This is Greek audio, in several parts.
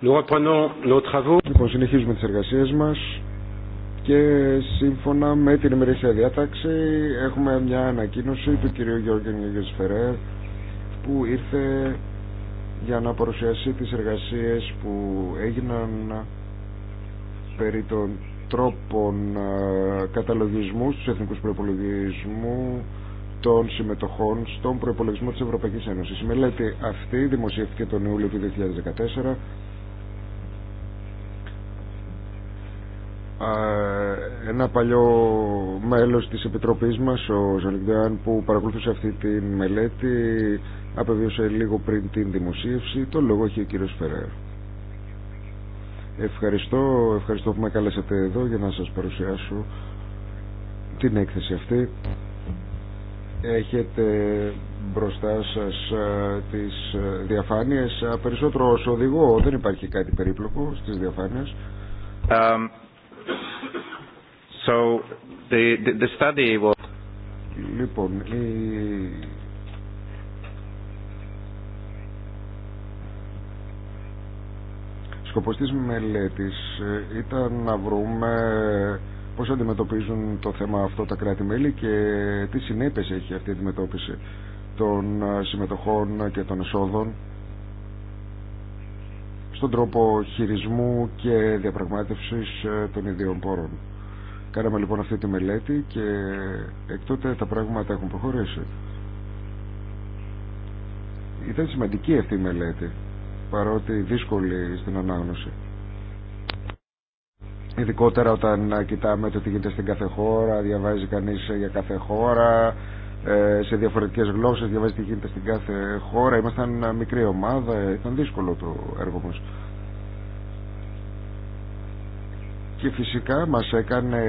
Λοιπόν, συνεχίζουμε τις εργασίες μας και σύμφωνα με την ημερήσια διάταξη έχουμε μια ανακοίνωση του κυρίου Γιώργη Νίγες Φερέρ που ήρθε για να παρουσιάσει τις εργασίες που έγιναν περί των τρόπων ε, καταλογισμού στους εθνικούς προπολογισμού των συμμετοχών στον προπολογισμό της Ευρωπαϊκής Ένωσης. Η μελέτη αυτή δημοσιεύτηκε τον Ιούλιο του 2014 ένα παλιό μέλος της Επιτροπής μας, ο Ζαλιγκδιάν, που παρακολουθούσε αυτή τη μελέτη, απεβίωσε λίγο πριν την δημοσίευση. Το λόγο έχει ο κύριος Φεραίρ. Ευχαριστώ, ευχαριστώ που με καλέσατε εδώ για να σας παρουσιάσω την έκθεση αυτή. Έχετε μπροστά σας τις διαφάνειες, περισσότερο ως οδηγό, δεν υπάρχει κάτι περίπλοκο στις διαφάνειες. So the, the, study was... Λοιπόν, η... σκοπός της μελέτης ε, ήταν να βρούμε πώς αντιμετωπίζουν το θέμα αυτό τα κράτη-μέλη και τι συνέπειες έχει αυτή η αντιμετώπιση των ε, συμμετοχών και των εσόδων στον τρόπο χειρισμού και διαπραγμάτευσης ε, των ιδιών πόρων. Κάναμε λοιπόν αυτή τη μελέτη και εκ τότε τα πράγματα έχουν προχωρήσει. Ήταν σημαντική αυτή η μελέτη, παρότι δύσκολη στην ανάγνωση. Ειδικότερα όταν κοιτάμε το τι γίνεται στην κάθε χώρα, διαβάζει κανείς για κάθε χώρα, ε, σε διαφορετικές γλώσσες, διαβάζει τι γίνεται στην κάθε χώρα. Ήμασταν μικρή ομάδα, ήταν δύσκολο το έργο μας. και φυσικά μας έκανε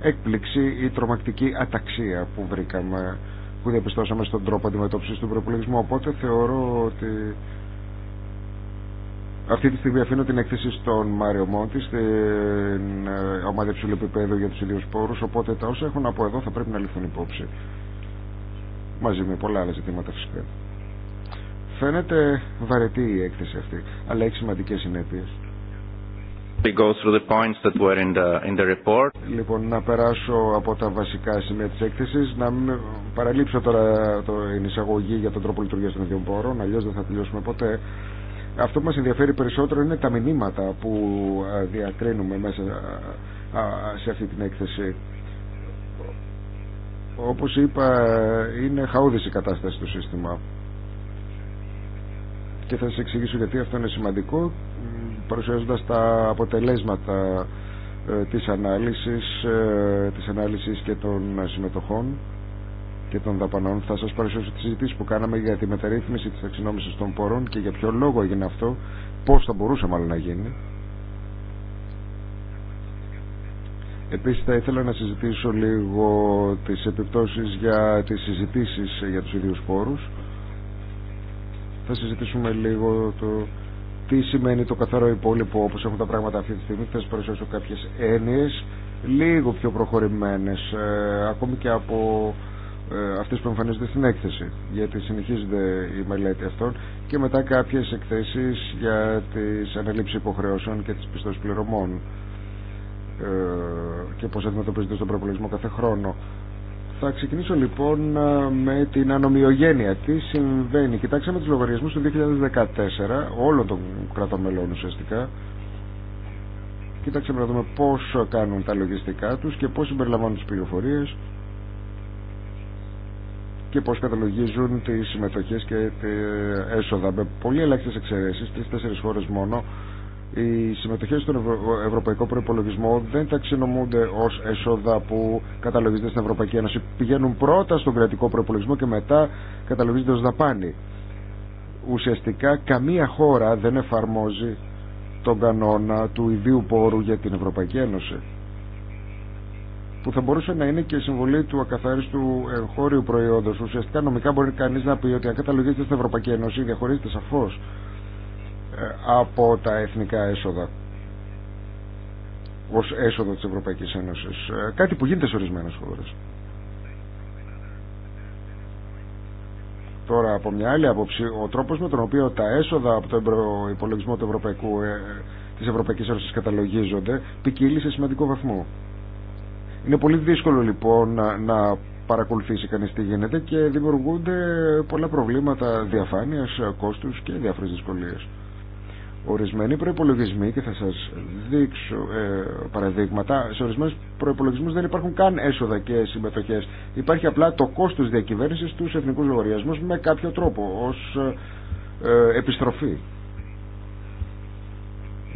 έκπληξη η τρομακτική αταξία που βρήκαμε που διαπιστώσαμε στον τρόπο αντιμετώπισης του προπολογισμού οπότε θεωρώ ότι αυτή τη στιγμή αφήνω την έκθεση στον Μάριο Μόντι, στην ε, ομάδα ψηλού επίπεδου για τους ίδιου πόρου. Οπότε τα όσα έχουν από εδώ θα πρέπει να ληφθούν υπόψη. Μαζί με πολλά άλλα ζητήματα φυσικά. Φαίνεται βαρετή η έκθεση αυτή, αλλά έχει σημαντικέ συνέπειες. Λοιπόν, να περάσω από τα βασικά σημεία της έκθεσης, να μην παραλείψω τώρα την εισαγωγή για τον τρόπο λειτουργίας των ιδιών πόρων, αλλιώς δεν θα τελειώσουμε ποτέ. Αυτό που μας ενδιαφέρει περισσότερο είναι τα μηνύματα που ε, διακρίνουμε μέσα ε, σε αυτή την έκθεση. Όπως είπα, είναι χαούδης η κατάσταση του σύστημα και θα σας εξηγήσω γιατί αυτό είναι σημαντικό παρουσιάζοντας τα αποτελέσματα ε, της ανάλυσης, ε, της ανάλυσης και των συμμετοχών και των δαπανών. Θα σας παρουσιάσω τις συζητήσεις που κάναμε για τη μεταρρύθμιση της αξινόμησης των πορών και για ποιο λόγο έγινε αυτό, πώς θα μπορούσε μάλλον να γίνει. Επίσης θα ήθελα να συζητήσω λίγο τις επιπτώσεις για τις συζητήσεις για τους ίδιους πόρους. Θα συζητήσουμε λίγο το τι σημαίνει το καθαρό υπόλοιπο όπως έχουν τα πράγματα αυτή τη στιγμή. Θα σας παρουσιάσω κάποιες έννοιες λίγο πιο προχωρημένες ε, ακόμη και από ε, αυτές που εμφανίζονται στην έκθεση γιατί συνεχίζεται η μελέτη αυτών και μετά κάποιες εκθέσεις για τις αναλήψεις υποχρεώσεων και τις πιστώσεις πληρωμών ε, και πώς αντιμετωπίζονται στον προπολογισμό κάθε χρόνο. Θα ξεκινήσω λοιπόν ε, με την ανομοιογένεια. Τι συμβαίνει. Κοιτάξαμε τους λογαριασμούς του 2014 όλων των κρατών μελών ουσιαστικά. Κοιτάξαμε να δούμε πώς κάνουν τα λογιστικά τους και πώς συμπεριλαμβάνουν τις πληροφορίες και πώς καταλογίζουν τις συμμετοχές και τα έσοδα με πολύ ελάχιστες εξαιρέσεις, τρεις-τέσσερις χώρες μόνο οι συμμετοχέ στον Ευρωπαϊκό Προπολογισμό δεν ταξινομούνται ω έσοδα που καταλογίζονται στην Ευρωπαϊκή Ένωση. Πηγαίνουν πρώτα στον κρατικό προπολογισμό και μετά καταλογίζονται ω δαπάνη. Ουσιαστικά καμία χώρα δεν εφαρμόζει τον κανόνα του ιδίου πόρου για την Ευρωπαϊκή Ένωση που θα μπορούσε να είναι και η συμβολή του ακαθάριστου εγχώριου προϊόντος. Ουσιαστικά νομικά μπορεί κανείς να πει ότι αν καταλογίζεται στην Ευρωπαϊκή Ένωση διαχωρίζεται σαφώ. Ε, από τα εθνικά έσοδα ως έσοδο της Ευρωπαϊκής Ένωσης ε, κάτι που γίνεται σε ορισμένες χώρες Τώρα από μια άλλη άποψη, ο τρόπος με τον οποίο τα έσοδα από το υπολογισμό του Ευρωπαϊκού, ε, της Ευρωπαϊκής Ένωσης καταλογίζονται ποικίλει σε σημαντικό βαθμό. Είναι πολύ δύσκολο λοιπόν να, να παρακολουθήσει κανείς τι γίνεται και δημιουργούνται πολλά προβλήματα διαφάνειας, κόστους και διάφορες δυσκολίες. Ορισμένοι προπολογισμοί, και θα σα δείξω ε, παραδείγματα, σε ορισμένου προπολογισμού δεν υπάρχουν καν έσοδα και συμμετοχέ. Υπάρχει απλά το κόστο διακυβέρνηση τους εθνικού λογαριασμού με κάποιο τρόπο ω ε, επιστροφή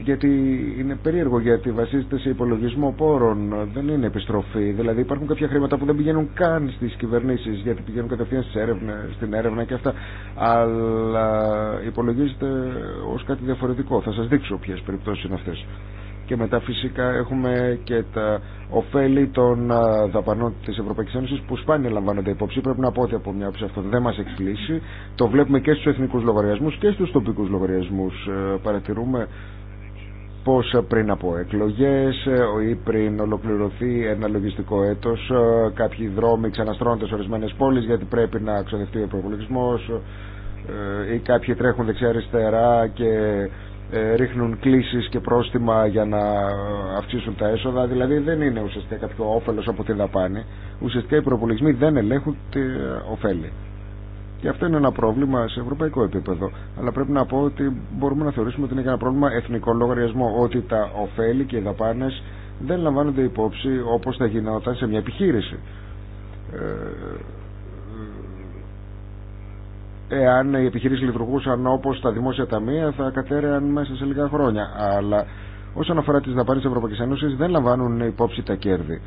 γιατί είναι περίεργο γιατί βασίζεται σε υπολογισμό πόρων, δεν είναι επιστροφή. Δηλαδή υπάρχουν κάποια χρήματα που δεν πηγαίνουν καν στις κυβερνήσεις γιατί πηγαίνουν κατευθείαν στην έρευνα και αυτά. Αλλά υπολογίζεται ως κάτι διαφορετικό. Θα σας δείξω ποιες περιπτώσεις είναι αυτές. Και μετά φυσικά έχουμε και τα ωφέλη των δαπανών τη Ευρωπαϊκή Ένωση που σπάνια λαμβάνονται υπόψη. Πρέπει να πω ότι από μια όψη αυτό δεν μα εκπλήσει. Το βλέπουμε και στου εθνικού λογαριασμού και στου τοπικού λογαριασμού. Ε, παρατηρούμε πως πριν από εκλογές ε, ή πριν ολοκληρωθεί ένα λογιστικό έτος ε, κάποιοι δρόμοι ξαναστρώνονται σε ορισμένες πόλεις γιατί πρέπει να ξοδευτεί ο προπολογισμό ε, ή κάποιοι τρέχουν δεξιά-αριστερά και ρίχνουν κλήσεις και πρόστιμα για να αυξήσουν τα έσοδα δηλαδή δεν είναι ουσιαστικά κάποιο όφελος από τη δαπάνη ουσιαστικά οι προπολογισμοί δεν ελέγχουν τη ωφέλη και αυτό είναι ένα πρόβλημα σε ευρωπαϊκό επίπεδο. Αλλά πρέπει να πω ότι μπορούμε να θεωρήσουμε ότι είναι και ένα πρόβλημα εθνικό λογαριασμό. Ότι τα ωφέλη και οι δαπάνε δεν λαμβάνονται υπόψη όπω θα γινόταν σε μια επιχείρηση. Ε, εάν οι επιχειρήσει λειτουργούσαν όπω τα δημόσια ταμεία θα κατέρεαν μέσα σε λίγα χρόνια. Αλλά όσον αφορά τι δαπάνε τη Ευρωπαϊκή Ένωση δεν λαμβάνουν υπόψη τα κέρδη.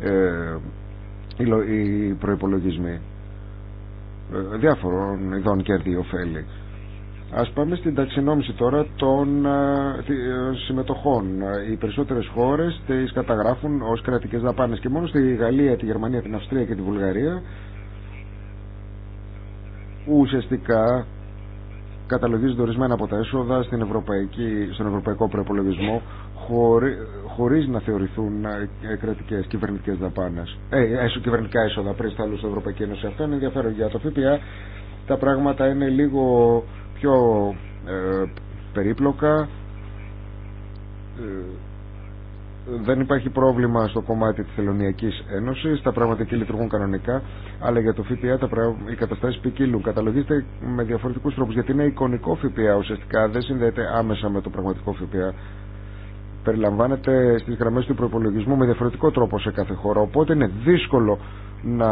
Ε, οι προπολογισμοί διάφορων ειδών κέρδη ωφέλη. Ας πάμε στην ταξινόμηση τώρα των ε, ε, συμμετοχών. Οι περισσότερες χώρες τις καταγράφουν ως κρατικές δαπάνες και μόνο στη Γαλλία, τη Γερμανία, την Αυστρία και τη Βουλγαρία ουσιαστικά καταλογίζονται ορισμένα από τα έσοδα στην ευρωπαϊκή, στον ευρωπαϊκό προπολογισμό χωρί, χωρίς να θεωρηθούν ε, ε, κρατικές κυβερνητικές δαπάνες, ε, ε κυβερνητικά έσοδα πριν σταλούν στην Ευρωπαϊκή Ένωση. Αυτό είναι ενδιαφέρον για το ΦΠΑ. Τα πράγματα είναι λίγο πιο περίπλοκα. Ε, δεν υπάρχει πρόβλημα στο κομμάτι της Θελωνιακής Ένωσης, τα πράγματα εκεί λειτουργούν κανονικά, αλλά για το ΦΠΑ τα πρα... οι καταστάσεις ποικίλουν. Καταλογίστε με διαφορετικούς τρόπους, γιατί είναι εικονικό ΦΠΑ ουσιαστικά, δεν συνδέεται άμεσα με το πραγματικό ΦΠΑ περιλαμβάνεται στις γραμμές του προπολογισμού με διαφορετικό τρόπο σε κάθε χώρα. Οπότε είναι δύσκολο να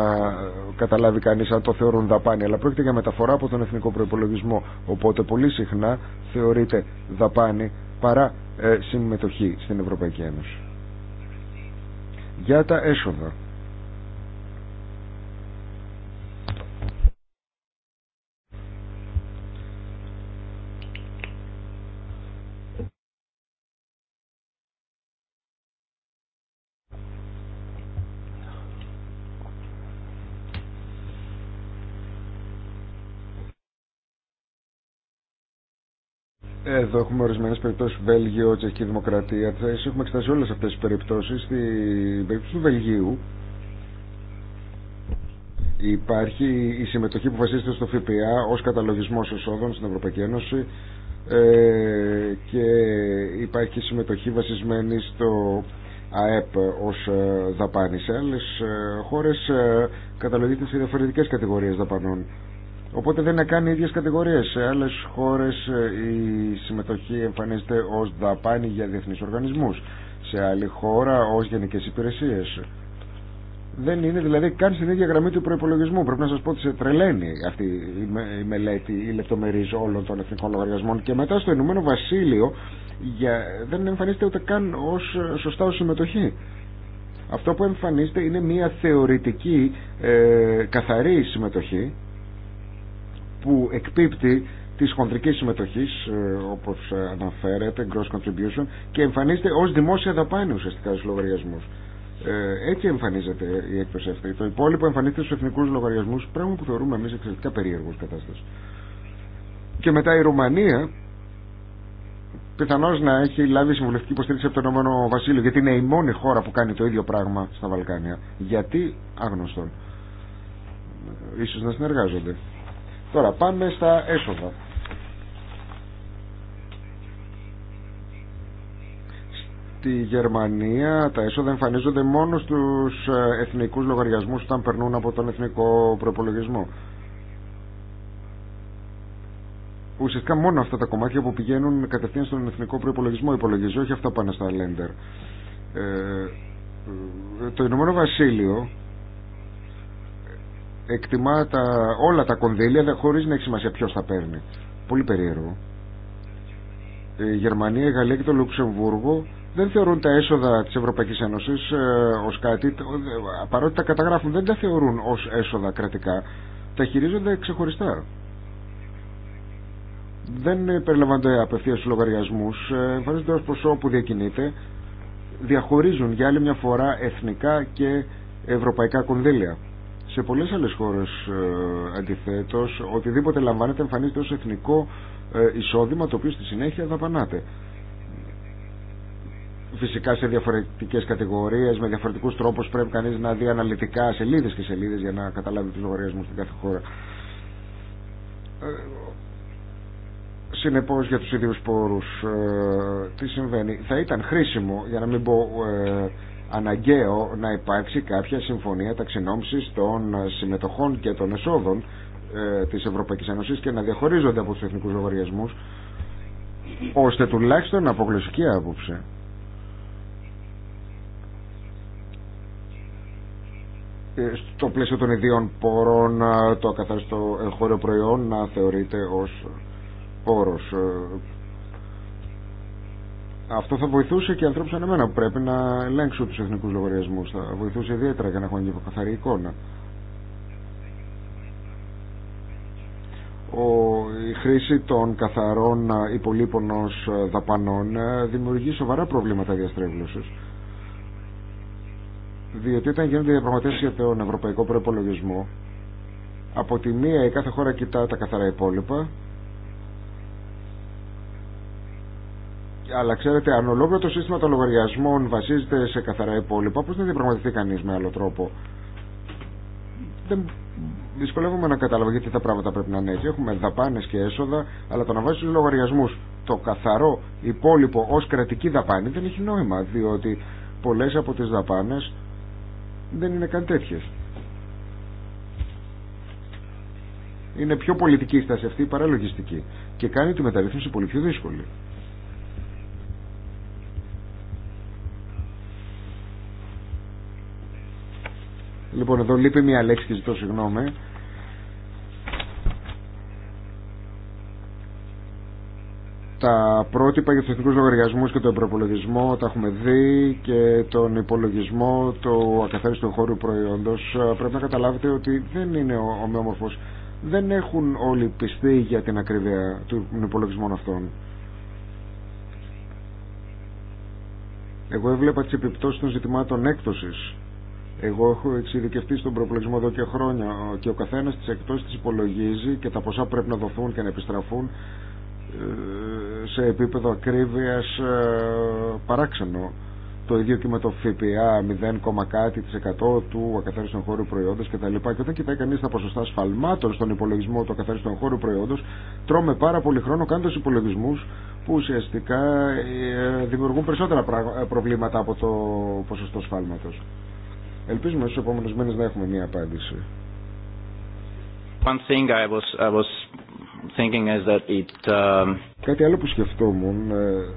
καταλάβει κανείς αν το θεωρούν δαπάνη. Αλλά πρόκειται για μεταφορά από τον εθνικό προπολογισμό. Οπότε πολύ συχνά θεωρείται δαπάνη παρά ε, συμμετοχή στην Ευρωπαϊκή Ένωση. Για τα έσοδα. Εδώ έχουμε ορισμένε περιπτώσει Βέλγιο, Τσεχική Δημοκρατία. Θες, έχουμε εξετάσει όλε αυτέ τι περιπτώσει. Στην περίπτωση του Βελγίου υπάρχει η συμμετοχή που βασίζεται στο ΦΠΑ ως καταλογισμός εσόδων στην Ευρωπαϊκή Ένωση ε, και υπάρχει συμμετοχή βασισμένη στο ΑΕΠ ως ε, δαπάνη. Σε άλλε χώρε ε, καταλογείται σε διαφορετικέ κατηγορίε δαπανών. Οπότε δεν είναι καν οι ίδιες κατηγορίες. Σε άλλες χώρες ε, η συμμετοχή εμφανίζεται ως δαπάνη για διεθνείς οργανισμούς. Σε άλλη χώρα ως γενικές υπηρεσίες. Δεν είναι δηλαδή καν στην ίδια γραμμή του προπολογισμού. Πρέπει να σας πω ότι σε τρελαίνει αυτή η μελέτη, η λεπτομερή όλων των εθνικών λογαριασμών. Και μετά στο Ηνωμένο Βασίλειο για... δεν εμφανίζεται ούτε καν ως, ε, σωστά ως συμμετοχή. Αυτό που εμφανίζεται είναι μια θεωρητική ε, καθαρή συμμετοχή που εκπίπτει της χοντρικής συμμετοχής ε, όπως αναφέρεται gross contribution και εμφανίζεται ως δημόσια δαπάνη ουσιαστικά στους λογαριασμούς ε, έτσι εμφανίζεται η έκπτωση αυτή το υπόλοιπο εμφανίζεται στους εθνικούς λογαριασμούς πράγμα που θεωρούμε εμείς εξαιρετικά περίεργο κατάσταση και μετά η Ρουμανία πιθανώ να έχει λάβει συμβουλευτική υποστήριξη από το Ηνωμένο Βασίλειο, γιατί είναι η μόνη χώρα που κάνει το ίδιο πράγμα στα Βαλκάνια. Γιατί άγνωστον. Ε, ίσως να συνεργάζονται. Τώρα πάμε στα έσοδα. Στη Γερμανία τα έσοδα εμφανίζονται μόνο στους ε, εθνικούς λογαριασμούς όταν περνούν από τον εθνικό προπολογισμό. Ουσιαστικά μόνο αυτά τα κομμάτια που πηγαίνουν κατευθείαν στον εθνικό προπολογισμό υπολογίζει, όχι αυτά πάνε στα Λέντερ. Ε, το Ηνωμένο Βασίλειο εκτιμά τα, όλα τα κονδύλια χωρίς να έχει σημασία ποιος θα παίρνει. Πολύ περίεργο. Ε, η Γερμανία, η Γαλλία και το Λουξεμβούργο δεν θεωρούν τα έσοδα της Ευρωπαϊκής Ένωσης ε, ως κάτι, παρότι τα καταγράφουν δεν τα θεωρούν ως έσοδα κρατικά, τα χειρίζονται ξεχωριστά. Δεν ε, περιλαμβάνονται απευθείας στους λογαριασμούς, εμφανίζονται ως ποσό που διακινείται, διαχωρίζουν για άλλη μια φορά εθνικά και ευρωπαϊκά κονδύλια. Σε πολλές άλλες χώρες ε, αντιθέτως οτιδήποτε λαμβάνεται εμφανίζεται ως εθνικό ε, εισόδημα το οποίο στη συνέχεια δαπανάται. Φυσικά σε διαφορετικές κατηγορίες, με διαφορετικούς τρόπους πρέπει κανείς να δει αναλυτικά σελίδες και σελίδες για να καταλάβει τους λογαριασμούς στην κάθε χώρα. Ε, Συνεπώ για τους ίδιους πόρους τι συμβαίνει. Θα ήταν χρήσιμο, για να μην πω αναγκαίο να υπάρξει κάποια συμφωνία ταξινόμησης των συμμετοχών και των εσόδων ε, της Ευρωπαϊκής Ένωσης και να διαχωρίζονται από τους εθνικούς λογαριασμούς ώστε τουλάχιστον από γλωσσική άποψη ε, στο πλαίσιο των ιδίων πόρων ε, το ακαθάριστο χώριο προϊόν να θεωρείται ως πόρος αυτό θα βοηθούσε και ανθρώπου σαν εμένα που πρέπει να ελέγξουν του εθνικού λογαριασμού. Θα βοηθούσε ιδιαίτερα για να έχουν μια καθαρή εικόνα. Ο, η χρήση των καθαρών υπολείπων ω δαπανών δημιουργεί σοβαρά προβλήματα διαστρέβλωση. Διότι όταν γίνονται διαπραγματεύσει για τον ευρωπαϊκό προπολογισμό, από τη μία η κάθε χώρα κοιτά τα καθαρά υπόλοιπα Αλλά ξέρετε, αν ολόκληρο το σύστημα των λογαριασμών βασίζεται σε καθαρά υπόλοιπα, πώ να διαπραγματευτεί κανεί με άλλο τρόπο. Δεν δυσκολεύομαι να καταλάβω γιατί τα πράγματα πρέπει να είναι έτσι. Έχουμε δαπάνε και έσοδα, αλλά το να βάζει του λογαριασμού το καθαρό υπόλοιπο ω κρατική δαπάνη δεν έχει νόημα, διότι πολλέ από τι δαπάνε δεν είναι καν τέτοιε. Είναι πιο πολιτική η στάση αυτή παρά λογιστική και κάνει τη μεταρρύθμιση πολύ πιο δύσκολη. Λοιπόν, εδώ λείπει μια λέξη και ζητώ συγγνώμη. Τα πρότυπα για του εθνικού λογαριασμού και τον προπολογισμό τα έχουμε δει και τον υπολογισμό του ακαθάριστου χώρου προϊόντο. Πρέπει να καταλάβετε ότι δεν είναι ομοιόμορφο. Δεν έχουν όλοι πιστεί για την ακρίβεια των υπολογισμών αυτών. Εγώ έβλεπα τι επιπτώσει των ζητημάτων έκπτωση εγώ έχω εξειδικευτεί στον προπολογισμό εδώ και χρόνια και ο καθένα τη εκτό τη υπολογίζει και τα ποσά πρέπει να δοθούν και να επιστραφούν ε, σε επίπεδο ακρίβεια ε, παράξενο. Το ίδιο και με το ΦΠΑ 0, κάτι τη εκατό του ακαθάριστου εγχώριου προϊόντο κτλ. Και όταν κοιτάει κανεί τα ποσοστά σφαλμάτων στον υπολογισμό του ακαθάριστου εγχώριου προϊόντο, τρώμε πάρα πολύ χρόνο κάνοντας υπολογισμού που ουσιαστικά ε, δημιουργούν περισσότερα προβλήματα από το ποσοστό σφάλματος. Ελπίζουμε στους επόμενους μήνες να έχουμε μια απάντηση. I was, I was thinking that it, um, Κάτι άλλο που σκεφτόμουν ε,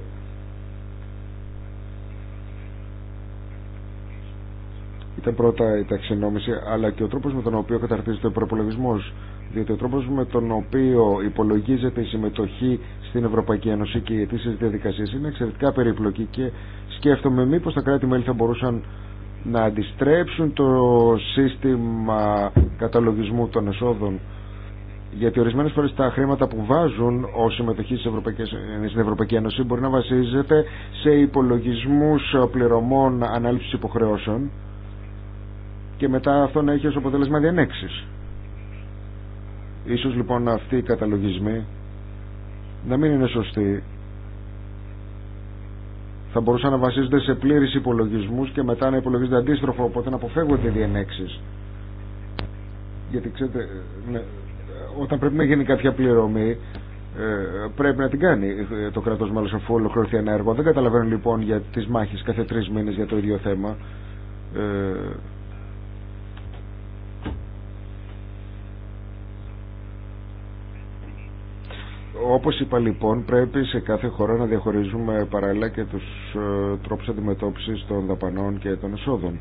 ήταν πρώτα η ταξινόμηση αλλά και ο τρόπος με τον οποίο καταρτίζεται ο προπολογισμό. διότι ο τρόπος με τον οποίο υπολογίζεται η συμμετοχή στην Ευρωπαϊκή Ένωση και οι αιτήσεις διαδικασίες είναι εξαιρετικά περιπλοκή και σκέφτομαι μήπως τα κράτη-μέλη θα μπορούσαν να αντιστρέψουν το σύστημα καταλογισμού των εσόδων γιατί ορισμένες φορές τα χρήματα που βάζουν ω συμμετοχή στην Ευρωπαϊκή Ένωση μπορεί να βασίζεται σε υπολογισμούς πληρωμών ανάληψης υποχρεώσεων και μετά αυτό να έχει ως αποτέλεσμα διενέξεις. Ίσως λοιπόν αυτοί οι καταλογισμοί να μην είναι σωστοί θα μπορούσαν να βασίζονται σε πλήρε υπολογισμού και μετά να υπολογίζονται αντίστροφο, οπότε να αποφεύγονται διενέξεις. Γιατί ξέρετε, ναι, όταν πρέπει να γίνει κάποια πληρωμή, ε, πρέπει να την κάνει το κράτος μάλλον αφού ολοκληρωθεί ένα έργο. Δεν καταλαβαίνω λοιπόν για τις μάχες κάθε τρει μήνε για το ίδιο θέμα. Ε, Όπως είπα λοιπόν πρέπει σε κάθε χώρα να διαχωρίζουμε παράλληλα και τους ε, τρόπους αντιμετώπισης των δαπανών και των εσόδων.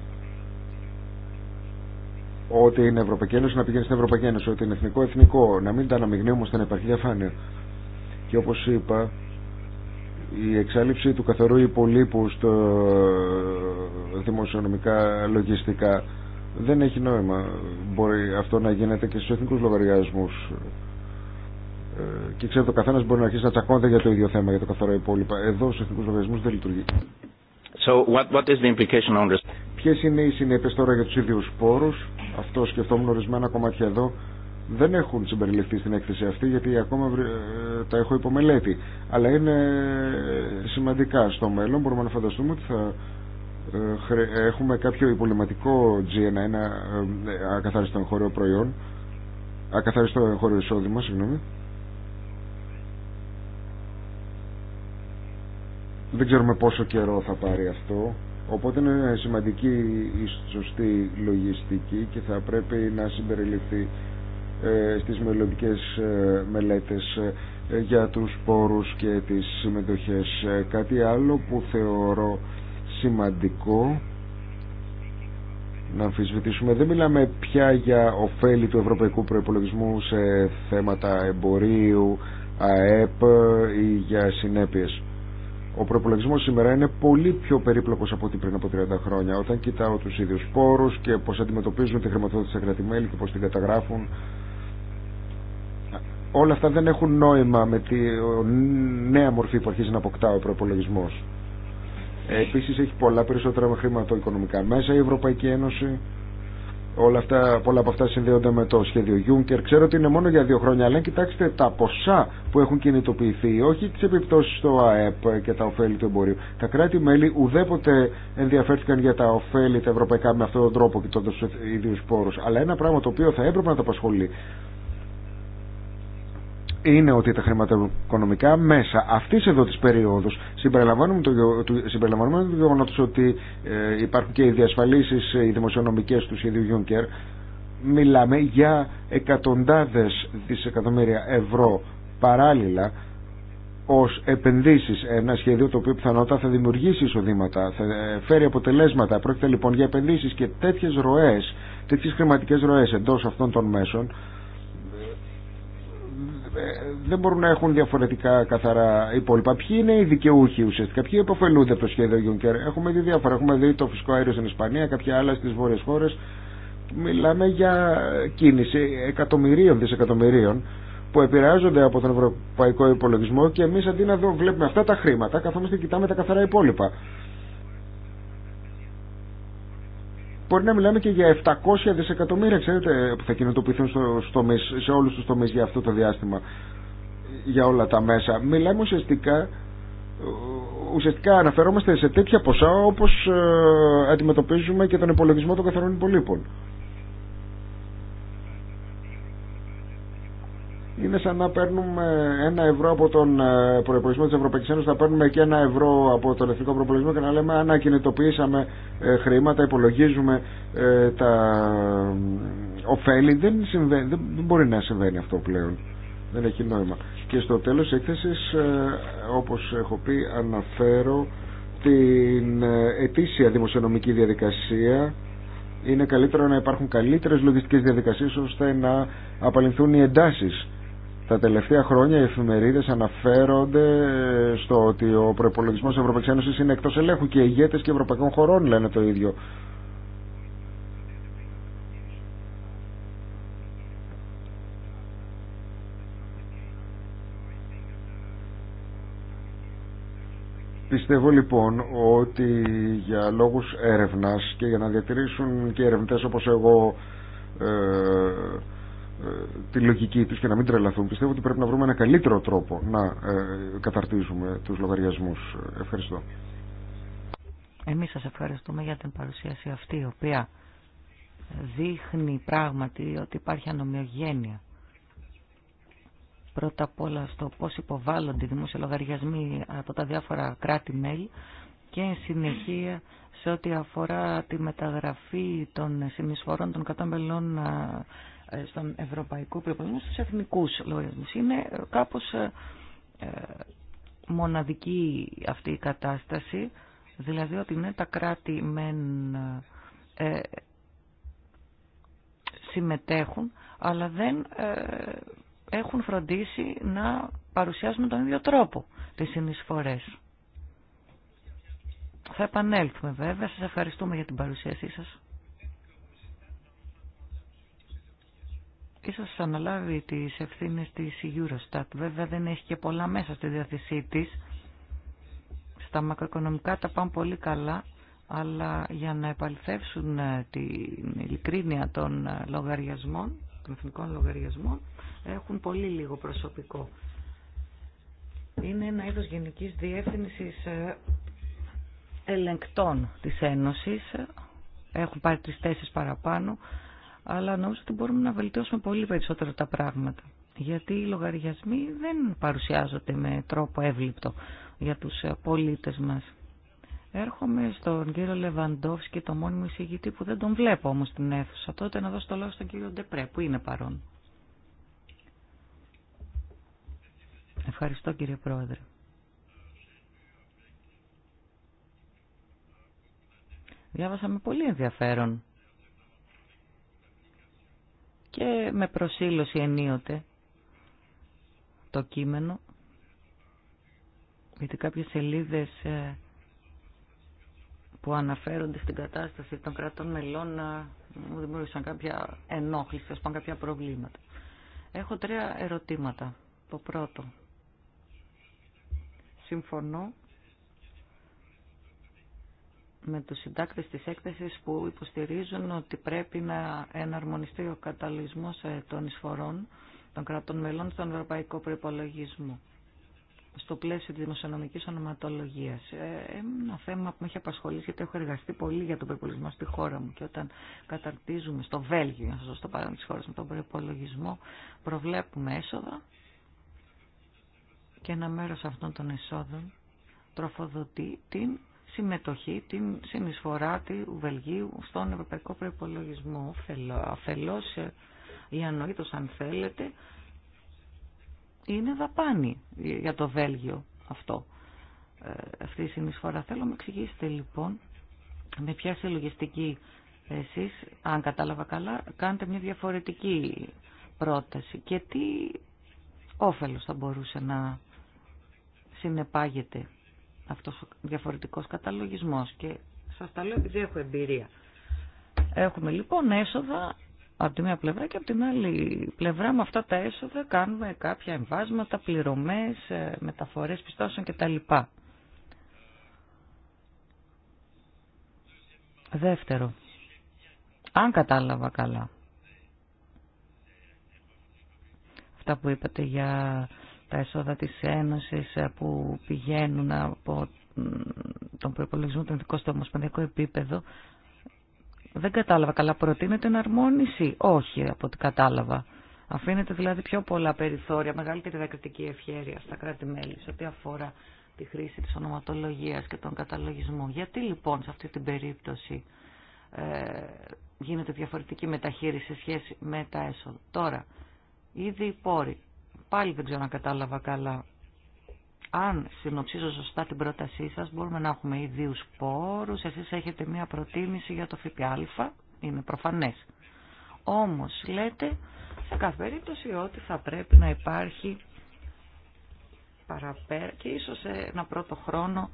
Ό,τι είναι Ευρωπαϊκή Ένωση να πηγαίνει στην Ευρωπαϊκή Ένωση, ό,τι είναι εθνικό, εθνικό. Να μην τα αναμειγνύουμε ώστε να υπάρχει διαφάνεια. Και όπως είπα, η εξάλληψη του καθαρού υπολείπου στο ε, δημοσιονομικά λογιστικά δεν έχει νόημα. Μπορεί αυτό να γίνεται και στους εθνικούς λογαριασμούς ε, και ξέρετε, ο καθένα μπορεί να αρχίσει να τσακώνεται για το ίδιο θέμα, για το καθαρό υπόλοιπα. Εδώ στου εθνικού λογαριασμού δεν λειτουργεί. So what, what is the implication on this? Ποιες είναι οι συνέπειες τώρα για τους ίδιους πόρους, αυτό σκεφτόμουν ορισμένα κομμάτια εδώ, δεν έχουν συμπεριληφθεί στην έκθεση αυτή γιατί ακόμα ε, τα έχω υπομελέτη. Αλλά είναι ε, σημαντικά στο μέλλον, μπορούμε να φανταστούμε ότι θα έχουμε κάποιο υπολοιματικό G1, ένα ακαθαριστό εγχώριο προϊόν, ακαθαριστό εγχώριο εισόδημα, συγγνώμη, Δεν ξέρουμε πόσο καιρό θα πάρει αυτό. Οπότε είναι σημαντική η σωστή λογιστική και θα πρέπει να συμπεριληφθεί ε, στις μελλοντικές ε, μελέτες ε, για τους πόρους και τις συμμετοχές. Κάτι άλλο που θεωρώ σημαντικό να αμφισβητήσουμε. Δεν μιλάμε πια για ωφέλη του ευρωπαϊκού προϋπολογισμού σε θέματα εμπορίου, ΑΕΠ ή για συνέπειες. Ο προπολογισμό σήμερα είναι πολύ πιο περίπλοκο από ό,τι πριν από 30 χρόνια. Όταν κοιτάω του ίδιου πόρου και πώ αντιμετωπίζουν τη χρηματοδότηση στα κρατημέλη και πώ την καταγράφουν, όλα αυτά δεν έχουν νόημα με τη νέα μορφή που αρχίζει να αποκτά ο προπολογισμό. Ε, Επίση έχει πολλά περισσότερα χρηματοοικονομικά μέσα η Ευρωπαϊκή Ένωση Όλα αυτά, πολλά από αυτά συνδέονται με το σχέδιο Juncker. Ξέρω ότι είναι μόνο για δύο χρόνια, αλλά κοιτάξτε τα ποσά που έχουν κινητοποιηθεί, όχι τι επιπτώσει στο ΑΕΠ και τα ωφέλη του εμπορίου. Τα κράτη-μέλη ουδέποτε ενδιαφέρθηκαν για τα ωφέλη τα ευρωπαϊκά με αυτόν τον τρόπο, κοιτώντα του ίδιου πόρου. Αλλά ένα πράγμα το οποίο θα έπρεπε να τα απασχολεί είναι ότι τα χρηματοοικονομικά μέσα αυτή εδώ τη περίοδου συμπεριλαμβάνουμε το, συμπεριλαμβάνουμε ότι ε, υπάρχουν και οι διασφαλίσει ε, οι δημοσιονομικέ του σχεδίου Juncker. Μιλάμε για εκατοντάδε δισεκατομμύρια ευρώ παράλληλα ω επενδύσει, ένα σχέδιο το οποίο πιθανότατα θα δημιουργήσει εισοδήματα, θα ε, φέρει αποτελέσματα. Πρόκειται λοιπόν για επενδύσει και τέτοιε ροές, τέτοιε χρηματικές ροέ εντό αυτών των μέσων ε, δεν μπορούν να έχουν διαφορετικά καθαρά υπόλοιπα. Ποιοι είναι οι δικαιούχοι ουσιαστικά, ποιοι επωφελούνται από το σχέδιο Juncker. Έχουμε δει διάφορα. Έχουμε δει το φυσικό αέριο στην Ισπανία, κάποια άλλα στι βόρειε χώρε. Μιλάμε για κίνηση εκατομμυρίων δισεκατομμυρίων που επηρεάζονται από τον ευρωπαϊκό υπολογισμό και εμεί αντί να δω, βλέπουμε αυτά τα χρήματα, καθόμαστε και κοιτάμε τα καθαρά υπόλοιπα. μπορεί να μιλάμε και για 700 δισεκατομμύρια ξέρετε, που θα κινητοποιηθούν στο, στο, σε όλους τους τομείς για αυτό το διάστημα για όλα τα μέσα. Μιλάμε ουσιαστικά ουσιαστικά αναφερόμαστε σε τέτοια ποσά όπως ε, αντιμετωπίζουμε και τον υπολογισμό των καθαρών υπολείπων. είναι σαν να παίρνουμε ένα ευρώ από τον ε, προπολογισμό τη Ευρωπαϊκή Ένωση, να παίρνουμε και ένα ευρώ από τον εθνικό προπολογισμό και να λέμε ανακινητοποιήσαμε ε, χρήματα, υπολογίζουμε ε, τα ωφέλη. Δεν, δεν μπορεί να συμβαίνει αυτό πλέον. Δεν έχει νόημα. Και στο τέλος έκθεση, όπω έχω πει, αναφέρω την ετήσια δημοσιονομική διαδικασία είναι καλύτερο να υπάρχουν καλύτερε λογιστικέ διαδικασίε ώστε να απαλληλθούν οι εντάσει. Τα τελευταία χρόνια οι εφημερίδε αναφέρονται στο ότι ο προπολογισμό τη Ευρωπαϊκή Ένωση είναι εκτό ελέγχου και οι ηγέτε και ευρωπαϊκών χωρών λένε το ίδιο. Πιστεύω λοιπόν ότι για λόγους έρευνας και για να διατηρήσουν και ερευνητές όπως εγώ ε, ε, τη λογική τους και να μην τρελαθούν. Πιστεύω ότι πρέπει να βρούμε ένα καλύτερο τρόπο να ε, καταρτίζουμε τους λογαριασμούς. Ευχαριστώ. Εμείς σας ευχαριστούμε για την παρουσίαση αυτή, η οποία δείχνει πράγματι ότι υπάρχει ανομοιογένεια. Πρώτα απ' όλα στο πώς υποβάλλονται οι δημόσιοι λογαριασμοί από τα διάφορα κράτη-μέλη και συνεχεία σε ό,τι αφορά τη μεταγραφή των συνεισφορών των κατάμελων ε, ε, στον ευρωπαϊκό προπολογισμό, στους εθνικούς λογαριασμούς. Είναι ε, κάπως ε, μοναδική αυτή η κατάσταση, δηλαδή ότι ναι τα κράτη μεν συμμετέχουν, αλλά δεν έχουν φροντίσει να παρουσιάσουν τον ίδιο τρόπο τις συνεισφορές. Θα επανέλθουμε βέβαια. Σας ευχαριστούμε για την παρουσίασή σας. ίσως αναλάβει τις ευθύνες της Eurostat. Βέβαια δεν έχει και πολλά μέσα στη διάθεσή της. Στα μακροοικονομικά τα πάνε πολύ καλά, αλλά για να επαληθεύσουν ε, την ειλικρίνεια των ε, λογαριασμών, των εθνικών λογαριασμών, έχουν πολύ λίγο προσωπικό. Είναι ένα είδος γενικής διεύθυνσης ε, ελεγκτών της Ένωσης. Έχουν πάρει τρεις θέσεις παραπάνω αλλά νομίζω ότι μπορούμε να βελτιώσουμε πολύ περισσότερο τα πράγματα. Γιατί οι λογαριασμοί δεν παρουσιάζονται με τρόπο εύληπτο για τους ε, πολίτες μας. Έρχομαι στον κύριο και το μόνιμο εισηγητή που δεν τον βλέπω όμως στην αίθουσα. Τότε να δώσω το λόγο στον κύριο Ντεπρέ που είναι παρόν. Ευχαριστώ κύριε Πρόεδρε. Διάβασα με πολύ ενδιαφέρον και με προσήλωση ενίοτε το κείμενο γιατί κάποιες σελίδες ε, που αναφέρονται στην κατάσταση των κρατών μελών ε, μου δημιούργησαν κάποια ενόχληση, ας πούμε κάποια προβλήματα. Έχω τρία ερωτήματα. Το πρώτο. Συμφωνώ με τους συντάκτες της έκθεσης που υποστηρίζουν ότι πρέπει να εναρμονιστεί ο καταλυσμός ε, των εισφορών των κρατών μελών στον ευρωπαϊκό προπολογισμό στο πλαίσιο της δημοσιονομικής ονοματολογίας. Ε, ένα θέμα που με έχει απασχολήσει γιατί έχω εργαστεί πολύ για τον προπολογισμό στη χώρα μου και όταν καταρτίζουμε στο Βέλγιο, να σας δώσω το παράδειγμα της χώρας με τον προπολογισμό, προβλέπουμε έσοδα και ένα μέρος αυτών των εσόδων τροφοδοτεί την συμμετοχή, την συνεισφορά του Βελγίου στον ευρωπαϊκό προπολογισμό. Αφελώ ή ε, ανοήτως αν θέλετε, είναι δαπάνη για το Βέλγιο αυτό. Ε, αυτή η συνεισφορά. Θέλω να εξηγήσετε λοιπόν με ποια συλλογιστική εσεί, αν κατάλαβα καλά, κάνετε μια διαφορετική πρόταση και τι όφελος θα μπορούσε να συνεπάγεται αυτός ο διαφορετικός καταλογισμός και σας τα λέω επειδή έχω εμπειρία. Έχουμε λοιπόν έσοδα από τη μία πλευρά και από την άλλη πλευρά με αυτά τα έσοδα κάνουμε κάποια εμβάσματα, πληρωμές, ε, μεταφορές πιστώσεων κτλ. Δεύτερο, αν κατάλαβα καλά, αυτά που είπατε για τα έσοδα της Ένωσης ε, που πηγαίνουν από τον προπολογισμό του εθνικού στο ομοσπονδιακό επίπεδο. Δεν κατάλαβα καλά. Προτείνεται εναρμόνιση. Όχι, από ό,τι κατάλαβα. Αφήνεται δηλαδή πιο πολλά περιθώρια, μεγαλύτερη διακριτική ευχέρεια στα κράτη-μέλη σε ό,τι αφορά τη χρήση της ονοματολογίας και τον καταλογισμό. Γιατί λοιπόν σε αυτή την περίπτωση ε, γίνεται διαφορετική μεταχείριση σε σχέση με τα έσοδα. Τώρα, ήδη οι Πάλι δεν ξέρω να κατάλαβα καλά. Αν συνοψίζω σωστά την πρότασή σας, μπορούμε να έχουμε ιδίους πόρους. Εσείς έχετε μία προτίμηση για το ΦΠΑ, είναι προφανές. Όμως λέτε σε κάθε περίπτωση ότι θα πρέπει να υπάρχει παραπέρα και ίσως σε ένα πρώτο χρόνο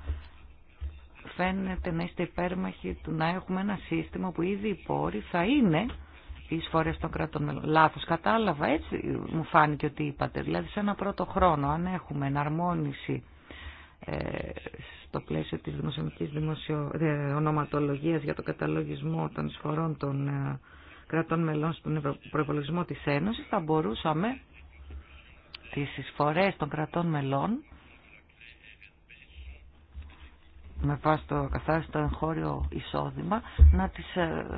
φαίνεται να είστε υπέρμαχοι του να έχουμε ένα σύστημα που ήδη οι πόροι θα είναι εισφορές των κρατών. Λάθος, κατάλαβα, έτσι μου φάνηκε ότι είπατε. Δηλαδή σε ένα πρώτο χρόνο, αν έχουμε εναρμόνιση ε, στο πλαίσιο της δημοσιονομικής δημοσιο... Ε, ονοματολογίας για το καταλογισμό των εισφορών των ε, κρατών μελών στον προπολογισμό της Ένωσης, θα μπορούσαμε τις εισφορές των κρατών μελών με βάση το καθάριστο εγχώριο εισόδημα, να τις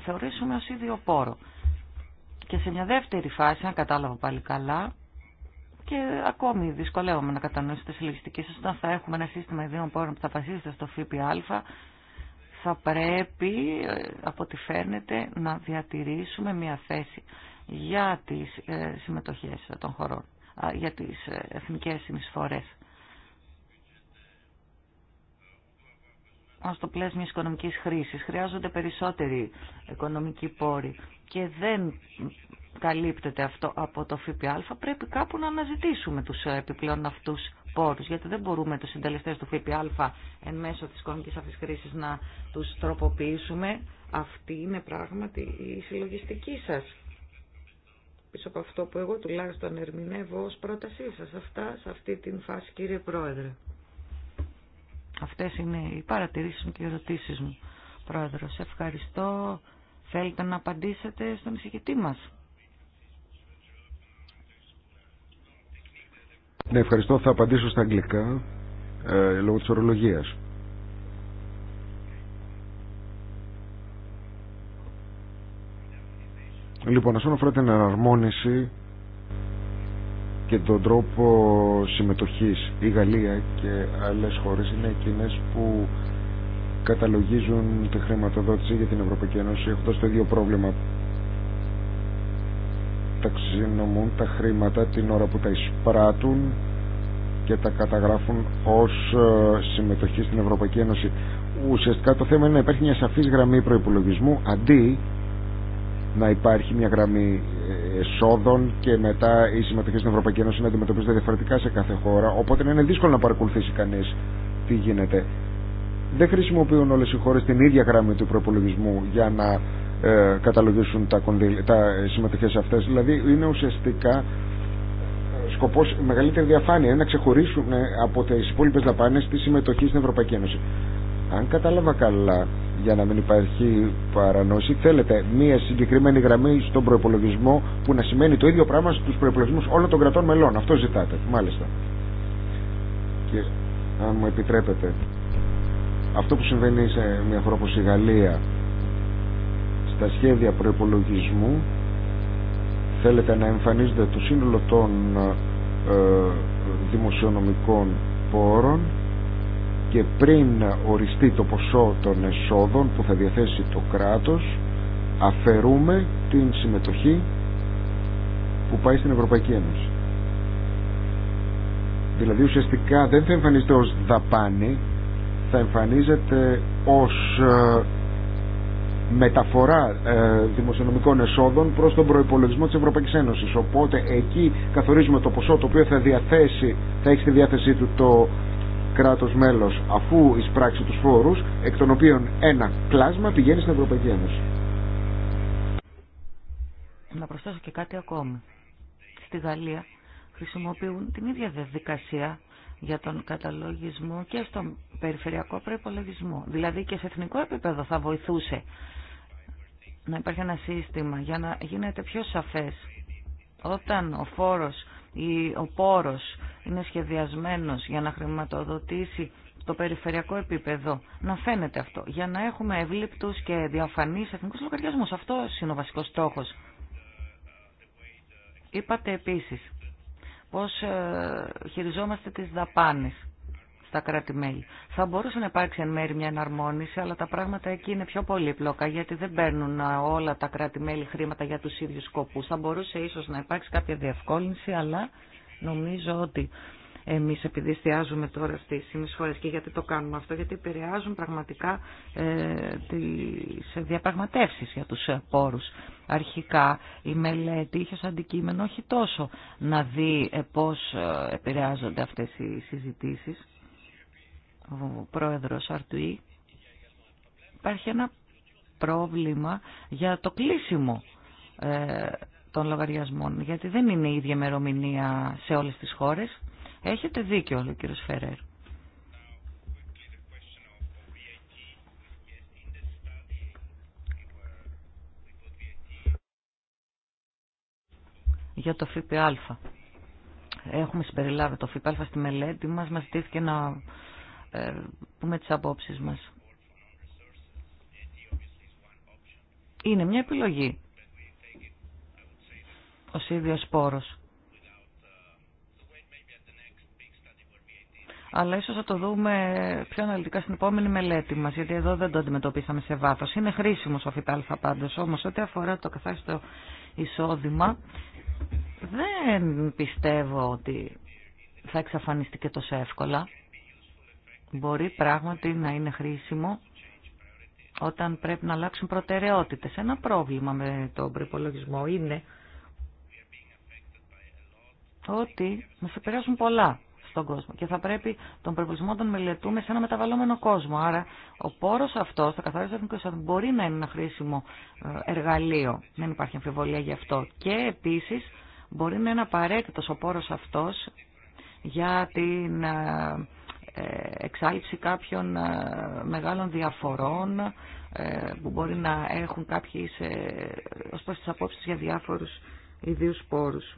θεωρήσουμε ως ίδιο πόρο. Και σε μια δεύτερη φάση, αν κατάλαβα πάλι καλά, και ακόμη δυσκολεύομαι να κατανοήσω τη συλλογιστική σα, όταν θα έχουμε ένα σύστημα ιδίων πόρων που θα βασίζεται στο ΦΠΑ, θα πρέπει, ε, από ό,τι φαίνεται, να διατηρήσουμε μια θέση για τις ε, συμμετοχές των χωρών, για τις ε, εθνικές συνεισφορές. στο πλαίσιο μιας οικονομικής χρήσης. Χρειάζονται περισσότεροι οικονομικοί πόροι και δεν καλύπτεται αυτό από το ΦΠΑ. Πρέπει κάπου να αναζητήσουμε τους επιπλέον αυτούς πόρους, γιατί δεν μπορούμε τους συντελεστές του ΦΠΑ εν μέσω της οικονομικής αυτής χρήσης να τους τροποποιήσουμε. Αυτή είναι πράγματι η συλλογιστική σας πίσω από αυτό που εγώ τουλάχιστον ερμηνεύω ως πρότασή σας αυτά σε αυτή την φάση κύριε Πρόεδρε. Αυτές είναι οι παρατηρήσεις μου και οι ερωτήσεις μου. Πρόεδρος, ευχαριστώ. Θέλετε να απαντήσετε στον εισηγητή μας. Ναι, ευχαριστώ. Θα απαντήσω στα αγγλικά ε, λόγω της ορολογίας. Λοιπόν, όσον φορά την αναρμόνιση και τον τρόπο συμμετοχής. Η Γαλλία και άλλες χώρες είναι εκείνες που καταλογίζουν τη χρηματοδότηση για την Ευρωπαϊκή Ένωση έχοντας το ίδιο πρόβλημα. Ταξινομούν τα χρήματα την ώρα που τα εισπράττουν και τα καταγράφουν ως ε, συμμετοχή στην Ευρωπαϊκή Ένωση. Ουσιαστικά το θέμα είναι να υπάρχει μια σαφής γραμμή προϋπολογισμού αντί να υπάρχει μια γραμμή ε, εσόδων και μετά οι συμμετοχέ στην Ευρωπαϊκή Ένωση να αντιμετωπίζονται διαφορετικά σε κάθε χώρα. Οπότε είναι δύσκολο να παρακολουθήσει κανεί τι γίνεται. Δεν χρησιμοποιούν όλε οι χώρε την ίδια γραμμή του προπολογισμού για να ε, καταλογίσουν τα, τα ε, συμμετοχέ αυτέ. Δηλαδή είναι ουσιαστικά σκοπό μεγαλύτερη διαφάνεια, να ξεχωρίσουν ε, από τι υπόλοιπε δαπάνε τη συμμετοχή στην Ευρωπαϊκή Ένωση. Αν κατάλαβα καλά, για να μην υπάρχει παρανόηση, θέλετε μία συγκεκριμένη γραμμή στον προπολογισμό που να σημαίνει το ίδιο πράγμα στους προπολογισμού όλων των κρατών μελών. Αυτό ζητάτε, μάλιστα. Και αν μου επιτρέπετε, αυτό που συμβαίνει σε μια χώρα όπως η Γαλλία, στα σχέδια προπολογισμού, θέλετε να εμφανίζεται το σύνολο των ε, ε, δημοσιονομικών πόρων και πριν οριστεί το ποσό των εσόδων που θα διαθέσει το κράτος αφαιρούμε την συμμετοχή που πάει στην Ευρωπαϊκή Ένωση. Δηλαδή ουσιαστικά δεν θα εμφανίζεται ως δαπάνη, θα εμφανίζεται ως ε, μεταφορά ε, δημοσιονομικών εσόδων προς τον προϋπολογισμό της Ευρωπαϊκής Ένωσης. Οπότε εκεί καθορίζουμε το ποσό το οποίο θα διαθέσει, θα έχει στη διάθεσή του το κράτος μέλος αφού εισπράξει τους φόρους εκ των οποίων ένα κλάσμα πηγαίνει στην Ευρωπαϊκή Ένωση. Να προσθέσω και κάτι ακόμη. Στη Γαλλία χρησιμοποιούν την ίδια διαδικασία για τον καταλογισμό και στον περιφερειακό προπολογισμό. Δηλαδή και σε εθνικό επίπεδο θα βοηθούσε να υπάρχει ένα σύστημα για να γίνεται πιο σαφές. Όταν ο φόρος ο πόρος είναι σχεδιασμένος για να χρηματοδοτήσει το περιφερειακό επίπεδο. Να φαίνεται αυτό. Για να έχουμε ευλήπτους και διαφανείς εθνικούς λογαριασμούς. Αυτό είναι ο βασικός στόχος. Είπατε επίσης πώς ε, χειριζόμαστε τις δαπάνες τα κράτη-μέλη. Θα μπορούσε να υπάρξει εν μέρη μια εναρμόνιση, αλλά τα πράγματα εκεί είναι πιο πολύπλοκα, γιατί δεν παίρνουν όλα τα κράτη-μέλη χρήματα για τους ίδιους σκοπούς. Θα μπορούσε ίσως να υπάρξει κάποια διευκόλυνση, αλλά νομίζω ότι εμείς επειδή εστιάζουμε τώρα στις συνεισφορές και γιατί το κάνουμε αυτό, γιατί επηρεάζουν πραγματικά ε, τις διαπραγματεύσεις για τους ε, πόρους. Αρχικά η μελέτη είχε ως αντικείμενο όχι τόσο να δει ε, πώς ε, επηρεάζονται αυτές οι συζητήσεις, ο πρόεδρος Αρτουή, υπάρχει ένα πρόβλημα για το κλείσιμο ε, των λογαριασμών, γιατί δεν είναι η ίδια ημερομηνία σε όλες τις χώρες. Έχετε δίκιο, ο κύριος Φερέρ. Για το ΦΠΑ. Έχουμε συμπεριλάβει το ΦΠΑ στη μελέτη μας. Μας ζητήθηκε να πούμε ε, τις απόψεις μας. Είναι μια επιλογή. Ο ίδιος σπόρος αλλά ίσως θα το δούμε πιο αναλυτικά στην επόμενη μελέτη μας, γιατί εδώ δεν το αντιμετωπίσαμε σε βάθος. Είναι χρήσιμος ο ΦΠΑ πάντως, όμως ό,τι αφορά το καθάριστο εισόδημα, δεν πιστεύω ότι θα εξαφανιστεί και τόσο εύκολα μπορεί πράγματι να είναι χρήσιμο όταν πρέπει να αλλάξουν προτεραιότητες. Ένα πρόβλημα με τον προπολογισμό είναι ότι μας επηρεάζουν πολλά στον κόσμο και θα πρέπει τον προπολογισμό να τον μελετούμε σε ένα μεταβαλλόμενο κόσμο. Άρα ο πόρος αυτός, το καθαρίζω εθνικό μπορεί να είναι ένα χρήσιμο ε, εργαλείο. Δεν υπάρχει αμφιβολία γι' αυτό. Και επίσης μπορεί να είναι απαραίτητος ο πόρος αυτός για την ε, εξάλληψη κάποιων ε, μεγάλων διαφορών ε, που μπορεί να έχουν κάποιοι σε, ως προς τις απόψεις για διάφορους ιδίους πόρους.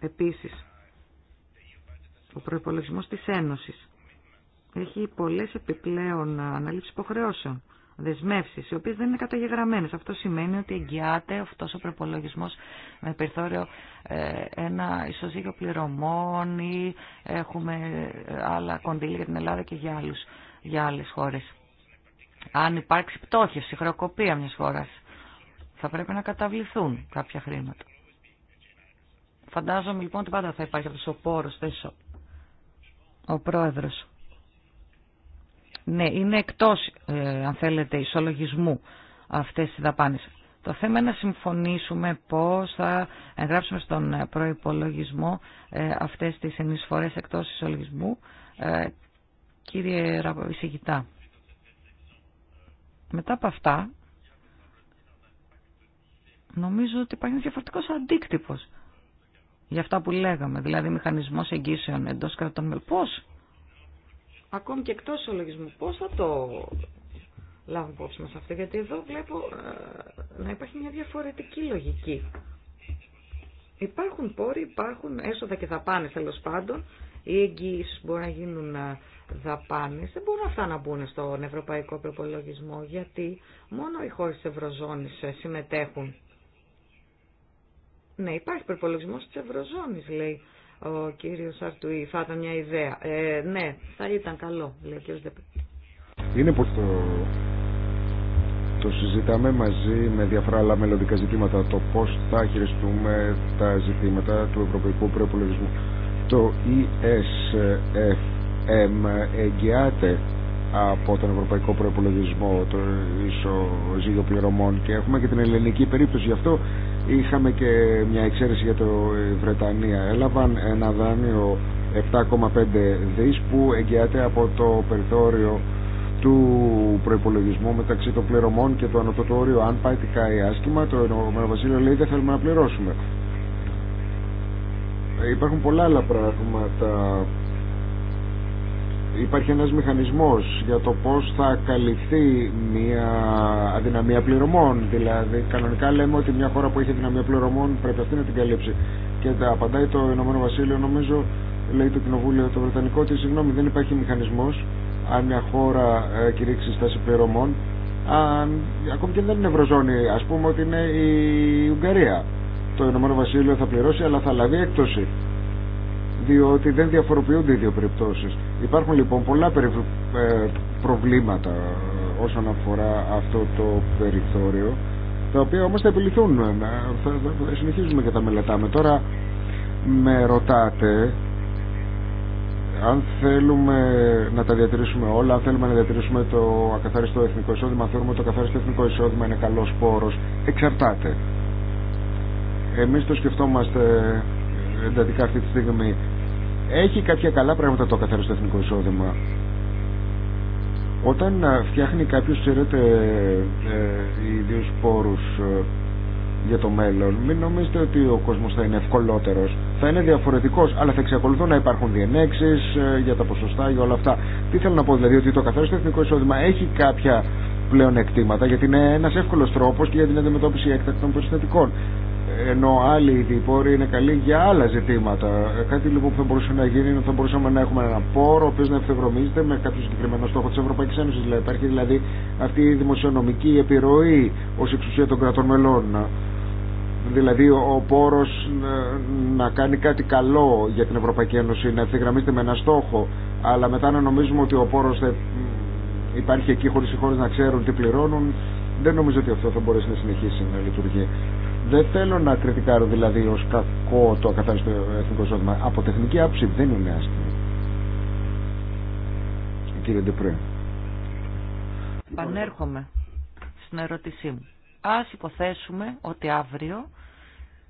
Επίσης, ο προϋπολογισμός της Ένωσης έχει πολλές επιπλέον αναλήψεις υποχρεώσεων δεσμεύσεις, οι οποίες δεν είναι καταγεγραμμένες. Αυτό σημαίνει ότι εγγυάται αυτός ο προπολογισμό με περιθώριο ε, ένα ισοζύγιο πληρωμών ή έχουμε ε, άλλα κονδύλια για την Ελλάδα και για, άλλους, για άλλες χώρες. Αν υπάρξει πτώχευση, χρεοκοπία μιας χώρας, θα πρέπει να καταβληθούν κάποια χρήματα. Φαντάζομαι λοιπόν ότι πάντα θα υπάρχει αυτός ο πόρος, ο πρόεδρος. Ναι, είναι εκτός, ε, αν θέλετε, ισολογισμού αυτές τι δαπάνε. Το θέμα είναι να συμφωνήσουμε πώς θα εγγράψουμε στον προϋπολογισμό ε, αυτές τις ενισφορές εκτός ισολογισμού. Ε, κύριε Ραποβησηγητά. μετά από αυτά, νομίζω ότι υπάρχει ένα διαφορετικός αντίκτυπος για αυτά που λέγαμε, δηλαδή μηχανισμός εγγύσεων εντός κρατών ακόμη και εκτός λογισμού. Πώς θα το λάβουμε υπόψη μας αυτό, γιατί εδώ βλέπω ε, να υπάρχει μια διαφορετική λογική. Υπάρχουν πόροι, υπάρχουν έσοδα και δαπάνες τέλο πάντων. Οι εγγυήσεις μπορεί να γίνουν ε, δαπάνες. Δεν μπορούν αυτά να μπουν στον ευρωπαϊκό προπολογισμό, γιατί μόνο οι χώρες της Ευρωζώνης ε, συμμετέχουν. Ναι, υπάρχει προπολογισμός τη Ευρωζώνης λέει ο κύριος Αρτουή. Θα ήταν μια ιδέα. Ε, ναι, θα ήταν καλό, λέει ο κύριος Είναι που το, το συζητάμε μαζί με διάφορα άλλα μελλοντικά ζητήματα. Το πώς θα χειριστούμε τα ζητήματα του ευρωπαϊκού προπολογισμού. Το ESFM εγγυάται από τον Ευρωπαϊκό Προπολογισμό, το ισοζύγιο πληρωμών και έχουμε και την ελληνική περίπτωση. Γι' αυτό είχαμε και μια εξαίρεση για το ε, Βρετανία. Έλαβαν ένα δάνειο 7,5 δις που εγγυάται από το περιθώριο του προπολογισμού μεταξύ των πληρωμών και του ανωτοτού όριου. Αν πάει τι ή άσχημα, το Ηνωμένο Βασίλειο λέει δεν θέλουμε να πληρώσουμε. Ε, υπάρχουν πολλά άλλα πράγματα υπάρχει ένας μηχανισμός για το πώς θα καλυφθεί μια αδυναμία πληρωμών. Δηλαδή, κανονικά λέμε ότι μια χώρα που έχει αδυναμία πληρωμών πρέπει αυτή να την καλύψει. Και τα απαντάει το Ηνωμένο Βασίλειο, νομίζω, λέει το Κοινοβούλιο το Βρετανικό, ότι συγγνώμη δεν υπάρχει μηχανισμός αν μια χώρα ε, κηρύξει στάση πληρωμών. Αν, ακόμη και δεν είναι Ευρωζώνη, ας πούμε ότι είναι η Ουγγαρία. Το Ηνωμένο Βασίλειο θα πληρώσει αλλά θα λάβει έκπτωση διότι δεν διαφοροποιούνται οι δύο περιπτώσεις. Υπάρχουν λοιπόν πολλά ε, προβλήματα όσον αφορά αυτό το περιθώριο τα οποία όμως θα επιληθούν ε, θα συνεχίζουμε και τα μελετάμε τώρα με ρωτάτε αν θέλουμε να τα διατηρήσουμε όλα, αν θέλουμε να διατηρήσουμε το ακαθάριστο εθνικό εισόδημα, αν θέλουμε το ακαθάριστο εθνικό εισόδημα είναι καλός πόρος, εξαρτάται. Εμείς το σκεφτόμαστε εντατικά αυτή τη στιγμή. Έχει κάποια καλά πράγματα το καθαρό στο εθνικό εισόδημα. Όταν ε, φτιάχνει κάποιος, ξέρετε, ε, ε ιδίους πόρους ε, για το μέλλον, μην νομίζετε ότι ο κόσμος θα είναι ευκολότερος. Θα είναι διαφορετικός, αλλά θα εξακολουθούν να υπάρχουν διενέξεις για τα ποσοστά, για όλα αυτά. Τι θέλω να πω, δηλαδή, ότι το καθαρό στο εθνικό εισόδημα έχει κάποια πλέον εκτήματα γιατί είναι ένας εύκολος τρόπος και για την αντιμετώπιση έκτακτων προσθετικών ενώ άλλοι διπόροι είναι καλοί για άλλα ζητήματα. Κάτι λοιπόν που θα μπορούσε να γίνει είναι ότι θα μπορούσαμε να έχουμε ένα πόρο ο οποίο να ευθυγρομίζεται με κάποιο συγκεκριμένο στόχο τη Ευρωπαϊκή Ένωση. Δηλαδή, υπάρχει δηλαδή αυτή η δημοσιονομική επιρροή ω εξουσία των κρατών μελών. Δηλαδή, ο πόρο να κάνει κάτι καλό για την Ευρωπαϊκή Ένωση, να ευθυγραμμίζεται με ένα στόχο, αλλά μετά να νομίζουμε ότι ο πόρο θα υπάρχει εκεί χωρί οι χώρε να ξέρουν τι πληρώνουν. Δεν νομίζω ότι αυτό θα μπορέσει να συνεχίσει να λειτουργεί. Δεν θέλω να κριτικάρω δηλαδή ω κακό το ακαθάριστο εθνικό ζώδημα. Από τεχνική άψη. δεν είναι άσχημο. Κύριε Ντεπρέ. Πανέρχομαι στην ερώτησή μου. Ας υποθέσουμε ότι αύριο,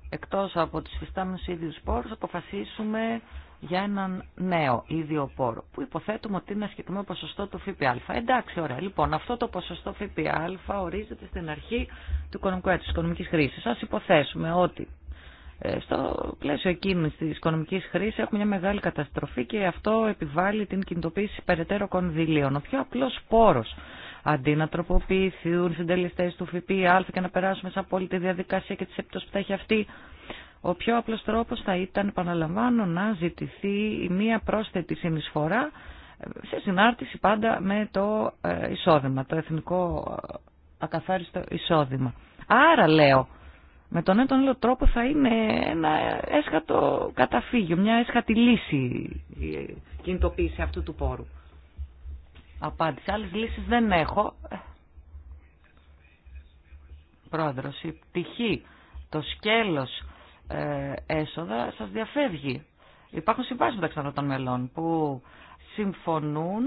εκτός από του φυστάμενου ίδιου πόρου, αποφασίσουμε για έναν νέο ίδιο πόρο, που υποθέτουμε ότι είναι ασχετικό ποσοστό του ΦΠΑ. Εντάξει, ωραία. Λοιπόν, αυτό το ποσοστό ΦΠΑ ορίζεται στην αρχή του οικονομικού έτους, της υποθέσουμε ότι ε, στο πλαίσιο εκείνη τη οικονομική χρήση έχουμε μια μεγάλη καταστροφή και αυτό επιβάλλει την κινητοποίηση περαιτέρω κονδυλίων. Ο πιο απλό πόρο αντί να τροποποιηθούν συντελεστέ του ΦΠΑ και να περάσουμε σε απόλυτη διαδικασία και τι επιπτώσει που θα έχει αυτή, ο πιο απλό τρόπο θα ήταν, επαναλαμβάνω, να ζητηθεί μια πρόσθετη συνεισφορά ε, σε συνάρτηση πάντα με το ε, εισόδημα, το εθνικό ακαθάριστο εισόδημα. Άρα λέω, με τον έναν τον άλλο τρόπο θα είναι ένα έσχατο καταφύγιο, μια έσχατη λύση η κινητοποίηση αυτού του πόρου. Απάντηση. Άλλες λύσεις δεν έχω. Ε. Πρόεδρος, η πτυχή, το σκέλος ε, έσοδα σας διαφεύγει. Υπάρχουν συμβάσεις μεταξύ των μελών που συμφωνούν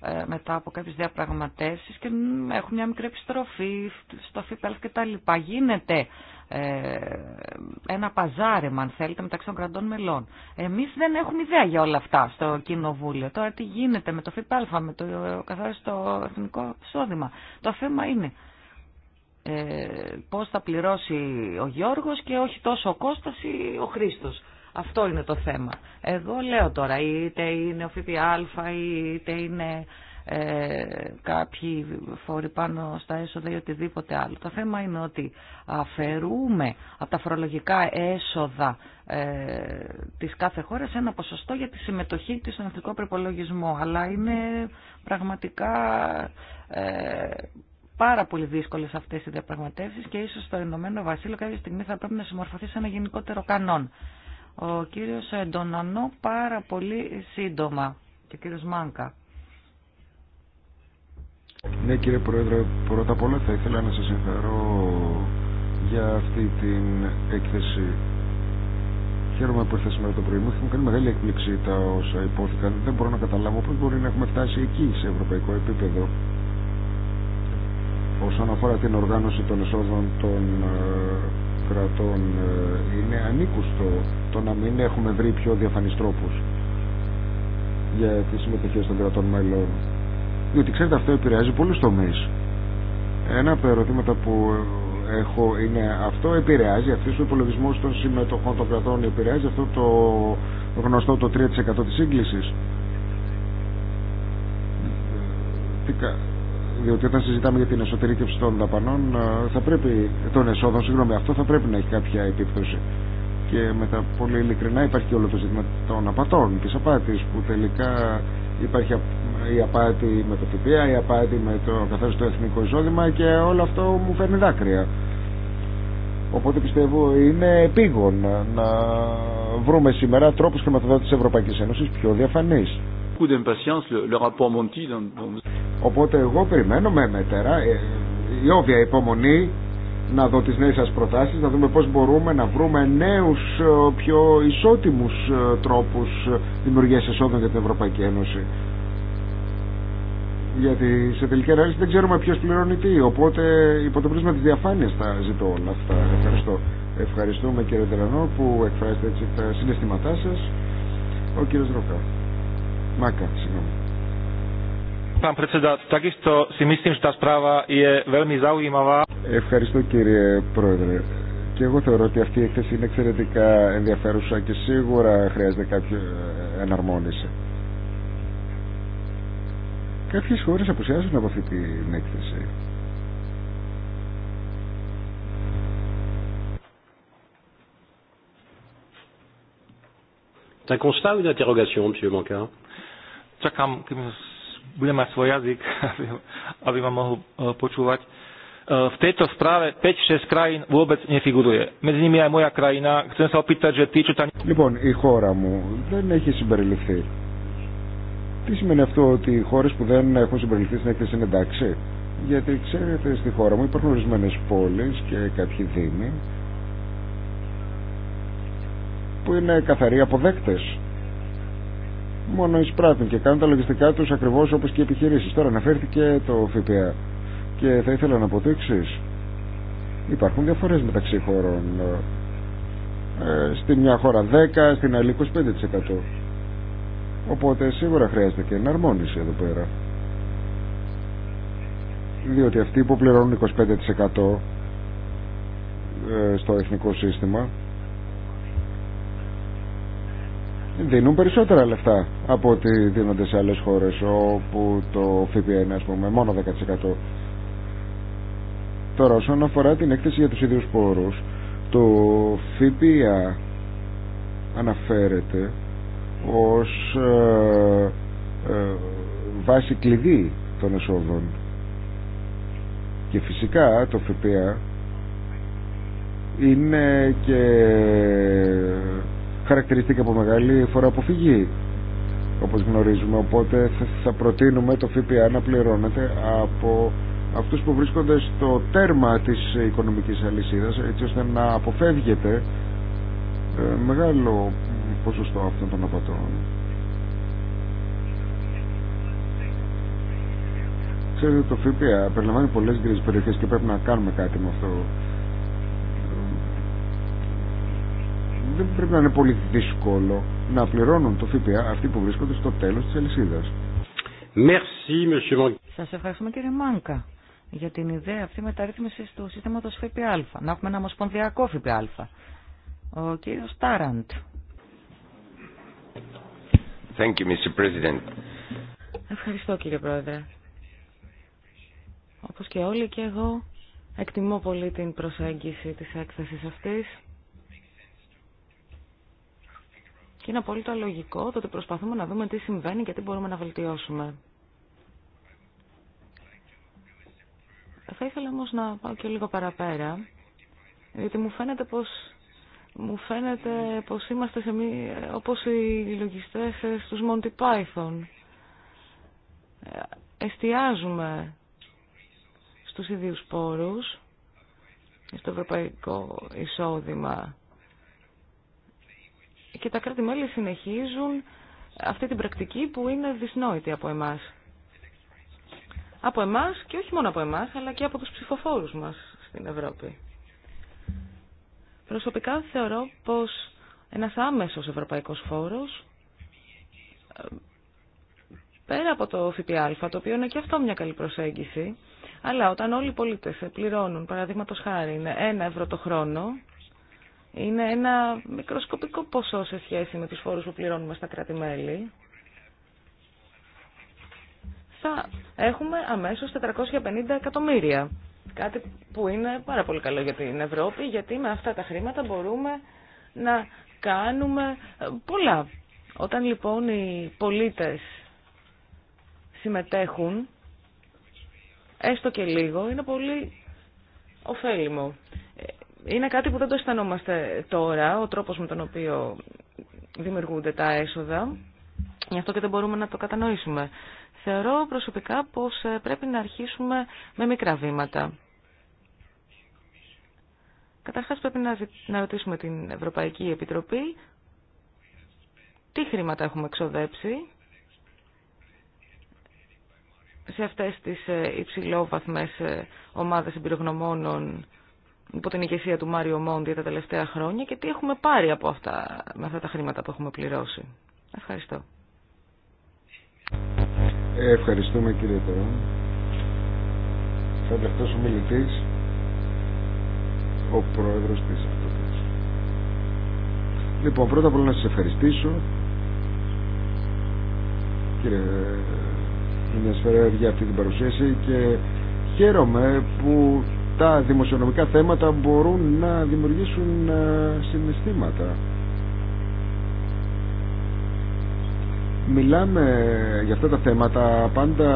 ε, μετά από κάποιες διαπραγματεύσεις και έχουν μια μικρή επιστροφή στο ΦΠΑ και τα λοιπά. Γίνεται ε, ένα παζάρεμα, αν θέλετε, μεταξύ των κρατών μελών. Εμείς δεν έχουμε ιδέα για όλα αυτά στο Κοινοβούλιο. Τώρα τι γίνεται με το ΦΠΑ, με το καθάριστο εθνικό εισόδημα. Το θέμα είναι ε, πώς θα πληρώσει ο Γιώργος και όχι τόσο ο Κώστας ή ο Χρήστος. Αυτό είναι το θέμα. Εδώ λέω τώρα, είτε είναι ο ΦΠΑ, είτε είναι ε, κάποιοι φόροι πάνω στα έσοδα ή οτιδήποτε άλλο. Το θέμα είναι ότι αφαιρούμε από τα φορολογικά έσοδα ε, της κάθε χώρας ένα ποσοστό για τη συμμετοχή της στον εθνικό προπολογισμό. Αλλά είναι πραγματικά ε, πάρα πολύ δύσκολες αυτές οι διαπραγματεύσεις και ίσως το Ηνωμένο Βασίλειο κάποια στιγμή θα πρέπει να συμμορφωθεί σε ένα γενικότερο κανόν. Ο κύριος Εντονανό πάρα πολύ σύντομα και ο κύριος Μάνκα. Ναι κύριε Πρόεδρε, πρώτα απ' όλα θα ήθελα να σας συγχαρώ για αυτή την έκθεση. Χαίρομαι που ήρθα σήμερα το πρωί μου. Μου κάνει μεγάλη έκπληξη τα όσα υπόθηκαν. Δεν μπορώ να καταλάβω πώς μπορεί να έχουμε φτάσει εκεί σε ευρωπαϊκό επίπεδο όσον αφορά την οργάνωση των εσόδων των ε, κρατών ε, είναι ανήκουστο το να μην έχουμε βρει πιο διαφανείς τρόπους για τη συμμετοχή των κρατών μέλων διότι ξέρετε αυτό επηρεάζει πολλούς τομείς ένα από τα ερωτήματα που έχω είναι αυτό επηρεάζει Αυτό ο υπολογισμό των συμμετοχών των κρατών επηρεάζει αυτό το γνωστό το 3% της σύγκλησης ε, διότι όταν συζητάμε για την εσωτερήκευση των δαπανών ε, θα πρέπει, των εσόδων, συγγνώμη, αυτό θα πρέπει να έχει κάποια επίπτωση. Και με τα πολύ ειλικρινά υπάρχει και όλο το ζήτημα των απατών, της απάτης που τελικά υπάρχει η απάτη με το ΦΠΑ, η απάτη με το καθάριστο εθνικό εισόδημα και όλο αυτό μου φέρνει δάκρυα. Οπότε πιστεύω είναι επίγον να βρούμε σήμερα τρόπους χρηματοδότησης Ευρωπαϊκής Ένωσης πιο διαφανείς. Οπότε εγώ περιμένω με μετέρα ε, η όβια υπομονή να δω τις νέες σας προτάσεις, να δούμε πώς μπορούμε να βρούμε νέους ε, πιο ισότιμους ε, τρόπους δημιουργίας εσόδων για την Ευρωπαϊκή Ένωση. Γιατί σε τελική ανάλυση δεν ξέρουμε ποιος πληρώνει τι, οπότε υπό το πρίσμα της διαφάνειας θα ζητώ όλα αυτά. Ευχαριστώ. Ευχαριστούμε κύριε Τελανό που εκφράζετε τα συναισθήματά σας. Ο κύριος Ροκά. Ευχαριστώ κύριε Πρόεδρε. Και εγώ θεωρώ ότι αυτή η έκθεση είναι εξαιρετικά ενδιαφέρουσα και σίγουρα χρειάζεται κάποια ε, εναρμόνιση. Κάποιες χώρες αποσιάζουν από αυτή την έκθεση. Τα constat ou une interrogation, Λοιπόν, η χώρα μου δεν έχει συμπεριληφθεί. Τι σημαίνει αυτό ότι οι χώρες που δεν έχουν συμπεριληφθεί στην έκθεση είναι εντάξει. Γιατί ξέρετε, στη χώρα μου υπάρχουν ορισμένε πόλεις και κάποιοι δήμοι που είναι καθαροί αποδέκτες μόνο εισπράττουν και κάνουν τα λογιστικά τους ακριβώς όπως και οι επιχειρήσεις. Τώρα αναφέρθηκε το ΦΠΑ και θα ήθελα να αποδείξει. Υπάρχουν διαφορές μεταξύ χωρών. Ε, στην μια χώρα 10, στην άλλη 25%. Οπότε σίγουρα χρειάζεται και εναρμόνιση εδώ πέρα. Διότι αυτοί που πληρώνουν 25% ε, στο εθνικό σύστημα δίνουν περισσότερα λεφτά από ό,τι δίνονται σε άλλες χώρε όπου το ΦΠΑ είναι ας πούμε μόνο 10%. Τώρα όσον αφορά την έκθεση για τους ίδιους πόρους το ΦΠΑ αναφέρεται ως ε, ε, βάση κλειδί των εσόδων και φυσικά το ΦΠΑ είναι και χαρακτηριστήκε από μεγάλη φοροαποφυγή όπως γνωρίζουμε οπότε θα προτείνουμε το ΦΠΑ να πληρώνεται από αυτούς που βρίσκονται στο τέρμα της οικονομικής αλυσίδας έτσι ώστε να αποφεύγεται ε, μεγάλο ποσοστό αυτών των απατών Ξέρετε το ΦΠΑ περιλαμβάνει πολλές γκρίζες περιοχές και πρέπει να κάνουμε κάτι με αυτό δεν πρέπει να είναι πολύ δύσκολο να πληρώνουν το ΦΠΑ αυτοί που βρίσκονται στο τέλος της αλυσίδας. Σας ευχαριστούμε κύριε Μάνκα για την ιδέα αυτή μεταρρύθμιση του συστήματος ΦΠΑ. Να έχουμε ένα ομοσπονδιακό ΦΠΑ. Ο κύριος Τάραντ. Ευχαριστώ κύριε Πρόεδρε. Όπως και όλοι και εγώ εκτιμώ πολύ την προσέγγιση της έκθεσης αυτής. Και είναι απόλυτα λογικό το ότι προσπαθούμε να δούμε τι συμβαίνει και τι μπορούμε να βελτιώσουμε. Θα ήθελα όμως να πάω και λίγο παραπέρα, γιατί μου φαίνεται πως, μου φαίνεται πως είμαστε σε μή, όπως οι λογιστές στους Monty Python. Εστιάζουμε στους ιδίους πόρους, στο ευρωπαϊκό εισόδημα και τα κράτη-μέλη συνεχίζουν αυτή την πρακτική που είναι δυσνόητη από εμάς. Από εμάς και όχι μόνο από εμάς, αλλά και από τους ψηφοφόρους μας στην Ευρώπη. Προσωπικά θεωρώ πως ένας άμεσος ευρωπαϊκός φόρος, ε, πέρα από το ΦΠΑ, το οποίο είναι και αυτό μια καλή προσέγγιση, αλλά όταν όλοι οι πολίτες πληρώνουν, παραδείγματο χάρη, ένα ευρώ το χρόνο, είναι ένα μικροσκοπικό ποσό σε σχέση με τους φόρους που πληρώνουμε στα κράτη-μέλη. Θα έχουμε αμέσως 450 εκατομμύρια. Κάτι που είναι πάρα πολύ καλό για την Ευρώπη, γιατί με αυτά τα χρήματα μπορούμε να κάνουμε πολλά. Όταν λοιπόν οι πολίτες συμμετέχουν, έστω και λίγο, είναι πολύ ωφέλιμο είναι κάτι που δεν το αισθανόμαστε τώρα, ο τρόπος με τον οποίο δημιουργούνται τα έσοδα. Γι' αυτό και δεν μπορούμε να το κατανοήσουμε. Θεωρώ προσωπικά πως ε, πρέπει να αρχίσουμε με μικρά βήματα. Καταρχάς πρέπει να ρωτήσουμε την Ευρωπαϊκή Επιτροπή τι χρήματα έχουμε εξοδέψει σε αυτές τις ε, υψηλόβαθμες ε, ομάδες εμπειρογνωμόνων υπό την ηγεσία του Μάριο Μόντι τα τελευταία χρόνια και τι έχουμε πάρει από αυτά, με αυτά τα χρήματα που έχουμε πληρώσει. Ευχαριστώ. Ε, ευχαριστούμε κύριε Τερόν. Θα δεχτώ ο μιλητής, ο πρόεδρος της αυτός. Λοιπόν, πρώτα απ' όλα να σας ευχαριστήσω κύριε Ινιασφαιρέα ε, για αυτή την παρουσίαση και χαίρομαι που τα δημοσιονομικά θέματα μπορούν να δημιουργήσουν ε, συναισθήματα. Μιλάμε για αυτά τα θέματα πάντα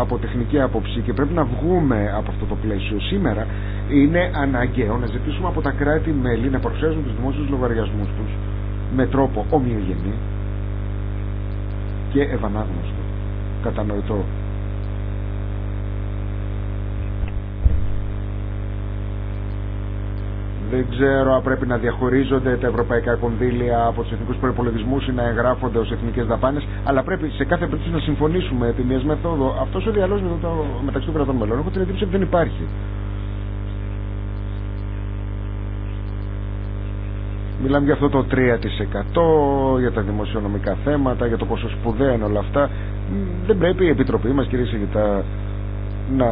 από τεχνική άποψη και πρέπει να βγούμε από αυτό το πλαίσιο. Σήμερα είναι αναγκαίο να ζητήσουμε από τα κράτη-μέλη να παρουσιάζουν τους δημόσιους λογαριασμούς τους με τρόπο ομοιογενή και ευανάγνωστο, κατανοητό Δεν ξέρω αν πρέπει να διαχωρίζονται τα ευρωπαϊκά κονδύλια από του εθνικού προπολογισμού ή να εγγράφονται ω εθνικέ δαπάνε, αλλά πρέπει σε κάθε περίπτωση να συμφωνήσουμε επί μια μεθόδου. Αυτό ο διαλόγο μεταξύ των κρατών μελών έχω την εντύπωση ότι δεν υπάρχει. Μιλάμε για αυτό το 3% για τα δημοσιονομικά θέματα, για το πόσο σπουδαία είναι όλα αυτά. Δεν πρέπει η Επιτροπή μα κύριε Σιγητά, να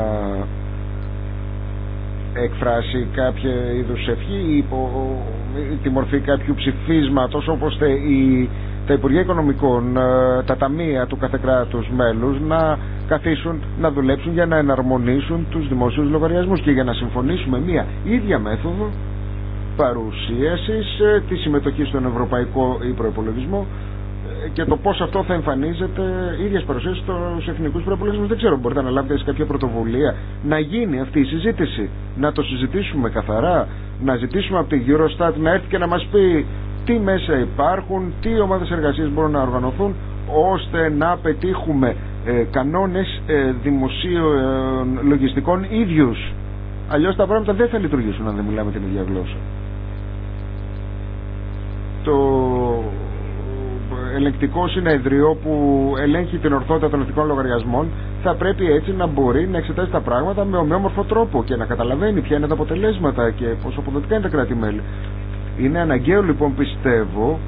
εκφράσει κάποια είδους ευχή υπό τη μορφή κάποιου ψηφίσματος όπως η, τα Υπουργεία Οικονομικών, ε, τα ταμεία του κάθε κράτου μέλους να καθίσουν να δουλέψουν για να εναρμονίσουν τους δημόσιους λογαριασμούς και για να συμφωνήσουμε μία ίδια μέθοδο παρουσίασης ε, της συμμετοχής στον Ευρωπαϊκό Προϋπολογισμό και το πώ αυτό θα εμφανίζεται ίδια παρουσία στου εθνικού Προπολογισμού Δεν ξέρω, μπορείτε να λάβετε εσεί κάποια πρωτοβουλία να γίνει αυτή η συζήτηση, να το συζητήσουμε καθαρά, να ζητήσουμε από την Eurostat να έρθει και να μα πει τι μέσα υπάρχουν, τι ομάδε εργασία μπορούν να οργανωθούν, ώστε να πετύχουμε ε, κανόνες ε, δημοσίων ε, λογιστικών ίδιους. Αλλιώς τα πράγματα δεν θα λειτουργήσουν αν δεν μιλάμε την ίδια γλώσσα. Το ελεγκτικό συνέδριο που ελέγχει την ορθότητα των εθνικών λογαριασμών θα πρέπει έτσι να μπορεί να εξετάσει τα πράγματα με ομοιόμορφο τρόπο και να καταλαβαίνει ποια είναι τα αποτελέσματα και πόσο αποδοτικά είναι τα κράτη-μέλη. Είναι αναγκαίο λοιπόν πιστεύω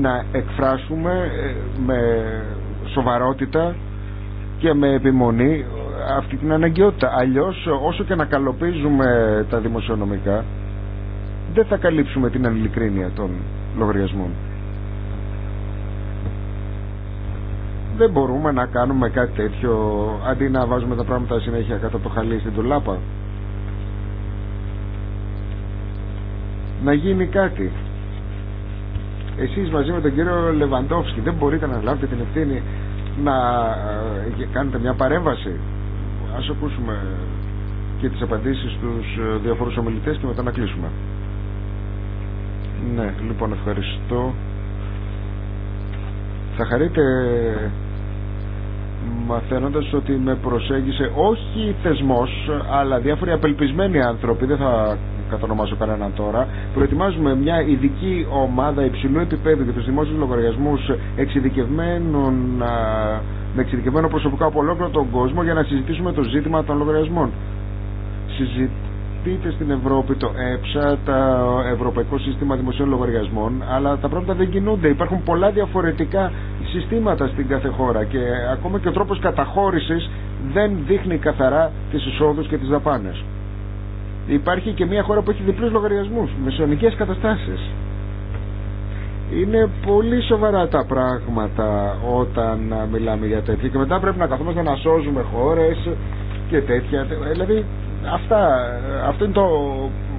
να εκφράσουμε ε, με σοβαρότητα και με επιμονή ε, αυτή την αναγκαιότητα. Αλλιώς όσο και να καλοπίζουμε τα δημοσιονομικά δεν θα καλύψουμε την ανηλικρίνεια των λογαριασμών. δεν μπορούμε να κάνουμε κάτι τέτοιο αντί να βάζουμε τα πράγματα συνέχεια κατά το χαλί στην τουλάπα. Να γίνει κάτι. Εσείς μαζί με τον κύριο Λεβαντόφσκι δεν μπορείτε να λάβετε την ευθύνη να ε, κάνετε μια παρέμβαση. Ας ακούσουμε και τις απαντήσεις τους ε, διαφορούς ομιλητές και μετά να κλείσουμε. Ναι, λοιπόν ευχαριστώ θα χαρείτε μαθαίνοντας ότι με προσέγγισε όχι θεσμός αλλά διάφοροι απελπισμένοι άνθρωποι δεν θα κατονομάσω κανέναν τώρα προετοιμάζουμε μια ειδική ομάδα υψηλού επίπεδου για τους δημόσιους λογαριασμούς με εξειδικευμένο προσωπικό από ολόκληρο τον κόσμο για να συζητήσουμε το ζήτημα των λογαριασμών. Συζη δείτε στην Ευρώπη το ΕΨΑ, το Ευρωπαϊκό Σύστημα Δημοσίων Λογαριασμών, αλλά τα πράγματα δεν κινούνται. Υπάρχουν πολλά διαφορετικά συστήματα στην κάθε χώρα και ακόμα και ο τρόπο καταχώρηση δεν δείχνει καθαρά τι εισόδου και τι δαπάνε. Υπάρχει και μια χώρα που έχει διπλού λογαριασμού, μεσονικέ καταστάσει. Είναι πολύ σοβαρά τα πράγματα όταν μιλάμε για τέτοια και μετά πρέπει να καθόμαστε να σώζουμε χώρε και τέτοια. Δηλαδή Αυτά, είναι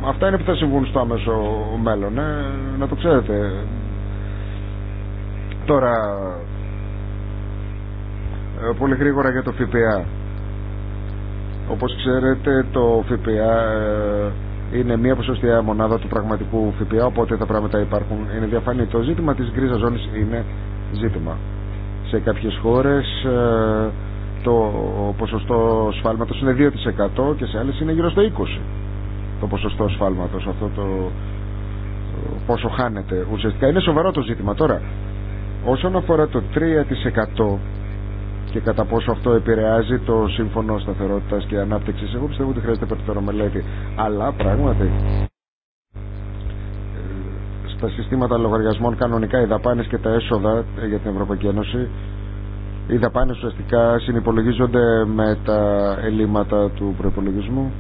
αυτά είναι που θα συμβούν στο άμεσο μέλλον, ε, να το ξέρετε. Τώρα, ε, πολύ γρήγορα για το ΦΠΑ. Όπως ξέρετε το ΦΠΑ ε, είναι μία ποσοστιαία μονάδα του πραγματικού ΦΠΑ οπότε τα πράγματα υπάρχουν, είναι διαφανή. Το ζήτημα της γκρίζας ζώνης είναι ζήτημα. Σε κάποιες χώρες το ποσοστό σφάλματος είναι 2% και σε άλλες είναι γύρω στο 20% το ποσοστό σφάλματος αυτό το πόσο χάνεται ουσιαστικά είναι σοβαρό το ζήτημα τώρα όσον αφορά το 3% και κατά πόσο αυτό επηρεάζει το σύμφωνο σταθερότητα και ανάπτυξη. Εγώ πιστεύω ότι χρειάζεται περαιτέρω μελέτη. Αλλά πράγματι ε, στα συστήματα λογαριασμών κανονικά οι δαπάνες και τα έσοδα για την Ευρωπαϊκή Ένωση οι δαπάνες ουσιαστικά συνυπολογίζονται με τα ελλείμματα του προϋπολογισμού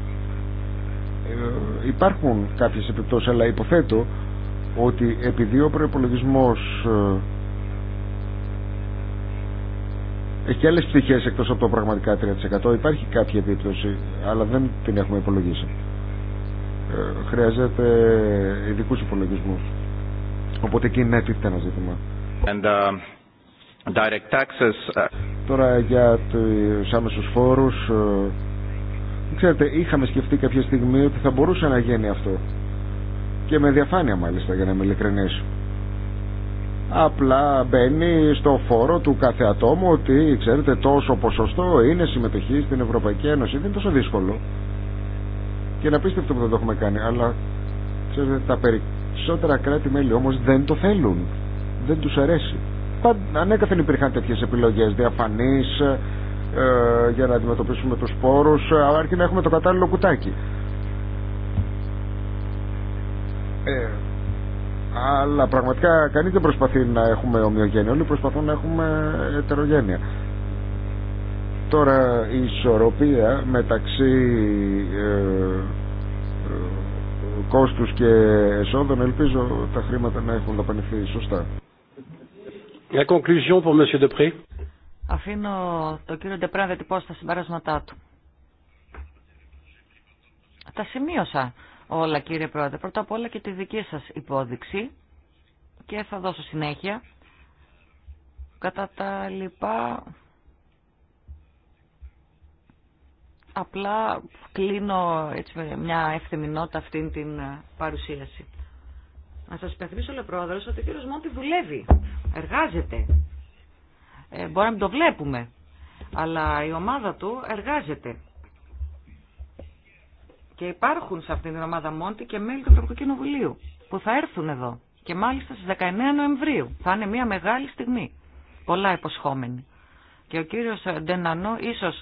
ε, υπάρχουν κάποιες επιπτώσεις αλλά υποθέτω ότι επειδή ο προϋπολογισμός ε, έχει άλλες πτυχές εκτός από το πραγματικά 3% υπάρχει κάποια επίπτωση αλλά δεν την έχουμε υπολογίσει ε, χρειάζεται ειδικού υπολογισμού οπότε εκεί είναι ένα ζήτημα And, Direct taxes. Uh, Τώρα για τους άμεσους φόρους, ε, ξέρετε, είχαμε σκεφτεί κάποια στιγμή ότι θα μπορούσε να γίνει αυτό. Και με διαφάνεια μάλιστα, για να είμαι ειλικρινής. Απλά μπαίνει στο φόρο του κάθε ατόμου ότι, ξέρετε, τόσο ποσοστό είναι συμμετοχή στην Ευρωπαϊκή Ένωση. Δεν είναι τόσο δύσκολο. Και να πείστε αυτό που δεν το έχουμε κάνει. Αλλά, ξέρετε, τα περισσότερα κράτη-μέλη όμως δεν το θέλουν. Δεν τους αρέσει ανέκαθεν υπήρχαν τέτοιες επιλογές διαφανείς ε, για να αντιμετωπίσουμε τους σπόρους ε, αρκεί να έχουμε το κατάλληλο κουτάκι ε, αλλά πραγματικά κανείς δεν προσπαθεί να έχουμε ομοιογένεια όλοι προσπαθούν να έχουμε ετερογένεια τώρα η ισορροπία μεταξύ ε, ε κόστους και εσόδων ελπίζω τα χρήματα να έχουν δαπανηθεί σωστά La conclusion pour Monsieur Depré. Αφήνω τον κύριο Ντεπρέ να διατυπώσει τα συμπεράσματά του. Τα σημείωσα όλα κύριε Πρόεδρε. Πρώτα απ' όλα και τη δική σας υπόδειξη και θα δώσω συνέχεια. Κατά τα λοιπά, απλά κλείνω έτσι, μια ευθυμινότητα αυτήν την παρουσίαση. Να σα υπενθυμίσω, λέει πρόεδρο, ότι ο κύριος Μόντι δουλεύει, εργάζεται. Ε, μπορεί να μην το βλέπουμε, αλλά η ομάδα του εργάζεται. Και υπάρχουν σε αυτήν την ομάδα Μόντι και μέλη του Ευρωπαϊκού Κοινοβουλίου που θα έρθουν εδώ. Και μάλιστα στις 19 Νοεμβρίου. Θα είναι μια μεγάλη στιγμή. Πολλά υποσχόμενη. Και ο κύριος Ντενανό ίσω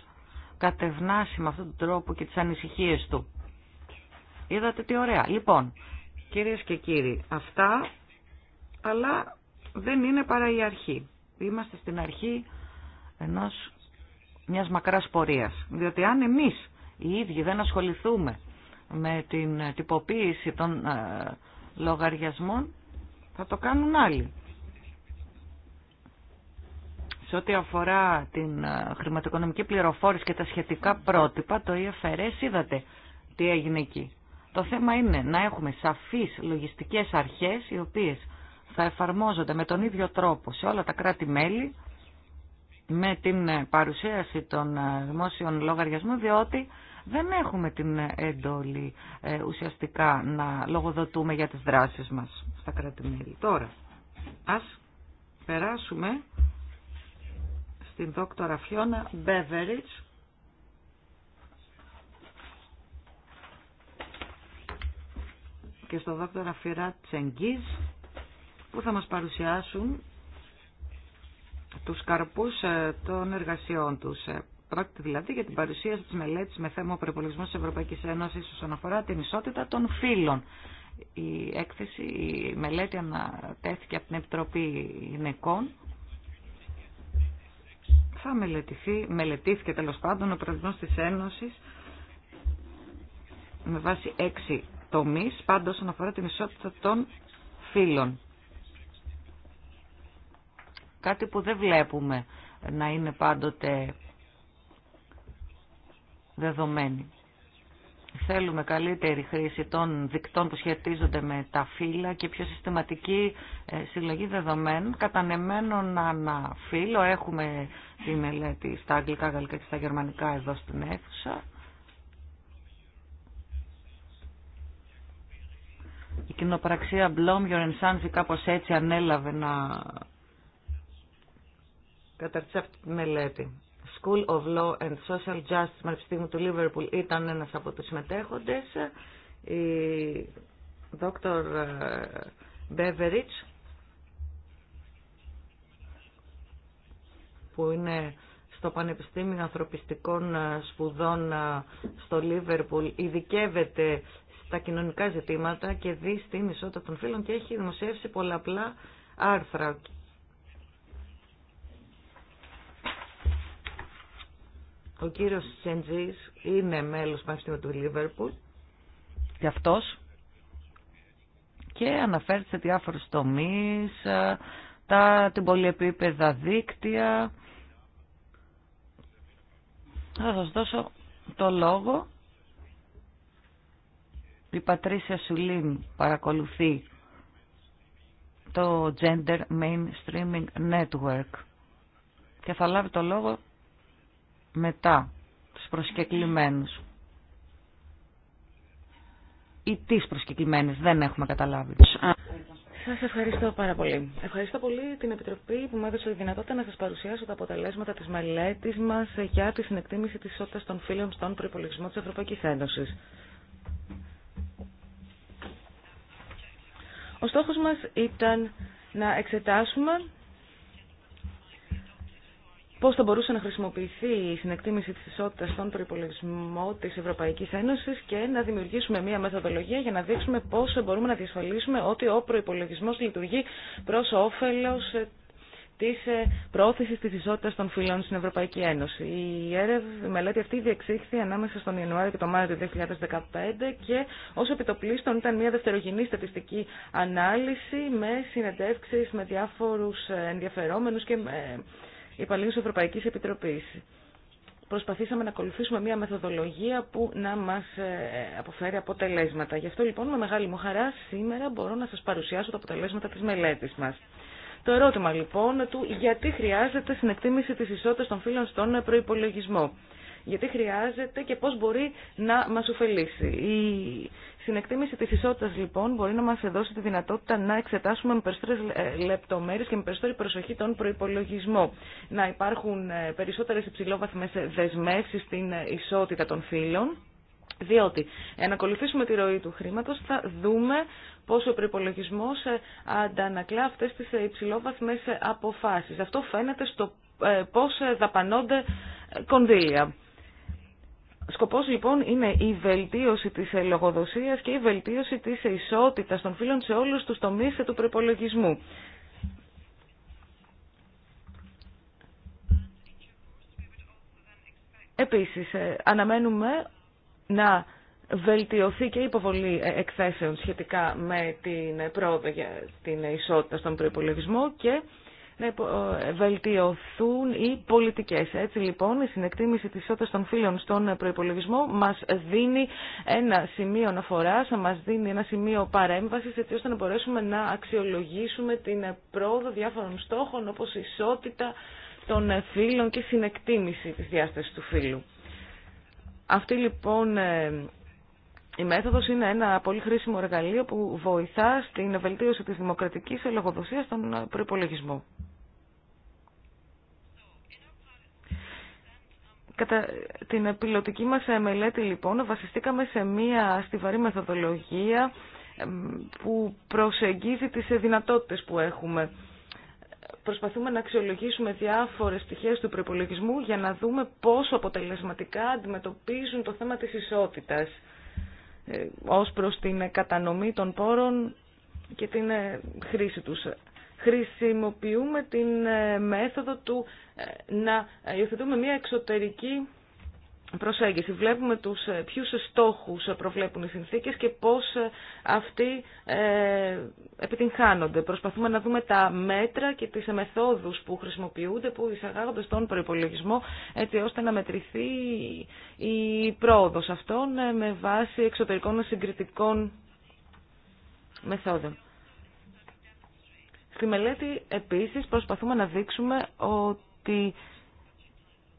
κατευνάσει με αυτόν τον τρόπο και τι ανησυχίε του. Είδατε τι ωραία. Λοιπόν, Κυρίες και κύριοι, αυτά, αλλά δεν είναι παρά η αρχή. Είμαστε στην αρχή ενός μιας μακράς πορείας. Διότι αν εμείς οι ίδιοι δεν ασχοληθούμε με την τυποποίηση των ε, λογαριασμών, θα το κάνουν άλλοι. Σε ό,τι αφορά την ε, χρηματοοικονομική πληροφόρηση και τα σχετικά πρότυπα, το EFRS είδατε τι έγινε εκεί. Το θέμα είναι να έχουμε σαφείς λογιστικές αρχές οι οποίες θα εφαρμόζονται με τον ίδιο τρόπο σε όλα τα κράτη-μέλη με την παρουσίαση των ε, δημόσιων λογαριασμών διότι δεν έχουμε την εντολή ε, ουσιαστικά να λογοδοτούμε για τις δράσεις μας στα κράτη-μέλη. Τώρα, ας περάσουμε στην δόκτωρα Φιώνα Μπέβεριτς και στον δόκτωρα Φιρά Τσενγκίζ που θα μας παρουσιάσουν τους καρπούς ε, των εργασιών τους. Ε, πρόκειται δηλαδή για την παρουσίαση της μελέτης με θέμα ο προπολογισμός της Ευρωπαϊκής Ένωσης όσον αφορά την ισότητα των φύλων. Η έκθεση, η μελέτη ανατέθηκε από την Επιτροπή Γυναικών. Θα μελετηθεί, μελετήθηκε τέλος πάντων ο της Ένωσης με βάση έξι τομείς, πάντως όσον αφορά την ισότητα των φύλων. Κάτι που δεν βλέπουμε να είναι πάντοτε δεδομένη. Θέλουμε καλύτερη χρήση των δικτών που σχετίζονται με τα φύλλα και πιο συστηματική ε, συλλογή δεδομένων κατανεμένων ανά Έχουμε τη μελέτη στα αγγλικά, γαλλικά και στα γερμανικά εδώ στην αίθουσα. Η κοινοπραξία Blom Γιορενσάνζη κάπως έτσι ανέλαβε να καταρτήσει αυτή τη μελέτη. School of Law and Social Justice Πανεπιστήμιο του Λίβερπουλ ήταν ένας από τους συμμετέχοντες. Η Dr. Beveridge που είναι στο Πανεπιστήμιο Ανθρωπιστικών Σπουδών ε, στο Λίβερπουλ ειδικεύεται τα κοινωνικά ζητήματα και δει στην ισότητα των φίλων και έχει δημοσιεύσει πολλαπλά άρθρα. Ο κύριος Σεντζής είναι μέλος Πανεπιστήμιου του Λίβερπουλ και αυτός και αναφέρει σε διάφορους τομείς, ε, τα, την πολυεπίπεδα δίκτυα. Θα σας δώσω το λόγο η Πατρίσια Σουλίν παρακολουθεί το Gender Mainstreaming Network και θα λάβει το λόγο μετά τους προσκεκλημένους ή τις προσκεκλημένες, δεν έχουμε καταλάβει. Σας ευχαριστώ πάρα πολύ. Ευχαριστώ πολύ την Επιτροπή που μου έδωσε τη δυνατότητα να σας παρουσιάσω τα αποτελέσματα της μελέτης μας για τη συνεκτίμηση της ισότητας των φίλων στον προϋπολογισμό της Ευρωπαϊκής Ένωσης. Ο στόχος μας ήταν να εξετάσουμε πώς θα μπορούσε να χρησιμοποιηθεί η συνεκτίμηση της ισότητας στον προϋπολογισμό της Ευρωπαϊκής Ένωσης και να δημιουργήσουμε μια μεθοδολογία για να δείξουμε πώς μπορούμε να διασφαλίσουμε ότι ο προϋπολογισμός λειτουργεί προς όφελος Τη ε, πρόθεση τη ισότητα των φύλων στην Ευρωπαϊκή Ένωση. Η, έρευ, μελέτη αυτή διεξήχθη ανάμεσα στον Ιανουάριο και τον Μάρτιο του 2015 και ω επιτοπλίστων ήταν μια δευτερογενή στατιστική ανάλυση με συνεντεύξεις με διάφορου ε, ενδιαφερόμενους και ε, υπαλλήλου Ευρωπαϊκή Ευρωπαϊκής Επιτροπής. Προσπαθήσαμε να ακολουθήσουμε μια μεθοδολογία που να μα αποφέρει αποτελέσματα. Γι' αυτό λοιπόν με μεγάλη μου χαρά σήμερα μπορώ να σα παρουσιάσω τα αποτελέσματα τη μελέτη μα. Το ερώτημα λοιπόν του γιατί χρειάζεται συνεκτίμηση της ισότητας των φύλων στον προϋπολογισμό. Γιατί χρειάζεται και πώς μπορεί να μας ωφελήσει. Η συνεκτίμηση της ισότητας λοιπόν μπορεί να μας δώσει τη δυνατότητα να εξετάσουμε με περισσότερες ε, λεπτομέρειες και με περισσότερη προσοχή τον προϋπολογισμό. Να υπάρχουν ε, περισσότερες υψηλόβαθμες δεσμεύσεις στην ε, ισότητα των φύλων διότι, ενακολουθήσουμε τη ροή του χρήματος, θα δούμε πόσο ο προπολογισμό ε, αντανακλά αυτές τις ε, υψηλόβαθμες ε, αποφάσεις. Αυτό φαίνεται στο πώς δαπανώνται κονδύλια. Σκοπός λοιπόν είναι η βελτίωση της λογοδοσίας και η βελτίωση της ισότητας των φίλων σε όλους τους τομείς του προπολογισμού. Επίσης, αναμένουμε να βελτιωθεί και η υποβολή ε, εκθέσεων σχετικά με την πρόοδο για την ισότητα στον προπολογισμό και να ε, βελτιωθούν οι πολιτικές. Έτσι λοιπόν η συνεκτίμηση της ισότητας των φίλων στον προϋπολογισμό μας δίνει ένα σημείο αναφοράς, μας δίνει ένα σημείο παρέμβασης έτσι ώστε να μπορέσουμε να αξιολογήσουμε την πρόοδο διάφορων στόχων όπως η ισότητα των φίλων και συνεκτίμηση της διάστασης του φίλου. Αυτή λοιπόν ε, η μέθοδος είναι ένα πολύ χρήσιμο εργαλείο που βοηθά στην βελτίωση της δημοκρατικής λογοδοσίας στον προπολογισμό. Κατά την πιλωτική μας ε, μελέτη λοιπόν βασιστήκαμε σε μία στιβαρή μεθοδολογία ε, που προσεγγίζει τις δυνατότητες που έχουμε προσπαθούμε να αξιολογήσουμε διάφορες στοιχεία του προπολογισμού για να δούμε πόσο αποτελεσματικά αντιμετωπίζουν το θέμα της ισότητας ε, ως προς την κατανομή των πόρων και την ε, χρήση τους. Χρησιμοποιούμε την ε, μέθοδο του να υιοθετούμε μια εξωτερική προσέγγιση. Βλέπουμε τους ε, ποιους στόχους ε, προβλέπουν οι συνθήκες και πώς ε, αυτοί επιτυγχάνονται. Προσπαθούμε να δούμε τα μέτρα και τις μεθόδους που χρησιμοποιούνται, που εισαγάγονται στον προϋπολογισμό, έτσι ώστε να μετρηθεί η πρόοδος αυτών με βάση εξωτερικών συγκριτικών μεθόδων. Στη μελέτη, επίσης, προσπαθούμε να δείξουμε ότι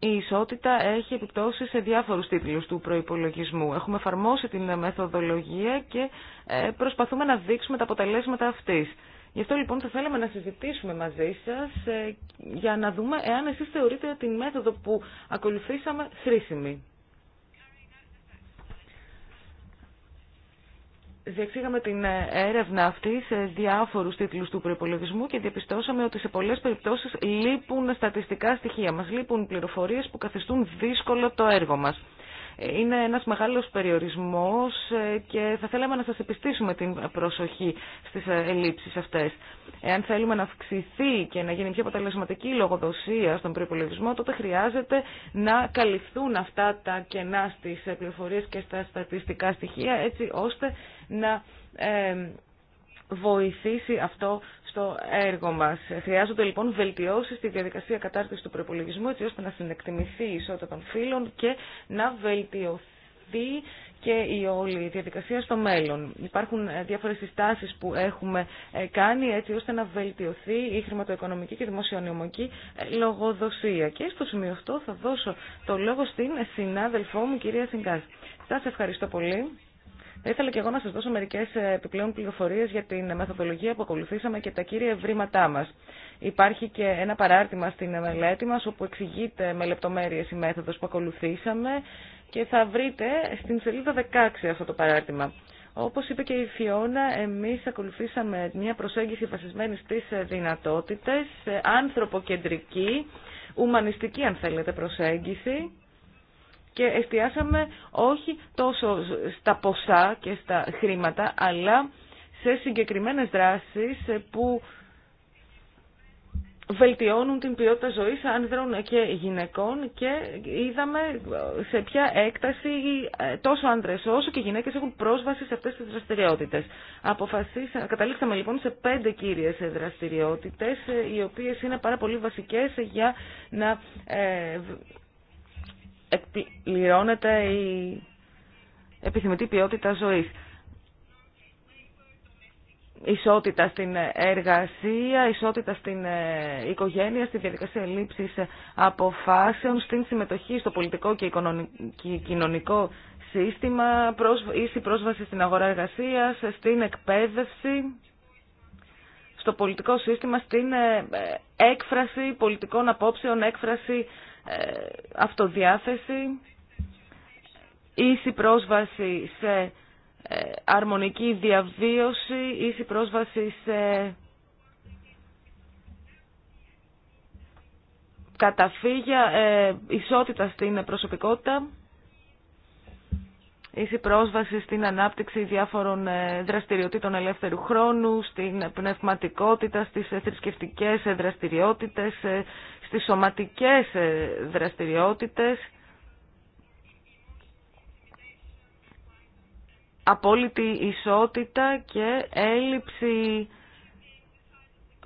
η ισότητα έχει επιπτώσει σε διάφορους τίτλους του προϋπολογισμού. Έχουμε εφαρμόσει την μεθοδολογία και ε, προσπαθούμε να δείξουμε τα αποτελέσματα αυτής. Γι' αυτό λοιπόν θα θέλαμε να συζητήσουμε μαζί σας ε, για να δούμε εάν εσείς θεωρείτε την μέθοδο που ακολουθήσαμε χρήσιμη. Διεξήγαμε την ε, έρευνα αυτή σε διάφορους τίτλους του προπολογισμού και διαπιστώσαμε ότι σε πολλές περιπτώσεις λείπουν στατιστικά στοιχεία μας, λείπουν πληροφορίες που καθιστούν δύσκολο το έργο μας. Είναι ένας μεγάλος περιορισμός ε, και θα θέλαμε να σας επιστήσουμε την προσοχή στις ε, ελλείψεις αυτές. Εάν θέλουμε να αυξηθεί και να γίνει πιο αποτελεσματική η λογοδοσία στον προπολογισμό, τότε χρειάζεται να καλυφθούν αυτά τα κενά στις πληροφορίες και στα στατιστικά στοιχεία, έτσι ώστε να βοηθήσει αυτό στο έργο μα. Χρειάζονται λοιπόν βελτιώσει στη διαδικασία κατάρτιση του προπολογισμού έτσι ώστε να συνεκτιμηθεί η ισότητα των φύλων και να βελτιωθεί και η όλη διαδικασία στο μέλλον. Υπάρχουν ε, διάφορε συστάσει που έχουμε ε, κάνει έτσι ώστε να βελτιωθεί η χρηματοοικονομική και δημοσιονομική ε, λογοδοσία. Και στο σημείο αυτό θα δώσω το λόγο στην συνάδελφό μου κυρία Συγκάς. Σα ευχαριστώ πολύ. Θα ήθελα και εγώ να σα δώσω μερικέ ε, επιπλέον πληροφορίε για την μεθοδολογία που ακολουθήσαμε και τα κύρια ευρήματά μα. Υπάρχει και ένα παράρτημα στην μελέτη μα όπου εξηγείται με λεπτομέρειε η μέθοδος που ακολουθήσαμε και θα βρείτε στην σελίδα 16 αυτό το παράρτημα. Όπω είπε και η Φιώνα, εμεί ακολουθήσαμε μια προσέγγιση βασισμένη στις δυνατότητες, ανθρωποκεντρική, ουμανιστική αν θέλετε προσέγγιση, και εστιάσαμε όχι τόσο στα ποσά και στα χρήματα, αλλά σε συγκεκριμένες δράσεις που βελτιώνουν την ποιότητα ζωής άνδρων και γυναικών και είδαμε σε ποια έκταση τόσο άνδρες όσο και γυναίκες έχουν πρόσβαση σε αυτές τις δραστηριότητες. Αποφασίσα, καταλήξαμε λοιπόν σε πέντε κύριες δραστηριότητες οι οποίες είναι πάρα πολύ βασικές για να ε, εκπληρώνεται η επιθυμητή ποιότητα ζωής. Ισότητα στην εργασία, ισότητα στην ε, οικογένεια, στη διαδικασία λήψης αποφάσεων, στην συμμετοχή στο πολιτικό και κοινωνικό σύστημα, ίση πρόσβαση στην αγορά εργασίας, στην εκπαίδευση, στο πολιτικό σύστημα, στην ε, ε, έκφραση πολιτικών απόψεων, έκφραση ε, αυτοδιάθεση, ίση πρόσβαση σε ε, αρμονική διαβίωση, ίση πρόσβαση σε καταφύγια, ε, ισότητα στην προσωπικότητα, ίση πρόσβαση στην ανάπτυξη διάφορων δραστηριοτήτων ελεύθερου χρόνου, στην πνευματικότητα, στις θρησκευτικές δραστηριότητες, στις σωματικές ε, δραστηριότητες, απόλυτη ισότητα και έλλειψη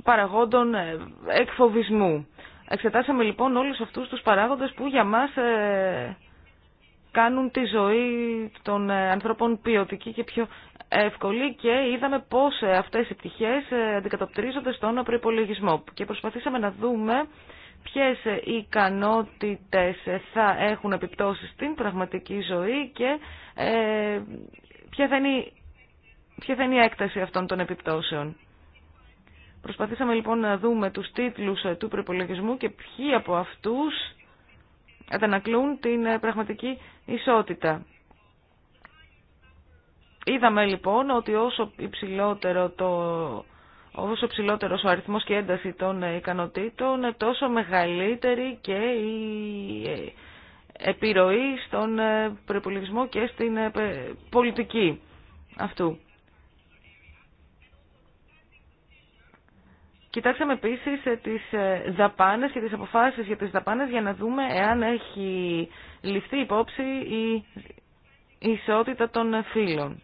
παραγόντων ε, εκφοβισμού. Εξετάσαμε λοιπόν όλους αυτούς τους παράγοντες που για μας ε, κάνουν τη ζωή των ανθρώπων ποιοτική και πιο εύκολη και είδαμε πώς αυτές οι πτυχές αντικατοπτρίζονται στον προπολογισμό και προσπαθήσαμε να δούμε ποιες ικανότητες θα έχουν επιπτώσεις στην πραγματική ζωή και ε, ποια, θα είναι, ποια θα είναι η έκταση αυτών των επιπτώσεων. Προσπαθήσαμε λοιπόν να δούμε τους τίτλους του προπολογισμού και ποιοι από αυτούς αντανακλούν την πραγματική ισότητα. Είδαμε λοιπόν ότι όσο υψηλότερο το όσο ψηλότερος ο αριθμός και ένταση των ικανοτήτων, τόσο μεγαλύτερη και η επιρροή στον ε, προπολογισμό και στην ε, πολιτική αυτού. Κοιτάξαμε επίσης ε, τις δαπάνε και τις αποφάσεις για τις δαπάνες για να δούμε εάν έχει ληφθεί υπόψη η ισότητα των φύλων.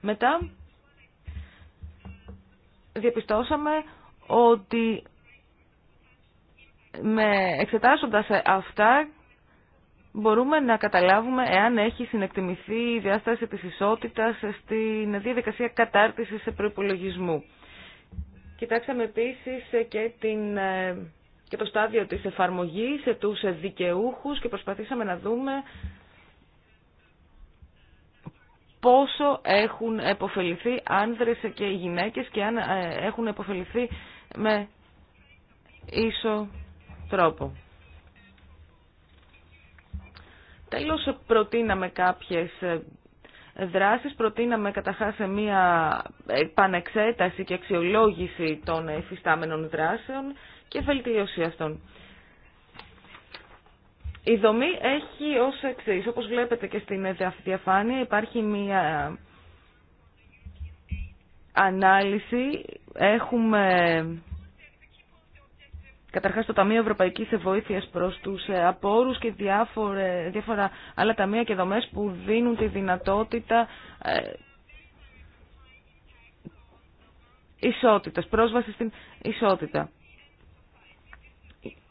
Μετά διαπιστώσαμε ότι με εξετάζοντας αυτά μπορούμε να καταλάβουμε εάν έχει συνεκτιμηθεί η διάσταση της ισότητας στην διαδικασία κατάρτισης σε προπολογισμού. Κοιτάξαμε επίσης και, την, και το στάδιο της εφαρμογής, τους δικαιούχους και προσπαθήσαμε να δούμε πόσο έχουν επωφεληθεί άνδρες και γυναίκες και αν ε, έχουν επωφεληθεί με ίσο τρόπο. Τέλος, προτείναμε κάποιες ε, δράσεις. Προτείναμε καταρχάς μία επανεξέταση και αξιολόγηση των εφιστάμενων δράσεων και βελτίωση αυτών. Η δομή έχει ω εξή. Όπως βλέπετε και στην διαφάνεια υπάρχει μια ανάλυση. Έχουμε καταρχάς το Ταμείο Ευρωπαϊκής Βοήθειας προς τους απόρους και διάφορα, διάφορα άλλα ταμεία και δομές που δίνουν τη δυνατότητα ε, ισότητας, πρόσβαση στην ισότητα.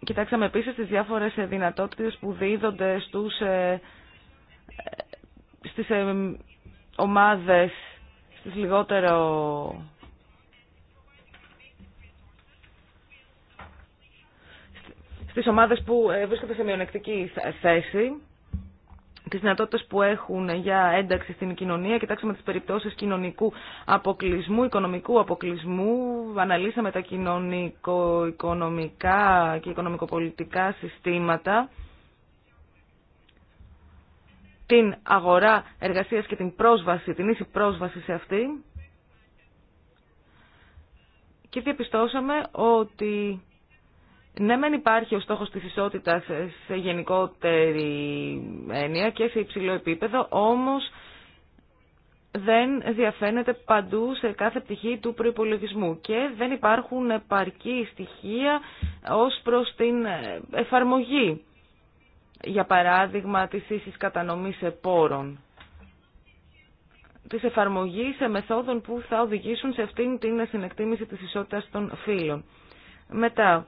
Κοιτάξαμε επίσης τις διάφορες ε, δυνατότητες που δίδονται στους, ε, ε, στις ομάδες, στις λιγότερο... Στις ομάδες που βρίσκονται σε μειονεκτική θέση τις δυνατότητες που έχουν για ένταξη στην κοινωνία, κοιτάξαμε τις περιπτώσεις κοινωνικού αποκλεισμού, οικονομικού αποκλεισμού, αναλύσαμε τα κοινωνικο-οικονομικά και οικονομικοπολιτικά συστήματα, την αγορά εργασίας και την πρόσβαση, την ίση πρόσβαση σε αυτή. Και διαπιστώσαμε ότι ναι μεν υπάρχει ο στόχος της ισότητας σε γενικότερη έννοια και σε υψηλό επίπεδο, όμως δεν διαφαίνεται παντού σε κάθε πτυχή του προϋπολογισμού και δεν υπάρχουν επαρκή στοιχεία ως προς την εφαρμογή, για παράδειγμα της ίσης κατανομής επόρων, της εφαρμογής σε μεθόδων που θα οδηγήσουν σε αυτήν την συνεκτίμηση της ισότητας των φύλων. Μετά,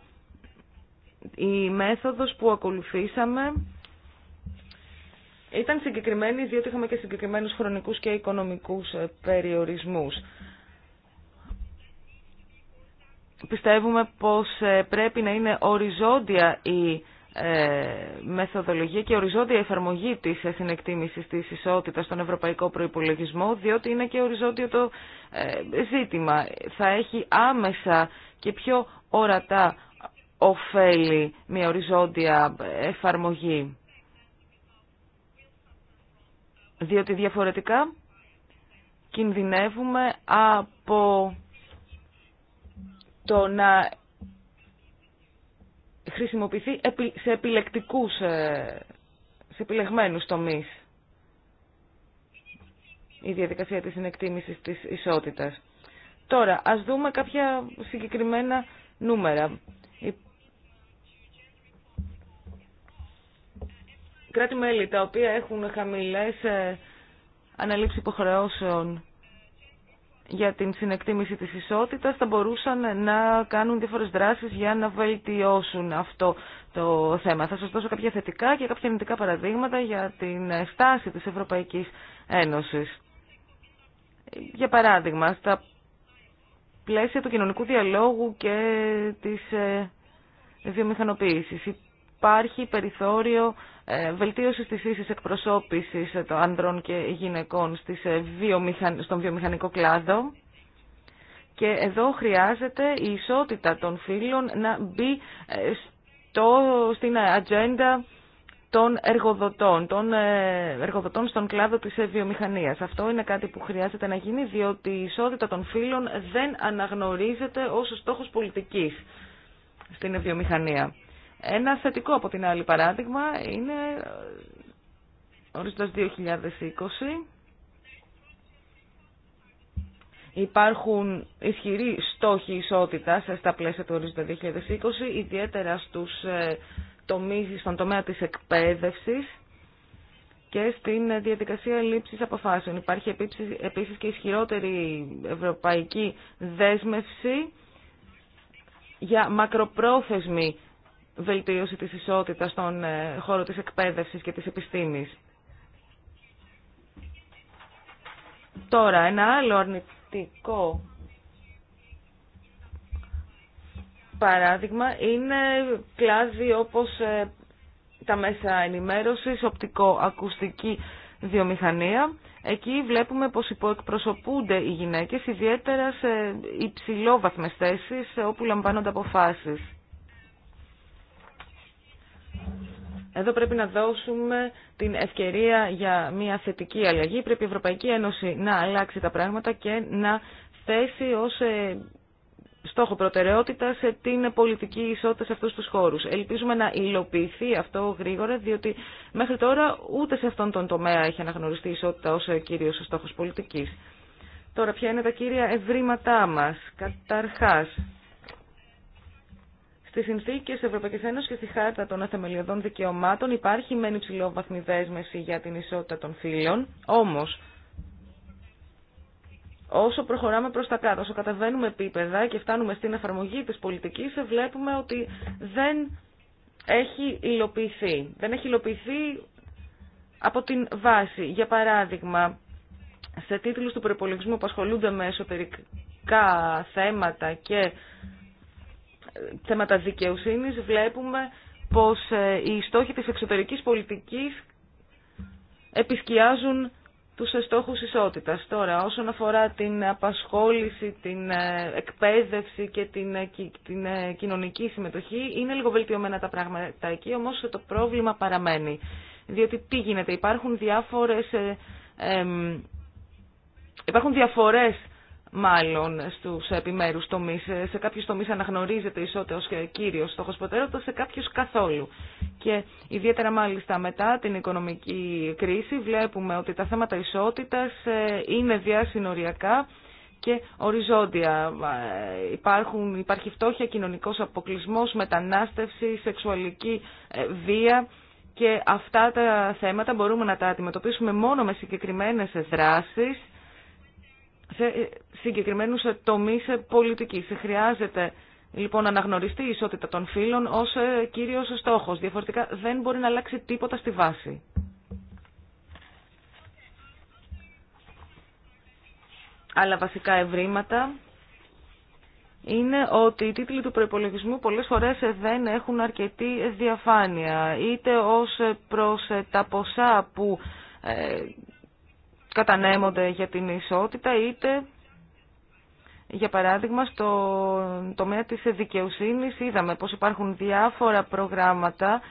η μέθοδος που ακολουθήσαμε ήταν συγκεκριμένη διότι είχαμε και συγκεκριμένους χρονικούς και οικονομικούς ε, περιορισμούς. Πιστεύουμε πως ε, πρέπει να είναι οριζόντια η ε, μεθοδολογία και οριζόντια εφαρμογή της συνεκτίμησης της ισότητας στον ευρωπαϊκό προϋπολογισμό, διότι είναι και οριζόντιο το ζήτημα. Θα έχει άμεσα και πιο ορατά ωφέλει μια οριζόντια εφαρμογή. Διότι διαφορετικά κινδυνεύουμε από το να χρησιμοποιηθεί σε επιλεκτικούς, ε, σε επιλεγμένους τομείς η διαδικασία της συνεκτίμησης της ισότητας. Τώρα, ας δούμε κάποια συγκεκριμένα νούμερα. κράτη-μέλη τα οποία έχουν χαμηλές ε, αναλήψεις υποχρεώσεων για την συνεκτίμηση της ισότητας θα μπορούσαν να κάνουν διάφορες δράσεις για να βελτιώσουν αυτό το θέμα. Θα σας δώσω κάποια θετικά και κάποια αρνητικά παραδείγματα για την ε, στάση της Ευρωπαϊκής Ένωσης. Για παράδειγμα, στα πλαίσια του κοινωνικού διαλόγου και της ε, βιομηχανοποίησης υπάρχει περιθώριο ε, βελτίωση της ίσης εκπροσώπησης των ανδρών και γυναικών στις ε, στον βιομηχανικό κλάδο. Και εδώ χρειάζεται η ισότητα των φύλων να μπει ε, στο, στην ατζέντα των εργοδοτών, των εργοδοτών στον κλάδο της βιομηχανίας. Αυτό είναι κάτι που χρειάζεται να γίνει, διότι η ισότητα των φύλων δεν αναγνωρίζεται ως στόχος πολιτικής στην βιομηχανία. Ένα θετικό από την άλλη παράδειγμα είναι ε, ορίζοντας 2020. Υπάρχουν ισχυροί στόχοι ισότητας ε, στα πλαίσια του ορίζοντα 2020, ιδιαίτερα στους ε, τομείς, στον τομέα της εκπαίδευσης και στην διαδικασία λήψης αποφάσεων. Υπάρχει επίσης και ισχυρότερη ευρωπαϊκή δέσμευση για μακροπρόθεσμη βελτίωση της ισότητας στον ε, χώρο της εκπαίδευσης και της επιστήμης. Τώρα, ένα άλλο αρνητικό παράδειγμα είναι κλάδι όπως ε, τα μέσα ενημέρωσης, οπτικό-ακουστική βιομηχανία. Εκεί βλέπουμε πως υποεκπροσωπούνται οι γυναίκες, ιδιαίτερα σε υψηλόβαθμες θέσεις όπου λαμβάνονται αποφάσεις. Εδώ πρέπει να δώσουμε την ευκαιρία για μια θετική αλλαγή. Πρέπει η Ευρωπαϊκή Ένωση να αλλάξει τα πράγματα και να θέσει ως ε, στόχο προτεραιότητα σε την πολιτική ισότητα σε αυτούς τους χώρους. Ελπίζουμε να υλοποιηθεί αυτό γρήγορα, διότι μέχρι τώρα ούτε σε αυτόν τον τομέα έχει αναγνωριστεί η ισότητα ως ε, κύριος στόχος πολιτικής. Τώρα, ποια είναι τα κύρια ευρήματά μας. Καταρχάς, Στι συνθήκε τη Ευρωπαϊκή Ένωση και στη Χάρτα των Αθεμελιωδών Δικαιωμάτων υπάρχει μεν υψηλόβαθμη δέσμευση για την ισότητα των φύλων, όμω όσο προχωράμε προς τα κάτω, όσο καταβαίνουμε επίπεδα και φτάνουμε στην εφαρμογή της πολιτικής, βλέπουμε ότι δεν έχει υλοποιηθεί. Δεν έχει υλοποιηθεί από την βάση. Για παράδειγμα, σε τίτλους του προπολογισμού που ασχολούνται με εσωτερικά θέματα και θέματα δικαιοσύνης βλέπουμε πως ε, οι στόχοι της εξωτερικής πολιτικής επισκιάζουν τους στόχους ισότητας. Τώρα, όσον αφορά την απασχόληση, την ε, εκπαίδευση και την, ε, την κοινωνική συμμετοχή, είναι λίγο βελτιωμένα τα πράγματα εκεί, όμως το πρόβλημα παραμένει. Διότι τι γίνεται, υπάρχουν διάφορες... υπάρχουν διαφορές μάλλον στους επιμέρου τομεί. Σε κάποιου τομεί αναγνωρίζεται ισότητα ως κύριος στόχο προτεραιότητας, σε κάποιους καθόλου. Και ιδιαίτερα μάλιστα μετά την οικονομική κρίση βλέπουμε ότι τα θέματα ισότητας ε, είναι διασυνοριακά και οριζόντια. Ε, υπάρχουν, υπάρχει φτώχεια, κοινωνικός αποκλεισμός, μετανάστευση, σεξουαλική ε, βία και αυτά τα θέματα μπορούμε να τα αντιμετωπίσουμε μόνο με συγκεκριμένες δράσεις σε συγκεκριμένους τομείς πολιτικής. Χρειάζεται λοιπόν να αναγνωριστεί η ισότητα των φύλων ως ε, κύριος στόχος. Διαφορετικά δεν μπορεί να αλλάξει τίποτα στη βάση. Αλλά βασικά ευρήματα είναι ότι οι τίτλοι του προϋπολογισμού πολλές φορές δεν έχουν αρκετή διαφάνεια, είτε ως προς τα ποσά που ε, κατανέμονται για την ισότητα, είτε για παράδειγμα στο τομέα της δικαιοσύνης είδαμε πως υπάρχουν διάφορα προγράμματα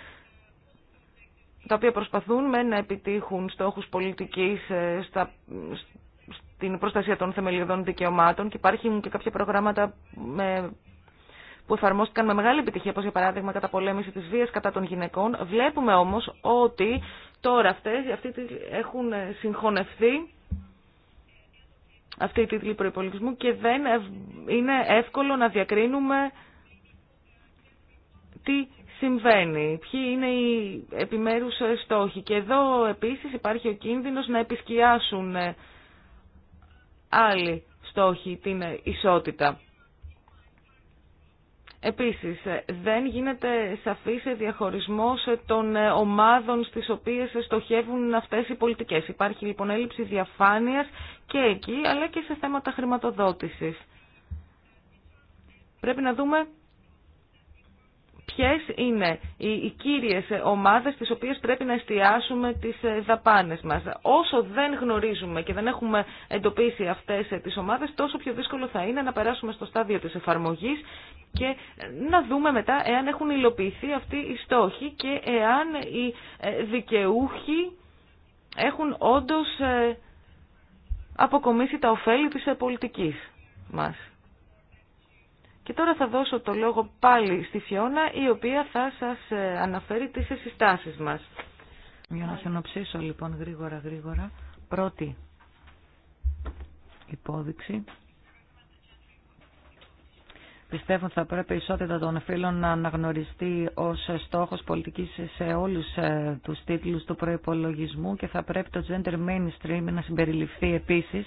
τα οποία προσπαθούν με να επιτύχουν στόχους πολιτικής ε, στα, στην προστασία των θεμελιωδών δικαιωμάτων και υπάρχουν και κάποια προγράμματα με, που εφαρμόστηκαν με μεγάλη επιτυχία, όπως για παράδειγμα κατά πολέμηση της βίας κατά των γυναικών. Βλέπουμε όμως ότι Τώρα αυτές, αυτοί έχουν ε, συγχωνευθεί, αυτή η τίτλη προπολογισμού και δεν είναι εύκολο να διακρίνουμε τι συμβαίνει, ποιοι είναι οι επιμέρους ε, στόχοι. Και εδώ επίσης υπάρχει ο κίνδυνος να επισκιάσουν ε, άλλοι στόχοι την ισότητα. Επίσης, ε, δεν γίνεται σαφής ε, διαχωρισμός ε, των ομάδων στις οποίες στοχεύουν αυτές οι πολιτικές. Υπάρχει λοιπόν έλλειψη διαφάνειας και εκεί, αλλά και σε θέματα χρηματοδότησης. Πρέπει να δούμε Ποιε είναι οι, οι κύριες ομάδες τις οποίες πρέπει να εστιάσουμε τις ε, δαπάνε μας. Όσο δεν γνωρίζουμε και δεν έχουμε εντοπίσει αυτές ε, τις ομάδες, τόσο πιο δύσκολο θα είναι να περάσουμε στο στάδιο της εφαρμογής και να δούμε μετά εάν έχουν υλοποιηθεί αυτοί οι στόχοι και εάν οι ε, δικαιούχοι έχουν όντως αποκομίσει τα ωφέλη της πολιτικής μας. Και τώρα θα δώσω το λόγο πάλι στη Φιώνα, η οποία θα σας ε, αναφέρει τις συστάσεις μας. Για να συνοψίσω λοιπόν γρήγορα γρήγορα. Πρώτη υπόδειξη. Πιστεύω ότι θα πρέπει η ισότητα των φίλων να αναγνωριστεί ως στόχος πολιτικής σε όλους ε, τους τίτλους του προϋπολογισμού και θα πρέπει το gender mainstream να συμπεριληφθεί επίσης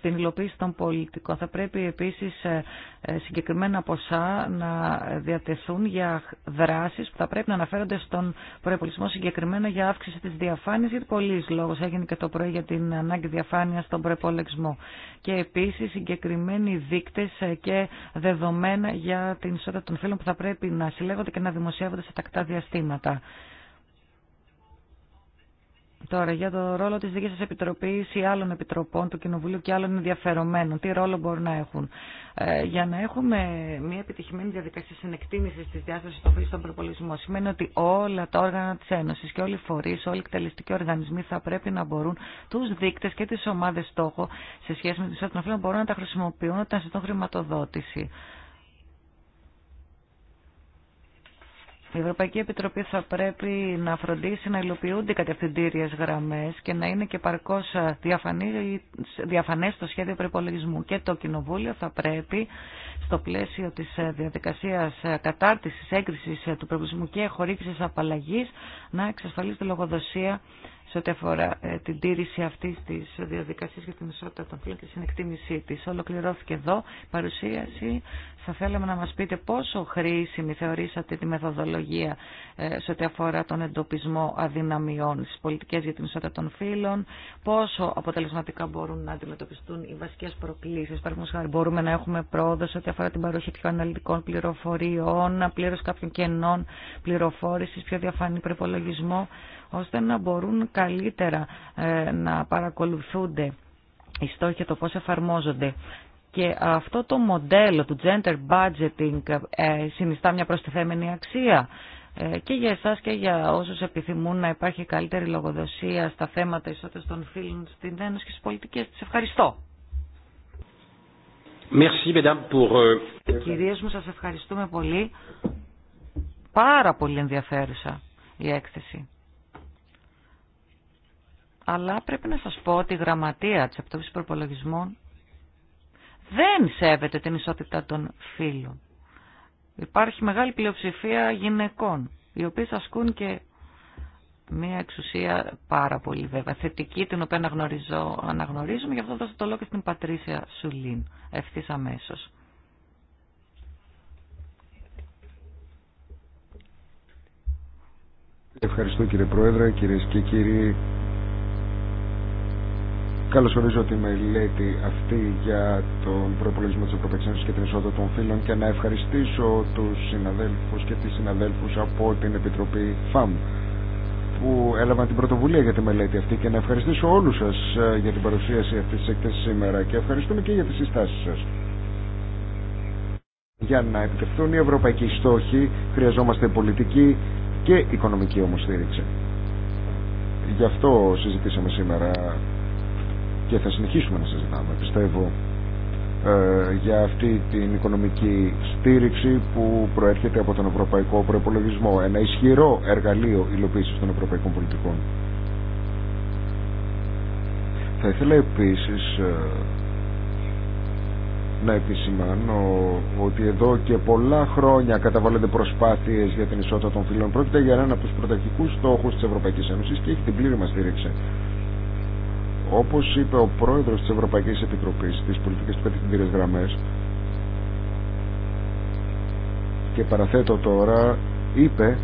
στην υλοποίηση των πολιτικών. Θα πρέπει επίσης ε, ε, συγκεκριμένα ποσά να διατεθούν για δράσεις που θα πρέπει να αναφέρονται στον προεπολισμό συγκεκριμένα για αύξηση της διαφάνειας, γιατί πολλοί λόγος έγινε και το πρωί για την ανάγκη διαφάνειας στον προεπολεξμό. Και επίσης συγκεκριμένοι δείκτες ε, και δεδομένα για την ισότητα των φύλων που θα πρέπει να συλλέγονται και να δημοσιεύονται σε τακτά διαστήματα. Τώρα για το ρόλο τη δική σας επιτροπή ή άλλων επιτροπών του Κοινοβουλίου και άλλων ενδιαφερομένων, τι ρόλο μπορούν να έχουν. Ε, για να έχουμε μια επιτυχημένη διαδικασία συνεκτίμησης τη διάσταση των στον προπολογισμό σημαίνει ότι όλα τα όργανα τη Ένωση και όλοι οι φορεί, όλοι οι εκτελεστικοί οργανισμοί θα πρέπει να μπορούν του δείκτε και τι ομάδε στόχο σε σχέση με τους άτομα να μπορούν να τα χρησιμοποιούν όταν ζητούν χρηματοδότηση. Η Ευρωπαϊκή Επιτροπή θα πρέπει να φροντίσει να υλοποιούνται οι κατευθυντήριε γραμμέ και να είναι και παρκώ διαφανέ το σχέδιο προπολογισμού. Και το Κοινοβούλιο θα πρέπει στο πλαίσιο τη διαδικασία κατάρτιση, έγκριση του προπολογισμού και χορήγηση απαλλαγή να εξασφαλίσει τη λογοδοσία σε ό,τι αφορά ε, την τήρηση αυτή τη διαδικασία για την ισότητα των φύλων και την εκτίμησή τη. Ολοκληρώθηκε εδώ η παρουσίαση. Θα θέλαμε να μα πείτε πόσο χρήσιμη θεωρήσατε τη μεθοδολογία ε, σε ό,τι αφορά τον εντοπισμό αδυναμιών στι πολιτικέ για την ισότητα των φύλων, πόσο αποτελεσματικά μπορούν να αντιμετωπιστούν οι βασικέ προκλήσει. Μπορούμε να έχουμε πρόοδο σε ό,τι αφορά την παροχή πιο αναλυτικών πληροφοριών, πλήρω κάποιων κενών πληροφόρηση, πιο διαφανή προπολογισμό ώστε να μπορούν καλύτερα ε, να παρακολουθούνται οι στόχοι το πώς εφαρμόζονται. Και αυτό το μοντέλο του gender budgeting ε, συνιστά μια προστιθέμενη αξία ε, και για εσάς και για όσους επιθυμούν να υπάρχει καλύτερη λογοδοσία στα θέματα ισότητας των φίλων στην Ένωση και στις πολιτικές. Σας ευχαριστώ. Merci, pour... Euh, Κυρίες μου, σας ευχαριστούμε πολύ. Πάρα πολύ ενδιαφέρουσα η έκθεση αλλά πρέπει να σας πω ότι η γραμματεία της Επιτροπής Προπολογισμών δεν σέβεται την ισότητα των φίλων Υπάρχει μεγάλη πλειοψηφία γυναικών, οι οποίες ασκούν και μια εξουσία πάρα πολύ βέβαια θετική, την οποία αναγνωρίζω, αναγνωρίζουμε, γι' αυτό δώσω το λόγο και στην Πατρίσια Σουλίν, ευθύ αμέσω. Ευχαριστώ κύριε Πρόεδρε, κυρίες και κύριοι. Καλωσορίζω τη μελέτη αυτή για τον προπολογισμό τη Ευρωπαϊκή και την εισόδο των φίλων και να ευχαριστήσω του συναδέλφου και τις συναδέλφου από την Επιτροπή ΦΑΜ που έλαβαν την πρωτοβουλία για τη μελέτη αυτή και να ευχαριστήσω όλου σα ε, για την παρουσίαση αυτή τη εκθέσης σήμερα και ευχαριστούμε και για τι συστάσει σα. Για να επιτευχθούν οι ευρωπαϊκοί στόχοι χρειαζόμαστε πολιτική και οικονομική όμω στήριξη. Γι' αυτό συζητήσαμε σήμερα και θα συνεχίσουμε να συζητάμε πιστεύω ε, για αυτή την οικονομική στήριξη που προέρχεται από τον Ευρωπαϊκό Προπολογισμό. Ένα ισχυρό εργαλείο υλοποίησης των ευρωπαϊκών πολιτικών. Θα ήθελα επίσης ε, να επισημάνω ότι εδώ και πολλά χρόνια καταβάλλονται προσπάθειες για την ισότητα των φύλων. Πρόκειται για έναν από τους πρωταρχικούς στόχους της Ευρωπαϊκής Ένωσης και έχει την πλήρη μας στήριξη. Όπω είπε ο πρόεδρο τη Ευρωπαϊκή Επιτροπή της Πολιτικής του κατευθυντήρε γραμμέ, και παραθέτω τώρα είπε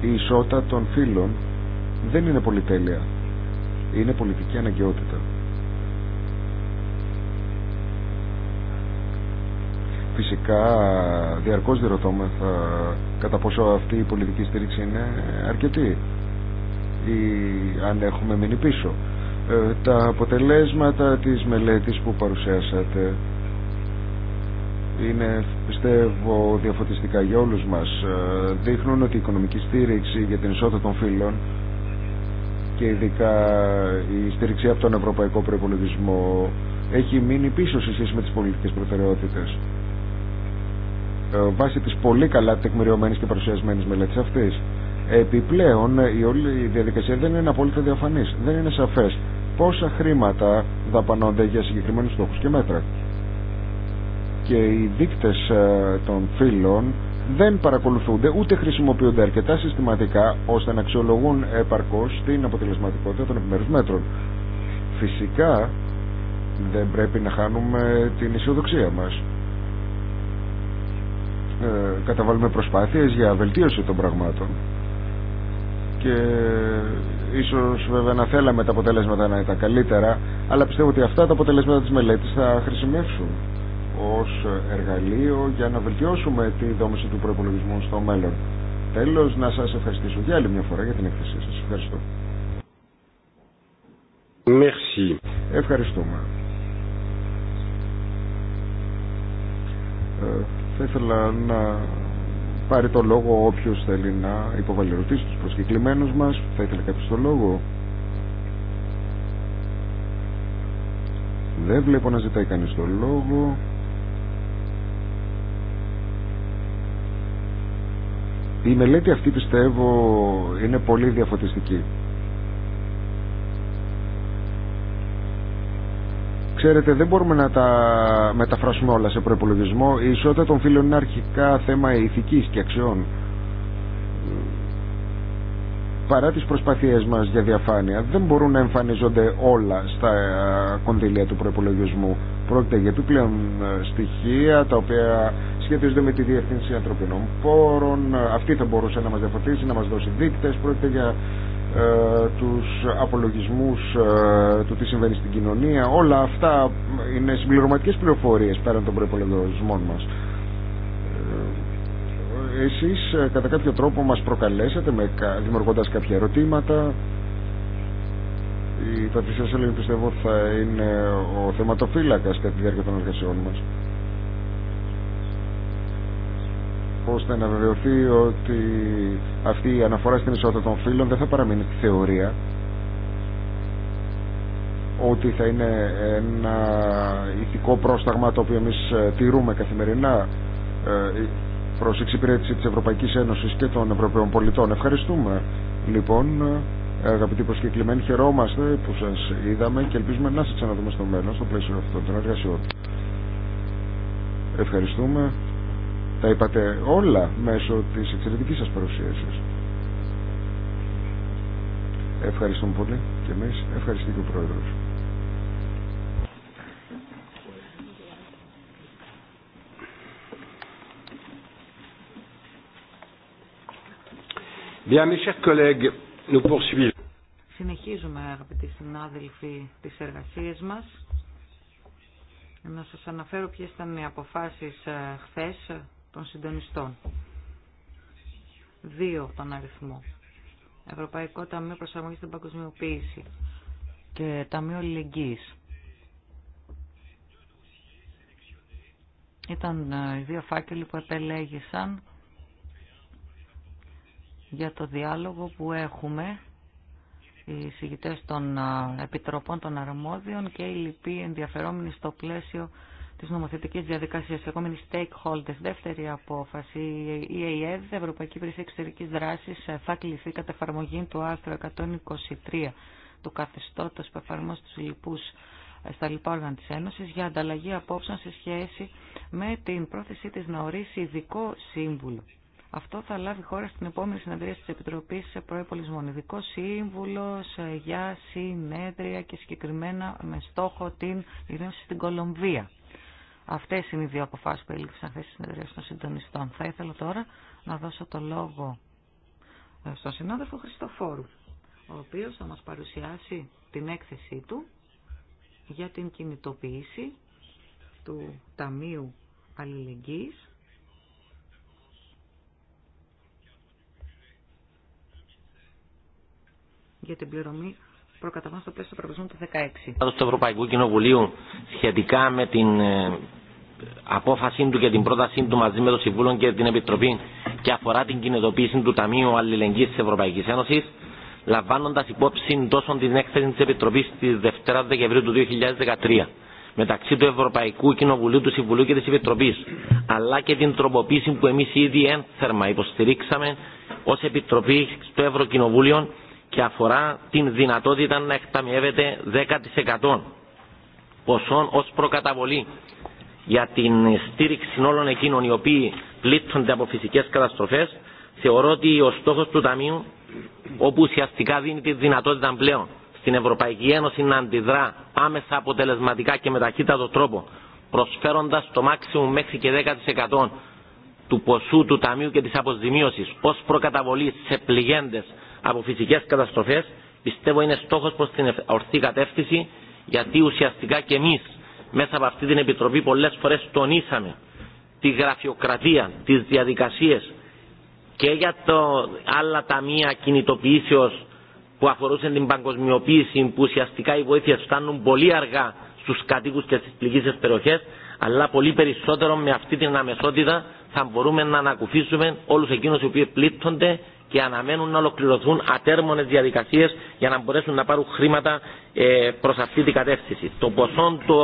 η ισότητα των φίλων δεν είναι πολυτέλεια είναι πολιτική αναγκαιότητα φυσικά διαρκώ διερωτώμεθα κατά πόσο αυτή η πολιτική στήριξη είναι αρκετή ή αν έχουμε μείνει πίσω ε, τα αποτελέσματα της μελέτης που παρουσιάσατε είναι πιστεύω διαφωτιστικά για όλους μας ε, δείχνουν ότι η οικονομική στήριξη για την ισότητα των φύλων και ειδικά η στήριξη από τον Ευρωπαϊκό Προϋπολογισμό έχει μείνει πίσω σε σχέση με τις πολιτικές προτεραιότητες ε, βάσει της πολύ καλά τεκμηριωμένης και παρουσιασμένης μελέτης αυτής. Επιπλέον η όλη διαδικασία δεν είναι απόλυτα διαφανής, δεν είναι σαφές πόσα χρήματα δαπανώνται για συγκεκριμένους στόχους και μέτρα. Και οι δείκτες ε, των φύλων δεν παρακολουθούνται ούτε χρησιμοποιούνται αρκετά συστηματικά ώστε να αξιολογούν επαρκώς την αποτελεσματικότητα των επιμέρους μέτρων. Φυσικά δεν πρέπει να χάνουμε την αισιοδοξία μας. Ε, καταβάλουμε προσπάθειες για βελτίωση των πραγμάτων και Ίσως βέβαια να θέλαμε τα αποτελέσματα να ήταν καλύτερα, αλλά πιστεύω ότι αυτά τα αποτελέσματα της μελέτης θα χρησιμεύσουν ως εργαλείο για να βελτιώσουμε τη δόμηση του προπολογισμού στο μέλλον. Τέλος, να σας ευχαριστήσω για άλλη μια φορά για την έκθεσή σας. Ευχαριστώ. Merci. Ευχαριστούμε. Ε, θα ήθελα να πάρει το λόγο όποιο θέλει να υποβάλει του στους μα. μας. Θα ήθελε κάποιο το λόγο. Δεν βλέπω να ζητάει κανείς το λόγο. Η μελέτη αυτή πιστεύω είναι πολύ διαφωτιστική. Ξέρετε, δεν μπορούμε να τα μεταφράσουμε όλα σε προπολογισμό. Η ισότητα των φίλων είναι αρχικά θέμα ηθικής και αξιών. Παρά τις προσπαθίες μας για διαφάνεια, δεν μπορούν να εμφανίζονται όλα στα ε, κονδυλία του προπολογισμού. Πρόκειται για επιπλέον ε, στοιχεία, τα οποία σχετίζονται με τη Διευθύνση Ανθρωπινών Πόρων. Ε, αυτή θα μπορούσε να μας διαφωτίσει, να μας δώσει δείκτες. Πρόκειται για ε, τους απολογισμούς ε, του τι συμβαίνει στην κοινωνία όλα αυτά είναι συμπληρωματικές πληροφορίες πέραν των προϋπολογισμών μας ε, εσείς κατά κάποιο τρόπο μας προκαλέσατε με, δημιουργώντας κάποια ερωτήματα η Πατρίσια Σέλεγη πιστεύω θα είναι ο θεματοφύλακας κατά τη διάρκεια των εργασιών μας ώστε να βεβαιωθεί ότι αυτή η αναφορά στην ισότητα των φύλων δεν θα παραμείνει στη θεωρία ότι θα είναι ένα ηθικό πρόσταγμα το οποίο εμείς ε, τηρούμε καθημερινά ε, προς εξυπηρέτηση της Ευρωπαϊκής Ένωσης και των Ευρωπαίων πολιτών. Ευχαριστούμε λοιπόν ε, αγαπητοί προσκεκλημένοι, χαιρόμαστε που σας είδαμε και ελπίζουμε να σας ξαναδούμε στο μέλλον στο πλαίσιο αυτών των εργασιών. Ευχαριστούμε. Τα είπατε όλα μέσω της εξαιρετικής σας παρουσίασης. Ευχαριστούμε πολύ και εμείς. ευχαριστή και ο Πρόεδρος. Bien, mes chers collègues, Συνεχίζουμε αγαπητοί συνάδελφοι τις εργασίες μας. Να σας αναφέρω ποιες ήταν οι αποφάσεις ε, χθες των συντονιστών. Δύο τον αριθμό. Ευρωπαϊκό Ταμείο Προσαρμογή στην Παγκοσμιοποίηση και Ταμείο Λυγγύη. Ήταν ε, οι δύο φάκελοι που επελέγησαν για το διάλογο που έχουμε οι συγητές των ε, επιτροπών των αρμόδιων και οι λοιποί ενδιαφερόμενοι στο πλαίσιο νομοθετική διαδικασία, διαδικασίας. Επόμενη stakeholders, δεύτερη απόφαση, η ΕΕΔ, Ευρωπαϊκή Υπηρεσία Εξωτερική Δράση, θα κληθεί κατά εφαρμογή του άρθρου 123 του καθεστώτο που εφαρμόζει του λοιπού ε, στα λοιπά όργανα τη Ένωση για ανταλλαγή απόψεων σε σχέση με την πρόθεσή τη να ορίσει ειδικό σύμβουλο. Αυτό θα λάβει χώρα στην επόμενη συνεδρία σε σε Προϋπολισμών. Ειδικό σύμβουλο ε, για συνέδρια και συγκεκριμένα με στόχο την ειρήνευση στην Κολομβία. Αυτές είναι οι δύο αποφάσεις που έλειψαν χθες συνεδρίες των συντονιστών. Θα ήθελα τώρα να δώσω το λόγο ε, στον συνάδελφο Χριστοφόρου, ο οποίος θα μας παρουσιάσει την έκθεσή του για την κινητοποίηση του Ταμείου Αλληλεγγύης για την πληρωμή προκαταβάσεων στο πλαίσιο του 2016. του Ευρωπαϊκού Κοινοβουλίου σχετικά με την ε, απόφαση του και την πρότασή του μαζί με το Συμβούλιο και την Επιτροπή και αφορά την κινητοποίηση του Ταμείου Αλληλεγγύη τη Ευρωπαϊκή Ένωση, λαμβάνοντα υπόψη τόσο την έκθεση τη Επιτροπή τη Δευτέρα Δεκεμβρίου του 2013 μεταξύ του Ευρωπαϊκού Κοινοβουλίου, του Συμβουλίου και τη Επιτροπή, αλλά και την τροποποίηση που εμεί ήδη ένθερμα υποστηρίξαμε ω Επιτροπή στο Ευρωκοινοβούλιο και αφορά την δυνατότητα να εκταμιεύεται 10% ποσών ω προκαταβολή για την στήριξη όλων εκείνων οι οποίοι πλήττονται από φυσικέ καταστροφέ, θεωρώ ότι ο στόχο του Ταμείου, όπου ουσιαστικά δίνει τη δυνατότητα πλέον στην Ευρωπαϊκή Ένωση να αντιδρά άμεσα αποτελεσματικά και με ταχύτατο τρόπο, προσφέροντα το μάξιμο μέχρι και 10% του ποσού του Ταμείου και τη αποζημίωση ω προκαταβολή σε πληγέντε από φυσικέ καταστροφέ, πιστεύω είναι στόχο προ την ορθή κατεύθυνση, γιατί ουσιαστικά και εμεί μέσα από αυτή την Επιτροπή πολλές φορές τονίσαμε τη γραφειοκρατία, τις διαδικασίες και για το άλλα ταμεία κινητοποιήσεως που αφορούσαν την παγκοσμιοποίηση που ουσιαστικά οι βοήθειες φτάνουν πολύ αργά στους κατοίκους και στις πληγήσεις περιοχές αλλά πολύ περισσότερο με αυτή την αμεσότητα θα μπορούμε να ανακουφίσουμε όλους εκείνους οι οποίοι πλήττονται και αναμένουν να ολοκληρωθούν ατέρμονε διαδικασίε για να μπορέσουν να πάρουν χρήματα ε, προ αυτή την κατεύθυνση. Το ποσό, το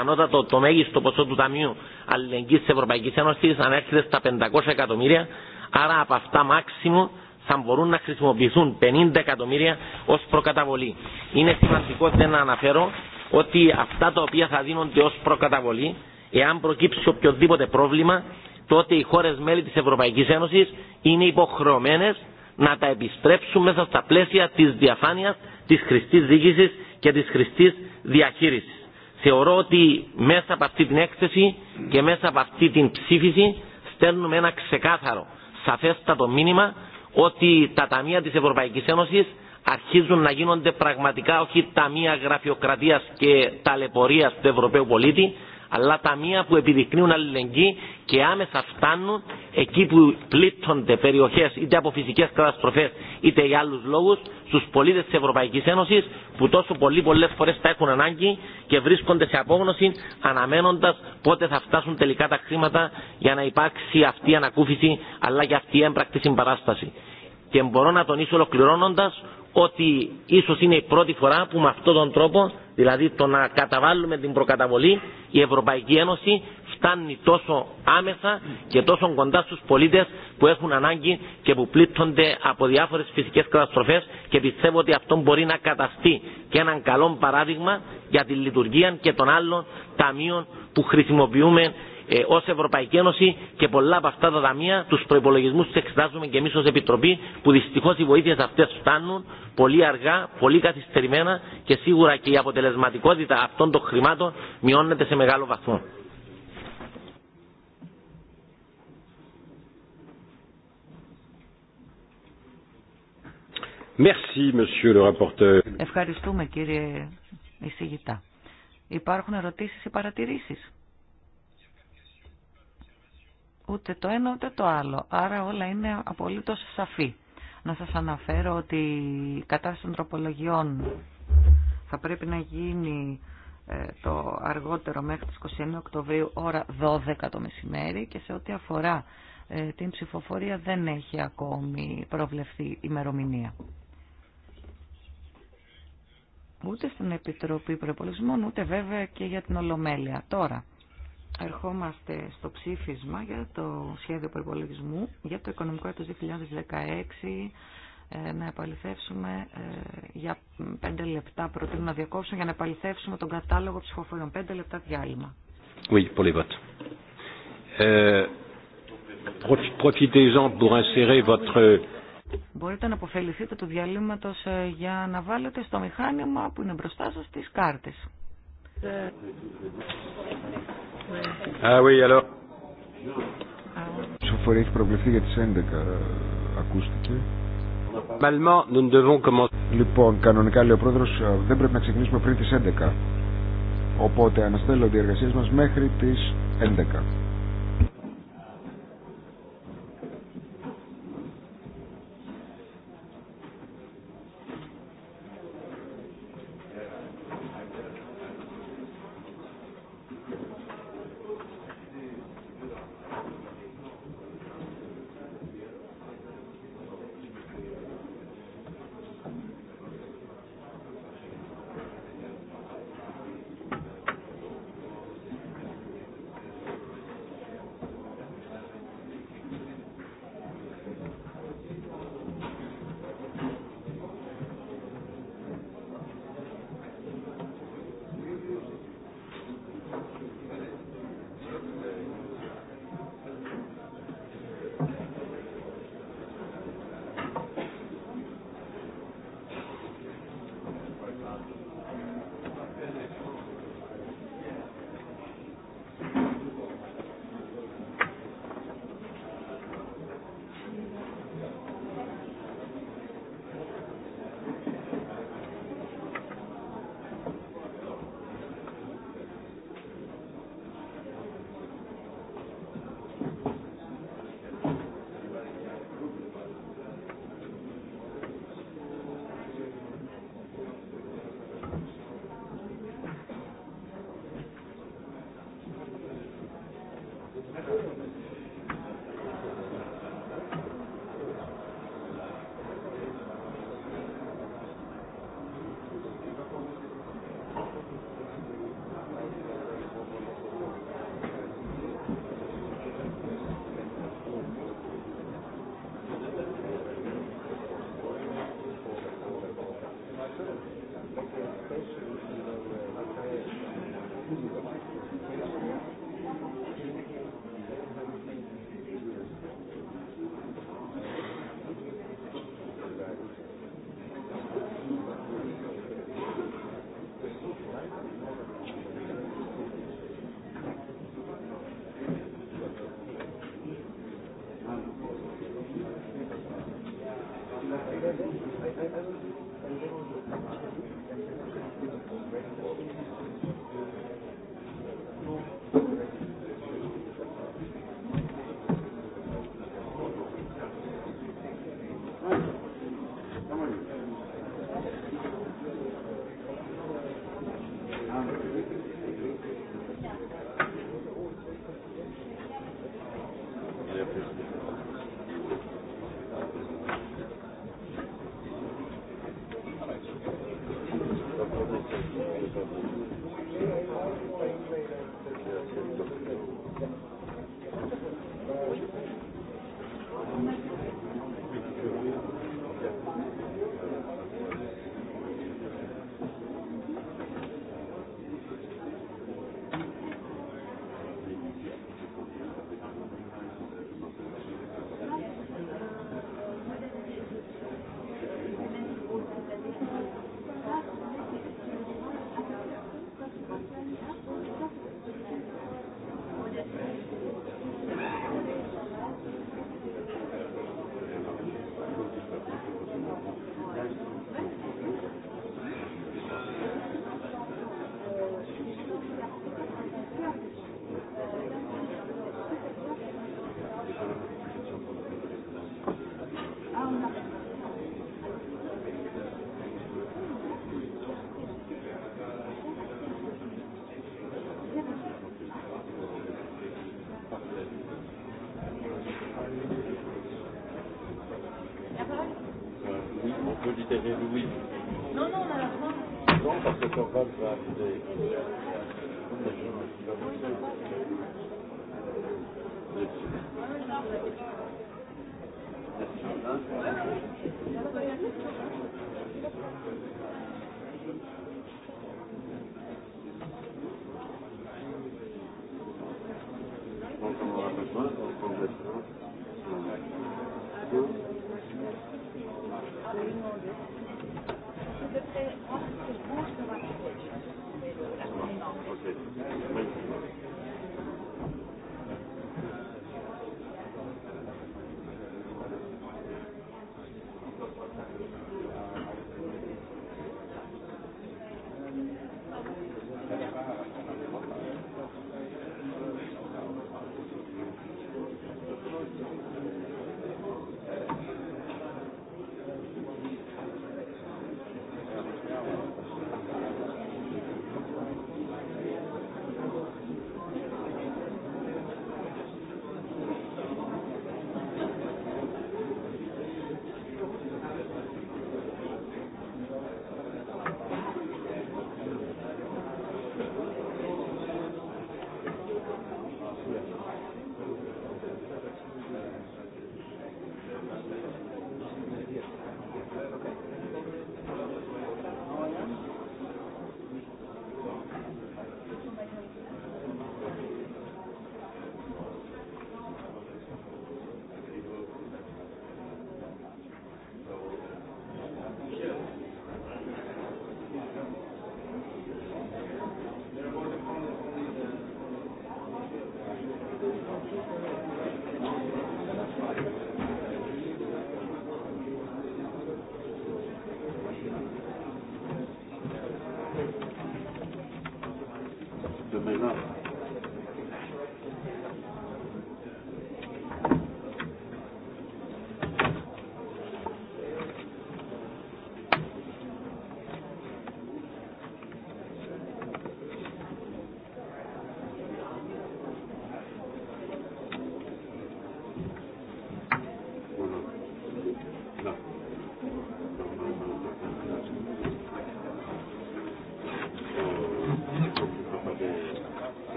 ανώτατο, το μέγιστο ποσό του Ταμείου Αλληλεγγύη τη Ευρωπαϊκή Ένωση ανέρχεται στα 500 εκατομμύρια, άρα από αυτά μάξιμο θα μπορούν να χρησιμοποιηθούν 50 εκατομμύρια ω προκαταβολή. Είναι σημαντικό δεν να αναφέρω ότι αυτά τα οποία θα δίνονται ω προκαταβολή, εάν προκύψει οποιοδήποτε πρόβλημα, τότε οι χώρες μέλη της Ευρωπαϊκής Ένωσης είναι υποχρεωμένες να τα επιστρέψουν μέσα στα πλαίσια της διαφάνειας, της χρηστής διοίκησης και της χρηστής διαχείρισης. Θεωρώ ότι μέσα από αυτή την έκθεση και μέσα από αυτή την ψήφιση στέλνουμε ένα ξεκάθαρο, σαφέστατο μήνυμα ότι τα ταμεία της Ευρωπαϊκής Ένωσης αρχίζουν να γίνονται πραγματικά όχι ταμεία γραφειοκρατίας και ταλαιπωρίας του Ευρωπαίου πολίτη, αλλά ταμεία που επιδεικνύουν αλληλεγγύη και άμεσα φτάνουν εκεί που πλήττονται περιοχέ είτε από φυσικέ καταστροφέ είτε για άλλου λόγου στου πολίτε τη Ευρωπαϊκή Ένωση που τόσο πολύ πολλέ φορέ τα έχουν ανάγκη και βρίσκονται σε απόγνωση αναμένοντα πότε θα φτάσουν τελικά τα χρήματα για να υπάρξει αυτή η ανακούφιση αλλά και αυτή η έμπρακτη συμπαράσταση. Και μπορώ να τονίσω ολοκληρώνοντα ότι ίσως είναι η πρώτη φορά που με αυτόν τον τρόπο, δηλαδή το να καταβάλουμε την προκαταβολή, η Ευρωπαϊκή Ένωση φτάνει τόσο άμεσα και τόσο κοντά στους πολίτες που έχουν ανάγκη και που πλήττονται από διάφορες φυσικές καταστροφές και πιστεύω ότι αυτό μπορεί να καταστεί και έναν καλό παράδειγμα για τη λειτουργία και των άλλων ταμείων που χρησιμοποιούμε ε, ω Ευρωπαϊκή Ένωση και πολλά από αυτά τα ταμεία του προπολογισμού του εξετάζουμε και εμεί ω Επιτροπή που δυστυχώ οι βοήθειε αυτέ φτάνουν πολύ αργά, πολύ καθυστερημένα και σίγουρα και η αποτελεσματικότητα αυτών των χρημάτων μειώνεται σε μεγάλο βαθμό. Merci, monsieur le rapporteur. Ευχαριστούμε κύριε Ισηγητά. Υπάρχουν ερωτήσεις ή παρατηρήσεις ούτε το ένα ούτε το άλλο. Άρα όλα είναι απολύτως σαφή. Να σας αναφέρω ότι η κατάσταση των τροπολογιών θα πρέπει να γίνει ε, το αργότερο μέχρι τις 21 Οκτωβρίου ώρα 12 το μεσημέρι και σε ό,τι αφορά ε, την ψηφοφορία δεν έχει ακόμη προβλεφθεί ημερομηνία. Ούτε στην Επιτροπή Προπολογισμών, ούτε βέβαια και για την Ολομέλεια. Τώρα, ερχόμαστε στο ψήφισμα για το σχέδιο προπολογισμού για το οικονομικό έτος 2016 ε, να επαληθεύσουμε ε, για πέντε λεπτά προτείνω να διακόψουμε για να επαληθεύσουμε τον κατάλογο ψηφοφοριών. Πέντε λεπτά διάλειμμα. Oui, pour Profitez-en ε, Μπορείτε να αποφεληθείτε του διαλύματος για να βάλετε στο μηχάνημα που είναι μπροστά σας τις κάρτες. Ah oui, alors. Ψηφοφορία έχει προβληθεί για τις 11, ακούστηκε. Λοιπόν, κανονικά λέει ο πρόεδρος, ε, δεν πρέπει να ξεκινήσουμε πριν τις 11. Οπότε αναστέλλονται οι εργασίες μας μέχρι τις 11.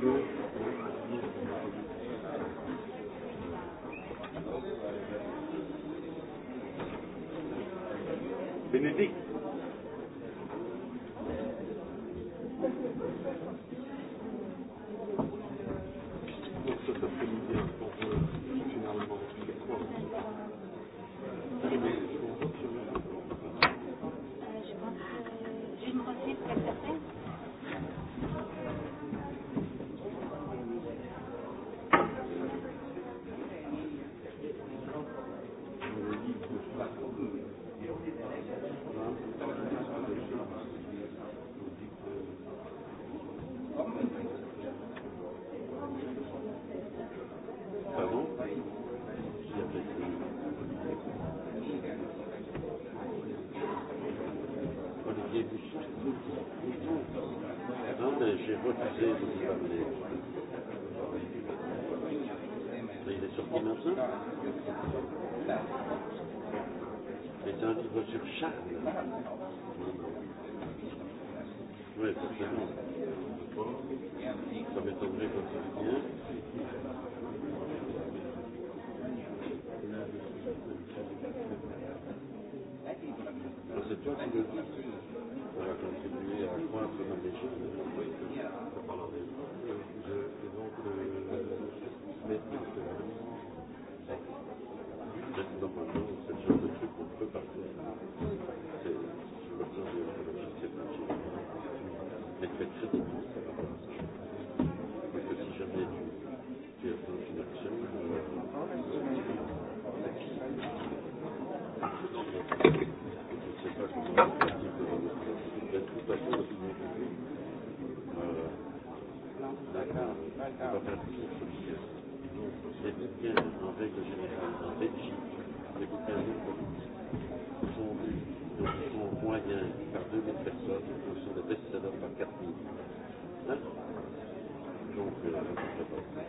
do το βέβαια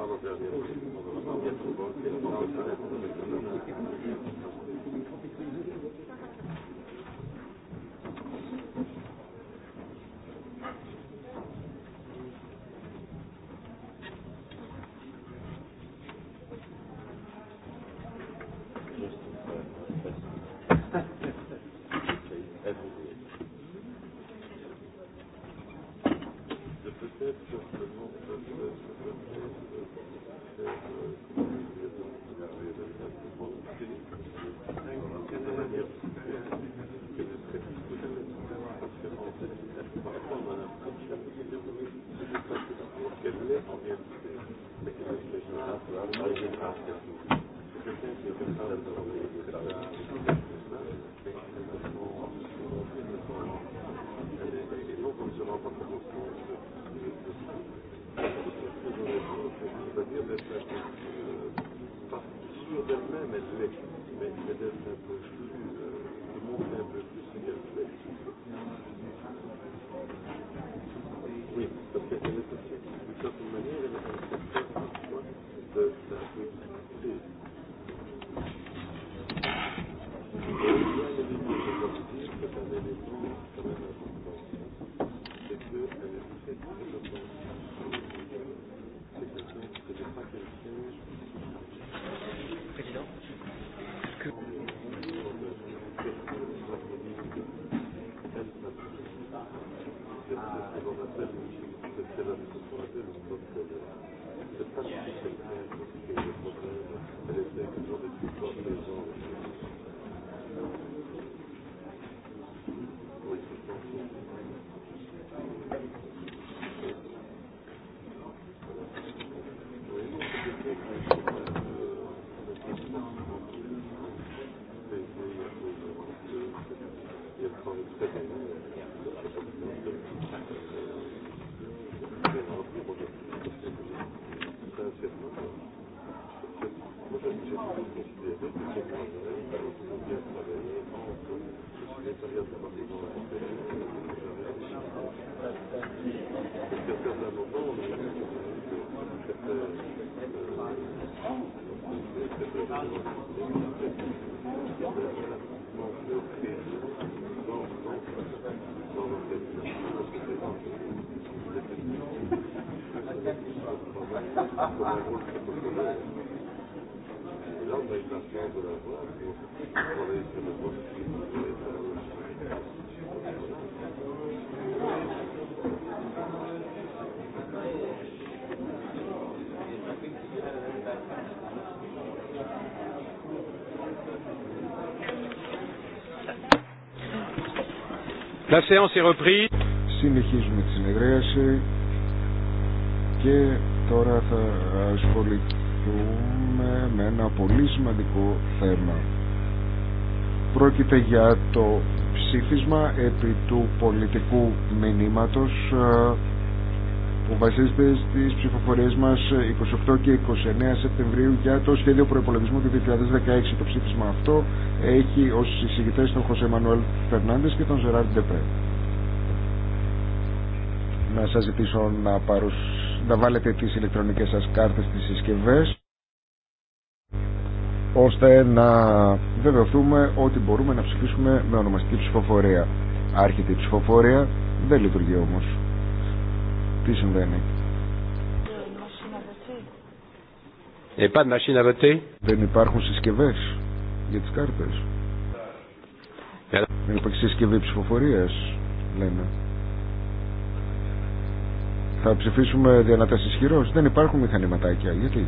Probably Υπότιτλοι AUTHORWAVE La séance est reprise. Συνεχίζουμε τη συνεδρίαση και τώρα θα ασχοληθούμε με ένα πολύ σημαντικό θέμα. Πρόκειται για το ψήφισμα επί του πολιτικού μηνύματος ε, που βασίζεται στις ψηφοφορίες μας 28 ε, και 29 Σεπτεμβρίου για το σχέδιο προϋπολογισμού του 2016. Το ψήφισμα αυτό έχει ως συζητητές τον Χωσέ Μανουέλ Φερνάντες και τον Ζεράρ Ντεπρέ. Να σας ζητήσω να, παρουσ... να βάλετε τις ηλεκτρονικές σας κάρτες στις συσκευές ώστε να βεβαιωθούμε ότι μπορούμε να ψηφίσουμε με ονομαστική ψηφοφορία. Άρχεται η ψηφοφορία, δεν λειτουργεί όμω. Τι συμβαίνει. Δεν υπάρχουν συσκευέ για τι κάρτε. Δεν υπάρχει συσκευή ψηφοφορία λέμε. Θα ψηφίσουμε διανατάσεις χειρός. Δεν υπάρχουν μηχανηματάκια. Γιατί.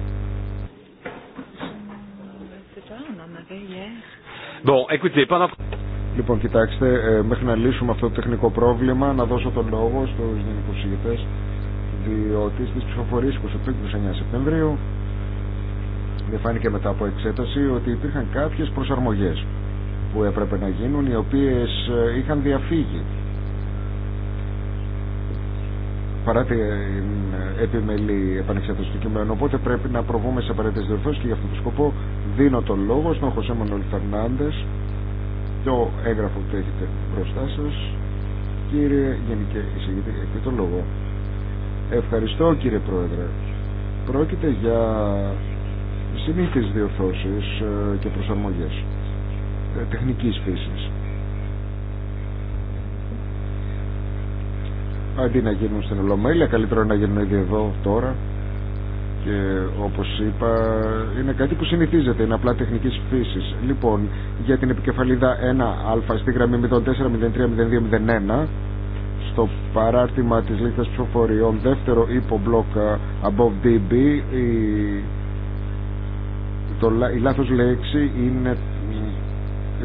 Λοιπόν, κοιτάξτε, ε, μέχρι να λύσουμε αυτό το τεχνικό πρόβλημα, να δώσω τον λόγο στους γενικούς ηγητές, διότι στις ψηφοφορίες 25 29 Σεπτεμβρίου δεν φάνηκε μετά από εξέταση ότι υπήρχαν κάποιες προσαρμογές που έπρεπε να γίνουν, οι οποίες ε, είχαν διαφύγει παρά την ε, επιμελή επανεξέταση του κειμένου. Οπότε πρέπει να προβούμε σε απαραίτητε διορθώσει και για αυτόν τον σκοπό δίνω τον λόγο στον Χωσέ Μανώλη Φερνάντε, το έγγραφο που έχετε μπροστά σα. Κύριε Γενικέ Εισηγητή, έχετε τον λόγο. Ευχαριστώ κύριε Πρόεδρε. Πρόκειται για συνήθειε διορθώσει ε, και προσαρμογές ε, τεχνικής φύσης αντί να γίνουν στην Ολομέλεια καλύτερα να γίνουν ήδη εδώ τώρα και όπως είπα είναι κάτι που συνηθίζεται είναι απλά τεχνική φύσης λοιπόν για την επικεφαλίδα 1α στη γραμμή 04030201 στο παράρτημα της λίστας ψηφοφοριών δεύτερο υπομπλοκ above DB η, το, η λάθος λέξη είναι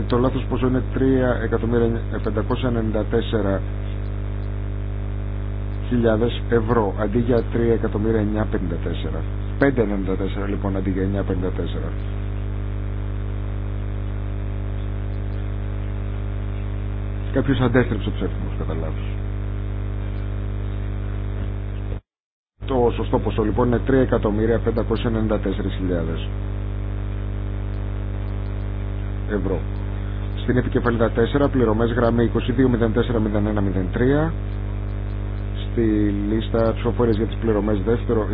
το λάθος ποσό είναι 3.594 ευρώ αντί για 3.954. 5.94 λοιπόν αντί για 9.54. κάποιο αντέστρεψε ψεύτιμος κατά Το σωστό ποσό λοιπόν είναι 3.594.000 ευρώ. Στην επικεφαλίδα 4, πληρωμές γραμμή 22040103 στη λίστα ψηφοφορία για τι πληρωμέ δεύτερο,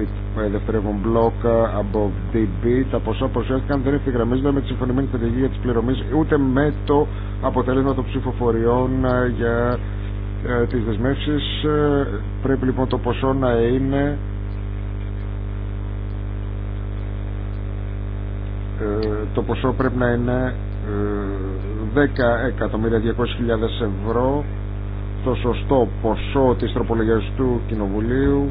ε, δευτερεύον μπλοκ ε, από DB. Τα ποσά προσέχθηκαν δεν ευθυγραμμίζονται με τη συμφωνημένη στρατηγική για τι πληρωμέ ούτε με το αποτέλεσμα των ψηφοφοριών ε, για τι δεσμεύσει. Πρέπει λοιπόν το ποσό να είναι. το ποσό πρέπει να είναι 10.200.000 ευρώ το σωστό ποσό της τροπολογιαστού Κοινοβουλίου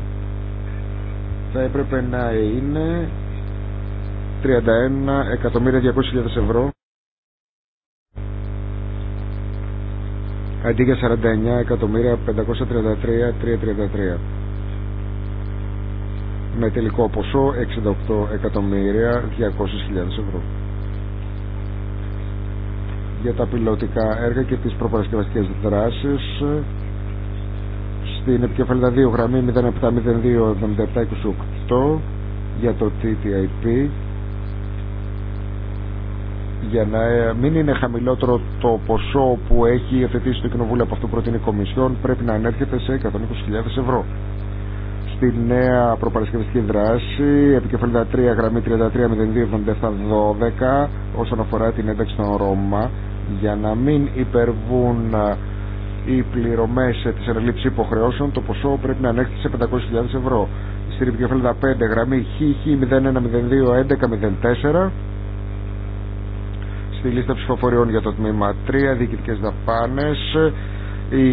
θα έπρεπε να είναι 31.200.000 ευρώ αντί για 49.533.333 με τελικό ποσό 68.200.000 ευρώ για τα πιλωτικά έργα και τις προπαρασκευαστικές δράσεις στην επικεφαλήτα 2 γραμμή 0702-7728 για το TTIP για να ε, μην είναι χαμηλότερο το ποσό που έχει υιοθετήσει το Κοινοβούλιο από αυτό που προτείνει η Κομισιόν πρέπει να ανέρχεται σε 120.000 ευρώ. Στην νέα προπαρασκευαστική δράση, επικεφαλήτα 3, γραμμή 3302-7712 όσον αφορά την ένταξη των Ρώμα για να μην υπερβούν ε, οι πληρωμές ε, της αναλήψης υποχρεώσεων το ποσό πρέπει να ανέχεται σε 500.000 ευρώ Στην Επικεφαλή 5 γραμμή χ01021104 στη λίστα ψηφοφοριών για το τμήμα 3 διοικητικές δαπάνες η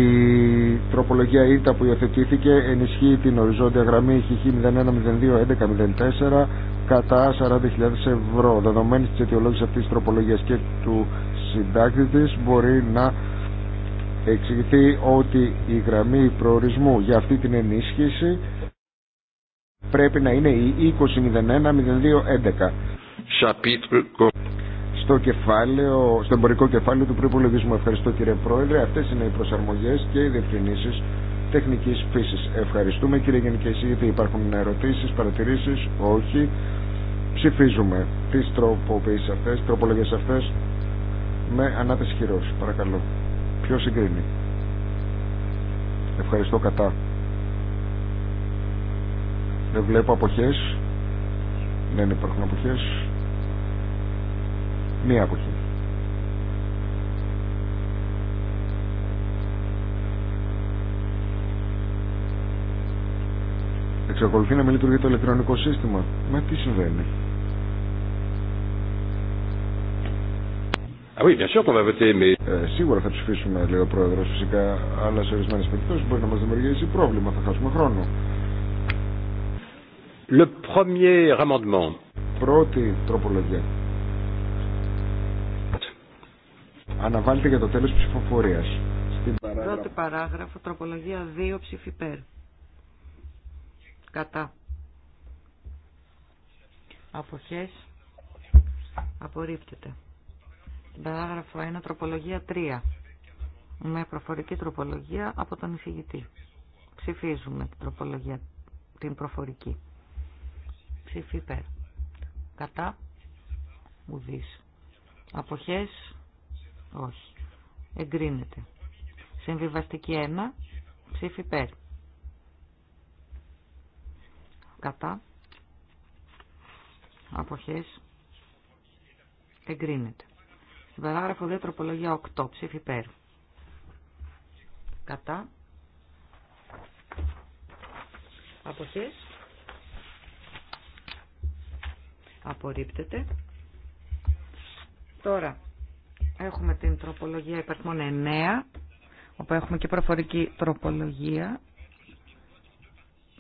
τροπολογία ΙΤΑ που υιοθετήθηκε ενισχύει την οριζόντια γραμμή χ01021104 κατά 40.000 ευρώ. Δεδομένη τη αιτιολόγηση αυτή τη τροπολογία και του συντάκτη της μπορεί να εξηγηθεί ότι η γραμμή προορισμού για αυτή την ενίσχυση πρέπει να είναι η 20.01.02.11. στο, κεφάλαιο, στο εμπορικό κεφάλαιο του προϋπολογισμού. Ευχαριστώ κύριε Πρόεδρε. Αυτές είναι οι προσαρμογές και οι διευκρινήσεις τεχνικής φύσης. Ευχαριστούμε κύριε Γενικέ Συγητή. Υπάρχουν ερωτήσεις, παρατηρήσεις, όχι. Ψηφίζουμε τις τροποποιήσεις αυτές, τροπολογίες αυτές με ναι, ανάθεση χειρός. Παρακαλώ. Ποιο συγκρίνει. Ευχαριστώ κατά. Δεν βλέπω αποχές. Δεν ναι, ναι, υπάρχουν αποχές. Μία αποχή. Εξακολουθεί να μην λειτουργεί το ηλεκτρονικό σύστημα. Μα τι συμβαίνει. Ε, σίγουρα θα ψηφίσουμε, λέει ο πρόεδρο, φυσικά, αλλά σε ορισμένε περιπτώσει μπορεί να μα δημιουργήσει πρόβλημα, θα χάσουμε χρόνο. Le premier amendement. Πρώτη τροπολογία. Αναβάλλεται για το τέλο ψηφοφορία. Στην παράγραφο. Πρώτη παράγραφο, τροπολογία 2 ψηφιπέρ. Κατά. Αποχές. Απορρίπτεται. Παράγραφο 1, τροπολογία 3. Με προφορική τροπολογία από τον εισηγητή. Ψηφίζουμε την τροπολογία, την προφορική. Ψήφι περ. Κατά. Ουδής. Αποχές. Όχι. Εγκρίνεται. Συμβιβαστική 1. Ψήφι Κατά. Αποχές. Εγκρίνεται. Στην παράγραφο 2 τροπολογία 8 ψήφι ΠΕΡ. Κατά. Αποχές. Απορρίπτεται. Τώρα έχουμε την τροπολογία υπερθμών 9 όπου έχουμε και προφορική τροπολογία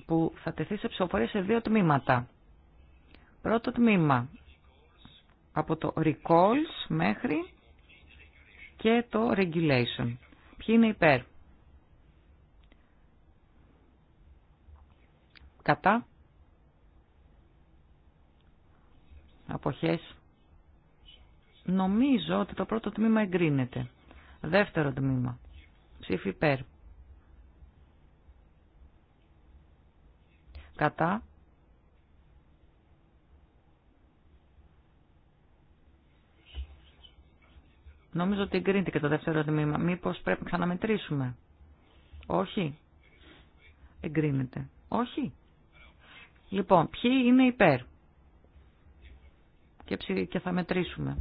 που θα τεθεί σε ψηφοφορία σε δύο τμήματα. Πρώτο τμήμα από το recalls μέχρι και το regulation. Ποιοι είναι υπέρ. Κατά. Αποχές. Νομίζω ότι το πρώτο τμήμα εγκρίνεται. Δεύτερο τμήμα. Ψήφι υπέρ. Κατά. Νομίζω ότι εγκρίνεται και το δεύτερο τμήμα. Μήπως πρέπει να ξαναμετρήσουμε. Όχι. Εγκρίνεται. Όχι. Λοιπόν, ποιοι είναι υπέρ. Και, και θα μετρήσουμε.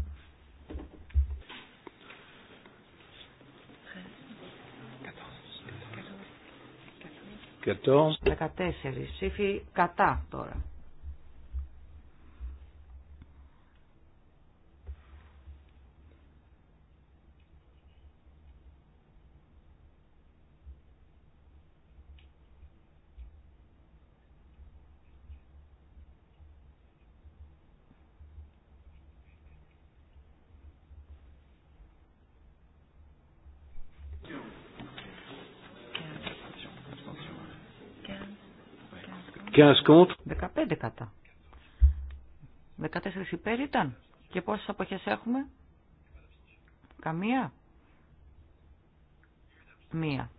14. ψήφοι κατά τώρα. 15 κατά. 14 υπέρ ήταν. Και πόσες αποχές έχουμε. Καμία. Μία.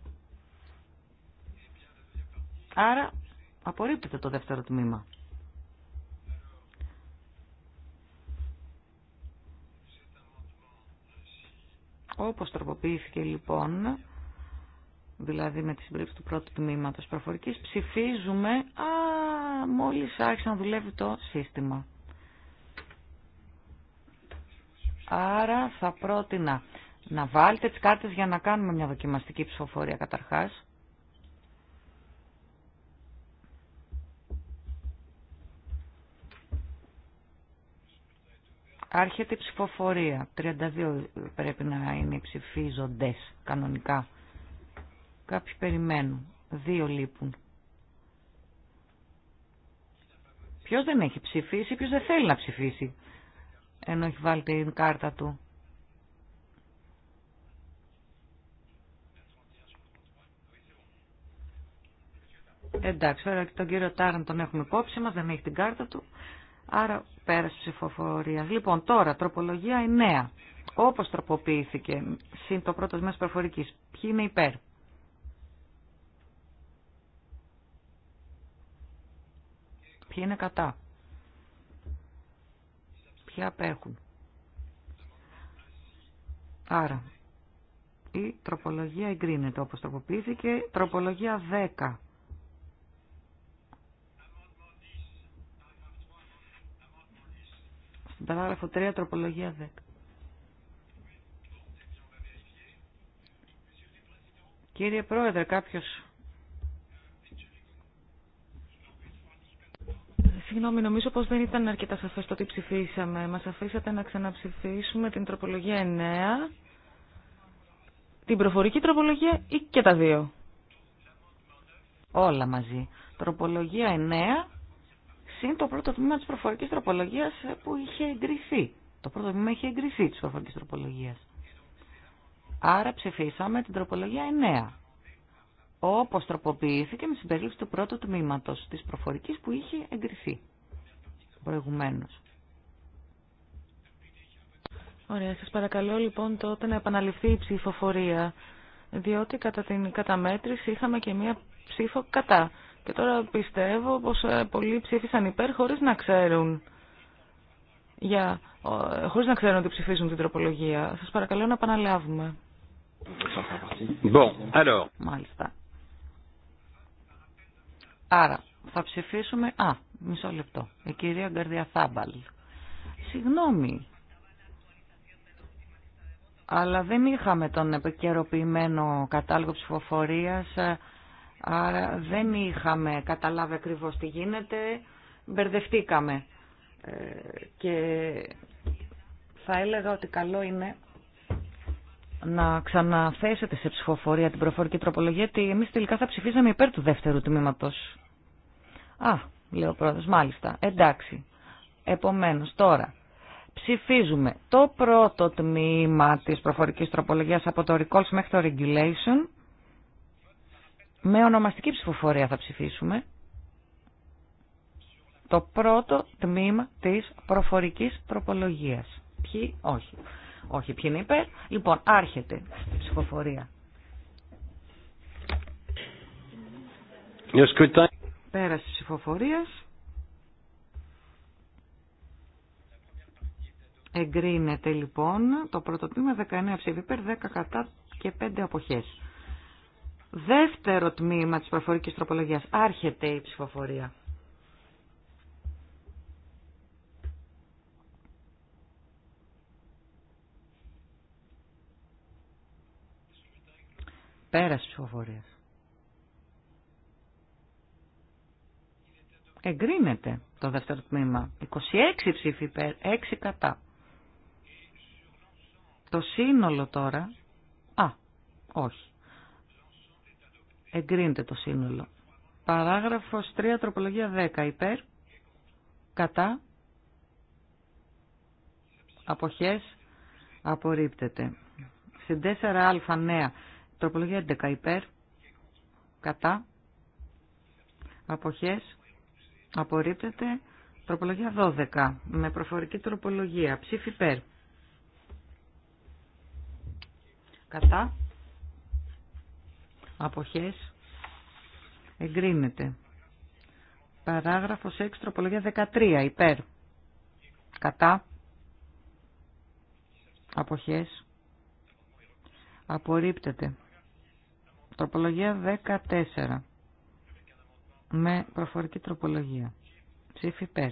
Άρα απορρίπτεται το δεύτερο τμήμα. Όπως τροποποιήθηκε λοιπόν δηλαδή με τη συμπλήρωση του πρώτου τμήματος προφορικής, ψηφίζουμε α, μόλις άρχισε να δουλεύει το σύστημα. Άρα θα πρότεινα να βάλετε τις κάρτες για να κάνουμε μια δοκιμαστική ψηφοφορία καταρχάς. Άρχεται η ψηφοφορία. 32 πρέπει να είναι οι ψηφίζοντες κανονικά. Κάποιοι περιμένουν. Δύο λείπουν. Ποιος δεν έχει ψηφίσει, ποιος δεν θέλει να ψηφίσει. Ενώ έχει βάλει την κάρτα του. Εντάξει, τώρα και τον κύριο Τάρν τον έχουμε υπόψη μας, δεν έχει την κάρτα του. Άρα η ψηφοφορία. Λοιπόν, τώρα τροπολογία 9. Όπως τροποποιήθηκε, συν το πρώτο μέσο προφορικής. Ποιοι είναι υπέρ. Ποιοι είναι κατά. Ποιοι απέχουν. Άρα, η τροπολογία εγκρίνεται όπως τροποποιήθηκε. Τροπολογία 10. Στην παράγραφο 3, τροπολογία 10. Κύριε Πρόεδρε, κάποιος Συγγνώμη, νομίζω πως δεν ήταν αρκετά σαφές το τι ψηφίσαμε. Μας αφήσατε να ξαναψηφίσουμε την τροπολογία 9, την προφορική τροπολογία ή και τα δύο. Όλα μαζί. Τροπολογία 9, συν το πρώτο τμήμα της προφορικής τροπολογίας που είχε εγκριθεί. Το πρώτο τμήμα είχε εγκριθεί της προφορικής τροπολογίας. Άρα ψηφίσαμε την τροπολογία 9 όπως τροποποιήθηκε με συμπερίληψη του πρώτου τμήματος της προφορικής που είχε εγκριθεί προηγουμένως. Ωραία, σας παρακαλώ λοιπόν τότε να επαναληφθεί η ψηφοφορία, διότι κατά την καταμέτρηση είχαμε και μία ψήφο κατά. Και τώρα πιστεύω πως ε, πολλοί ψήφισαν υπέρ χωρίς να ξέρουν για, χωρίς να ξέρουν ότι ψηφίζουν την τροπολογία. Σας παρακαλώ να επαναλάβουμε. Bon, alors. Μάλιστα. Άρα, θα ψηφίσουμε... Α, μισό λεπτό. Η κυρία Γκαρδία Θάμπαλ. Συγγνώμη, αλλά δεν είχαμε τον επικαιροποιημένο κατάλογο ψηφοφορίας, ε, άρα δεν είχαμε καταλάβει ακριβώς τι γίνεται, μπερδευτήκαμε. Ε, και θα έλεγα ότι καλό είναι να ξαναθέσετε σε ψηφοφορία την προφορική τροπολογία γιατί εμείς τελικά θα ψηφίζαμε υπέρ του δεύτερου τμήματος. Α, λέει ο μάλιστα. Εντάξει. Επομένω. τώρα ψηφίζουμε το πρώτο τμήμα της προφορικής τροπολογίας από το Recalls μέχρι το Regulation. Με ονομαστική ψηφοφορία θα ψηφίσουμε το πρώτο τμήμα της προφορικής τροπολογίας. Ποιοι όχι. Όχι, ποιοι είναι υπέρ. Λοιπόν, άρχεται η ψηφοφορία. Πέραση ψηφοφορία. Εγκρίνεται λοιπόν το πρώτο 19 ψήφι 10 κατά και 5 αποχές. Δεύτερο τμήμα της προφορικής τροπολογίας. Άρχεται η ψηφοφορία. Πέρας φοβορίες. Εγκρίνεται το δεύτερο τμήμα. 26 ψήφοι υπέρ, 6 κατά. Το σύνολο τώρα... Α, όχι. Εγκρίνεται το σύνολο. Παράγραφος 3, τροπολογία 10 υπέρ, κατά, αποχές, απορρίπτεται. Στην 4α νέα Τροπολογία 11 υπέρ, κατά, αποχές, απορρίπτεται. Τροπολογία 12 με προφορική τροπολογία, ψήφι υπέρ, κατά, αποχές, εγκρίνεται. Παράγραφος 6, τροπολογία 13 υπέρ, κατά, αποχές, απορρίπτεται. Τροπολογία 14. Με προφορική τροπολογία. Ψήφι υπέρ.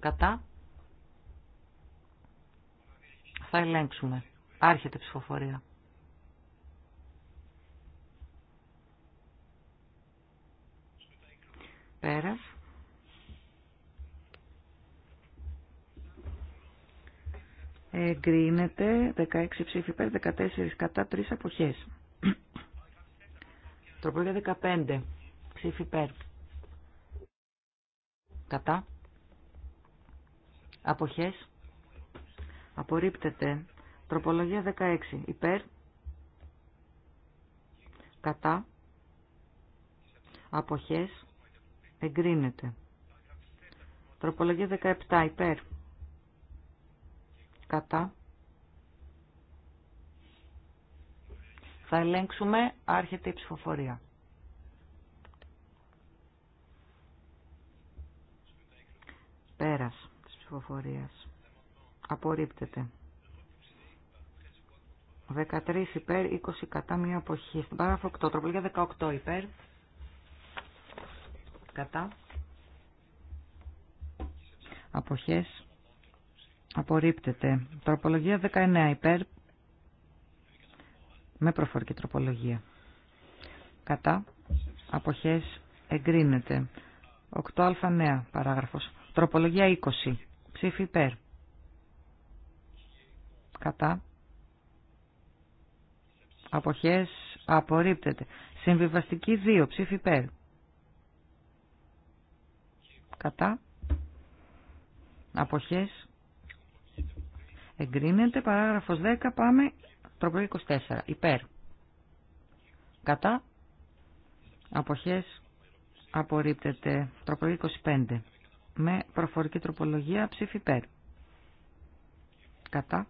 Κατά. Θα ελέγξουμε. Άρχεται ψηφοφορία. Πέρας. εγκρίνεται 16 ψήφι υπέρ, 14 κατά, 3 αποχές. Τροπολογία 15 ψήφι υπέρ. Κατά. Αποχές. Απορρίπτεται. Τροπολογία 16 υπέρ. Κατά. Αποχές. Εγκρίνεται. Τροπολογία 17 υπέρ κατά. Θα ελέγξουμε, άρχεται η ψηφοφορία. Πέρας της ψηφοφορίας. Απορρίπτεται. 13 υπέρ, 20 κατά μία αποχή. Στην παράγραφο 8, τροπολογία 18 υπέρ. Κατά. Αποχές. Απορρίπτεται. Τροπολογία 19 υπέρ. Με προφορική τροπολογία. Κατά. Αποχές εγκρίνεται. 8α νέα παράγραφος. Τροπολογία 20. Ψήφι υπέρ. Κατά. Αποχές απορρίπτεται. Συμβιβαστική 2. Ψήφι υπέρ. Κατά. Αποχές Εγκρίνεται. Παράγραφος 10. Πάμε. Τροπολογία 24. Υπέρ. Κατά. Αποχές. Απορρίπτεται. Τροπολογία 25. Με προφορική τροπολογία ψήφι υπέρ. Κατά.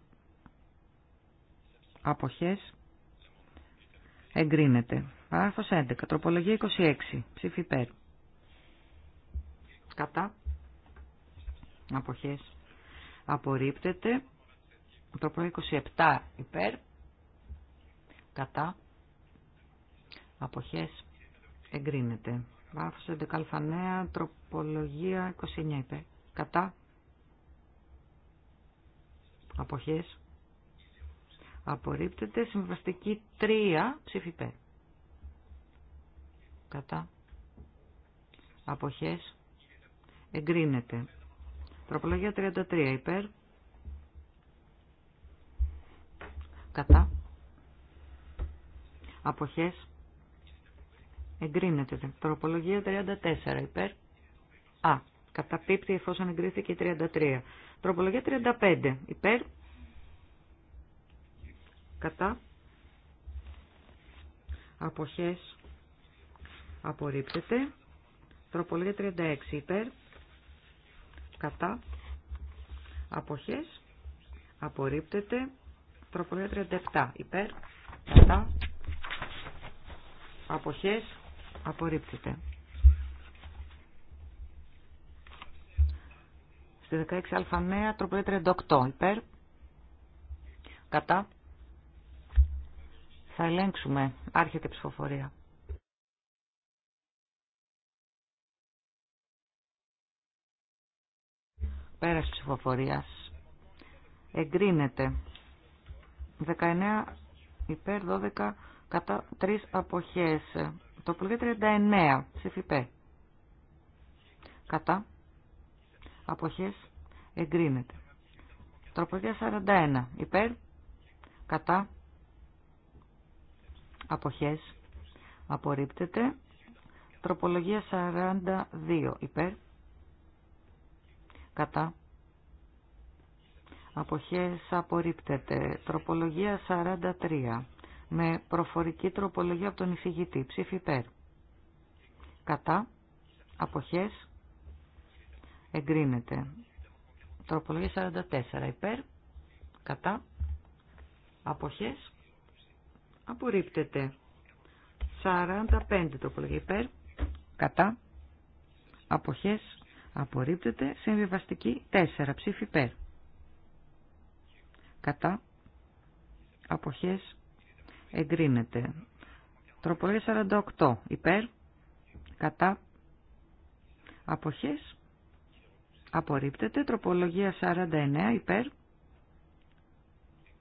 Αποχές. Εγκρίνεται. Παράγραφο 11. Τροπολογία 26. Ψήφι υπέρ. Κατά. Αποχές. Απορρίπτεται. Τροπολογία 27 υπέρ. Κατά. Αποχές εγκρίνεται. Βάθος 11 αλφανέα, τροπολογία 29 υπέρ. Κατά. Αποχές. Απορρίπτεται. Συμβαστική 3 ψήφι υπέρ. Κατά. Αποχές. Εγκρίνεται. Τροπολογία 33 υπέρ. κατά, αποχές, εγκρίνεται. Τροπολογία 34 υπέρ, α, καταπίπτει εφόσον εγκρίθηκε η 33. Τροπολογία 35 υπέρ, κατά, αποχές, απορρίπτεται. Τροπολογία 36 υπέρ, κατά, αποχές, απορρίπτεται. Τροπολογία 37. Υπέρ. Κατά. Αποχές. Απορρίπτεται. Στη 16α νέα 38. Υπέρ. Κατά. Θα ελέγξουμε. Άρχεται η ψηφοφορία. Πέρας ψηφοφορίας. Εγκρίνεται. 19 υπέρ 12 κατά 3 αποχές. Τροπολογία 39 ψηφιπέ. υπέρ. Κατά αποχές εγκρίνεται. Τροπολογία 41 υπέρ κατά αποχές απορρίπτεται. Τροπολογία 42 υπέρ κατά αποχές απορρίπτεται. Τροπολογία 43 με προφορική τροπολογία από τον εισηγητή. Ψήφι υπέρ. Κατά. Αποχές. Εγκρίνεται. Τροπολογία 44. Υπέρ. Κατά. Αποχές. Απορρίπτεται. 45. Τροπολογία υπέρ. Κατά. Αποχές. Απορρίπτεται. Συμβιβαστική 4. Ψήφι υπέρ κατά αποχές εγκρίνεται. Τροπολογία 48 υπέρ κατά αποχές απορρίπτεται. Τροπολογία 49 υπέρ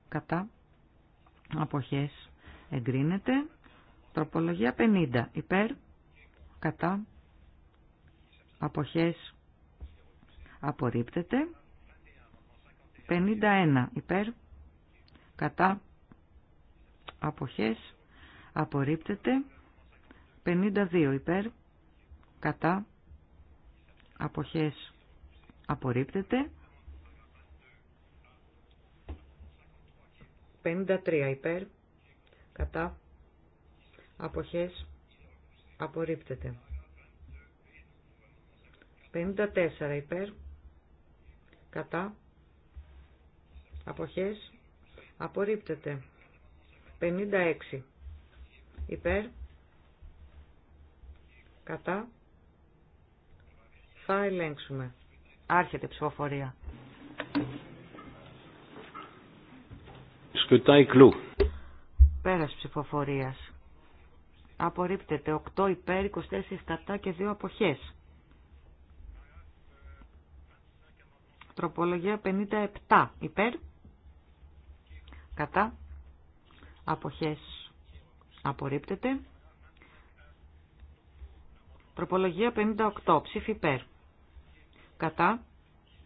κατά αποχές εγκρίνεται. Τροπολογία 50 υπέρ κατά αποχές απορρίπτεται. 51 υπέρ, κατά, αποχές, απορρίπτεται. 52 υπέρ, κατά, αποχές, απορρίπτεται. 53 υπέρ, κατά, αποχές, απορρίπτεται. 54 υπέρ, κατά, Αποχές. Απορρίπτεται. 56. Υπέρ. Κατά. Θα ελέγξουμε. Άρχεται ψηφοφορία. Σκουτάει κλού. Πέρας ψηφοφορίας. Απορρίπτεται 8 υπέρ, 24 κατά και 2 αποχές. Τροπολογία 57 υπέρ κατά αποχές απορρίπτεται. Τροπολογία 58. Ψήφι υπέρ. Κατά.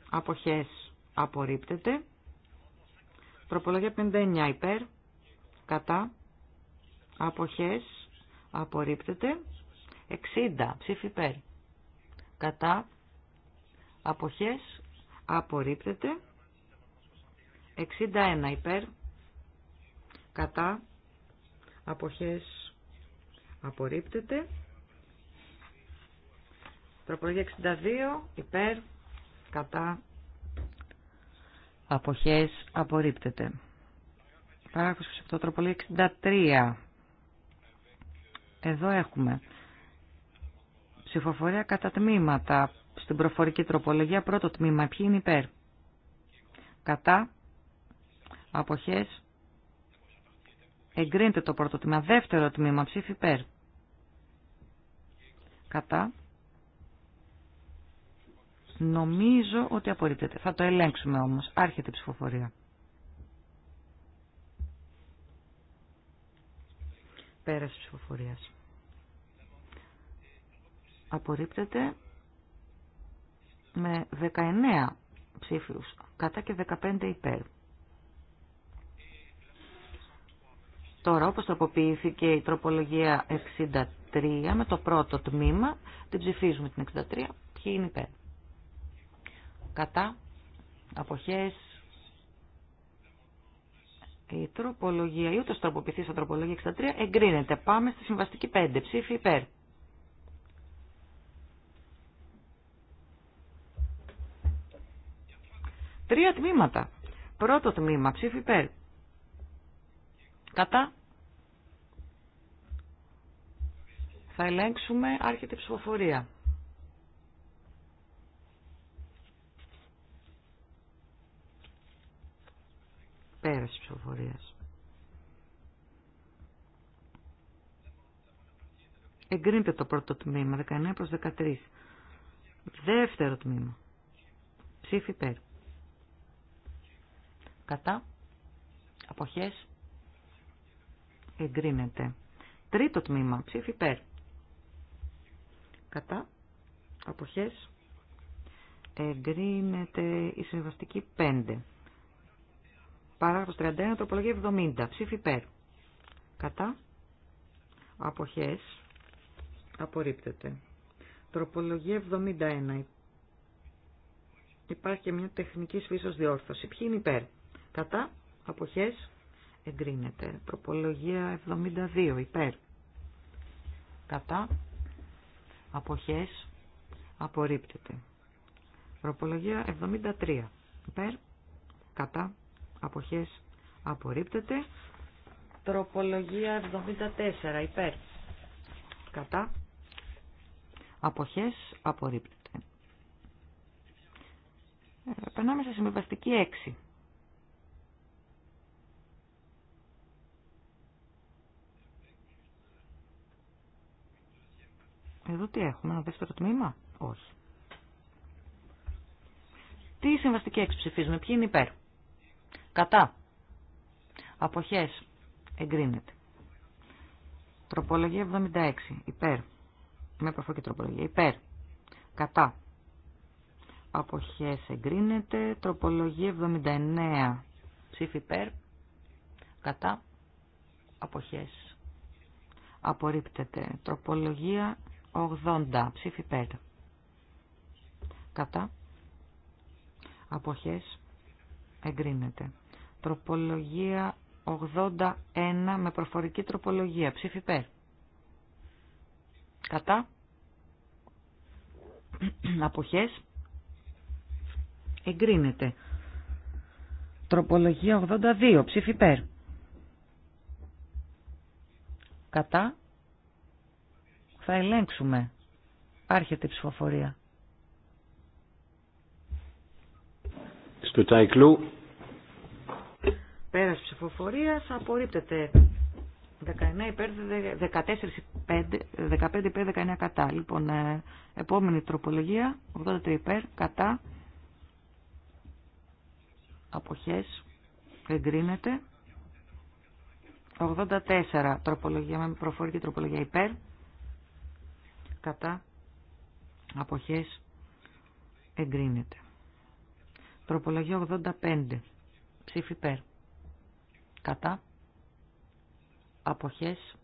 Αποχές απορρίπτεται. Τροπολογία 59. Υπέρ. Κατά. Αποχές απορρίπτεται. 60. Ψήφι υπέρ. Κατά. Αποχές απορρίπτεται. 61. Υπέρ κατά αποχές απορρίπτεται. Τροπολογία 62 υπέρ κατά αποχές απορρίπτεται. Παράγραφος τροπολογία 63. Εδώ έχουμε ψηφοφορία κατά τμήματα στην προφορική τροπολογία πρώτο τμήμα. Ποιοι είναι υπέρ. Κατά αποχές Εγκρίνεται το πρώτο τμήμα. Δεύτερο τμήμα. Ψήφι υπέρ. Κατά. Νομίζω ότι απορρίπτεται. Θα το ελέγξουμε όμως. Άρχεται η ψηφοφορία. Πέρας ψηφοφορίας. Απορρίπτεται με 19 ψήφιους κατά και 15 υπέρ. Τώρα, όπως τροποποιήθηκε η τροπολογία 63 με το πρώτο τμήμα, την ψηφίζουμε την 63, ποιοι είναι υπέρ. Κατά, αποχές, η τροπολογία ή ούτως τροποποιηθεί στα τροπολογία 63 εγκρίνεται. Πάμε στη συμβαστική 5, ψήφι υπέρ. Τρία τμήματα. Πρώτο τμήμα, ψήφι υπέρ. Κατά Θα ελέγξουμε άρχεται η ψηφοφορία. Πέραση ψηφοφορίας. Εγκρίνεται το πρώτο τμήμα, 19 προς 13. Δεύτερο τμήμα. Ψήφι υπέρ. Κατά. Αποχές. Εγκρίνεται. Τρίτο τμήμα. Ψήφι υπέρ κατά αποχές εγκρίνεται η συμβαστική 5 παράγραφος 31 τροπολογία 70 ψήφι υπέρ κατά αποχές απορρίπτεται τροπολογία 71 υπάρχει και μια τεχνική σφίσος διόρθωση ποιοι είναι υπέρ κατά αποχές εγκρίνεται τροπολογία 72 υπέρ κατά αποχές απορρίπτεται. Τροπολογία 73 υπέρ κατά αποχές απορρίπτεται. Τροπολογία 74 υπέρ κατά αποχές απορρίπτεται. Ε, περνάμε σε συμβιβαστική 6 Εδώ τι έχουμε, ένα δεύτερο τμήμα. Όχι. Τι συμβαστική έξι ψηφίζουμε, ποιοι είναι υπέρ. Κατά. Αποχές. Εγκρίνεται. Τροπολογία 76. Υπέρ. Με και τροπολογία. Υπέρ. Κατά. Αποχές εγκρίνεται. Τροπολογία 79. Ψήφι υπέρ. Κατά. Αποχές. Απορρίπτεται. Τροπολογία 80. Ψήφι πέρα. Κατά. Αποχές. Εγκρίνεται. Τροπολογία 81 με προφορική τροπολογία. Ψήφι Κατά. Αποχές. Εγκρίνεται. Τροπολογία 82. Ψήφι πέρα. Κατά. Θα ελέγξουμε. Άρχεται η ψηφοφορία. Στο Τσαϊκλού. Πέρας ψηφοφορίας απορρίπτεται 19 υπέρ, 14 15 υπέρ, 19 κατά. Λοιπόν, ε, επόμενη τροπολογία, 83 υπέρ, κατά. Αποχές, εγκρίνεται. 84 τροπολογία με προφορική τροπολογία υπέρ, κατά αποχές εγκρίνεται. Τροπολογία 85. Ψήφι υπέρ. Κατά. Αποχές.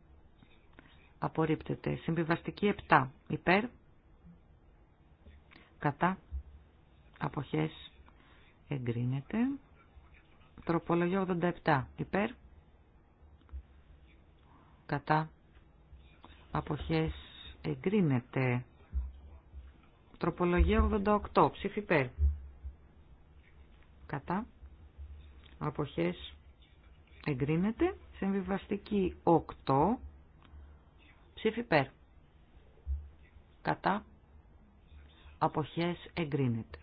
Απορρίπτεται. Συμβιβαστική 7. Υπέρ. Κατά. Αποχές. Εγκρίνεται. Τροπολογία 87. Υπέρ. Κατά. Αποχές εγκρίνεται. Τροπολογία 88, ψήφι υπέρ. Κατά. Αποχές εγκρίνεται. Συμβιβαστική 8, ψήφι υπέρ. Κατά. Αποχές εγκρίνεται.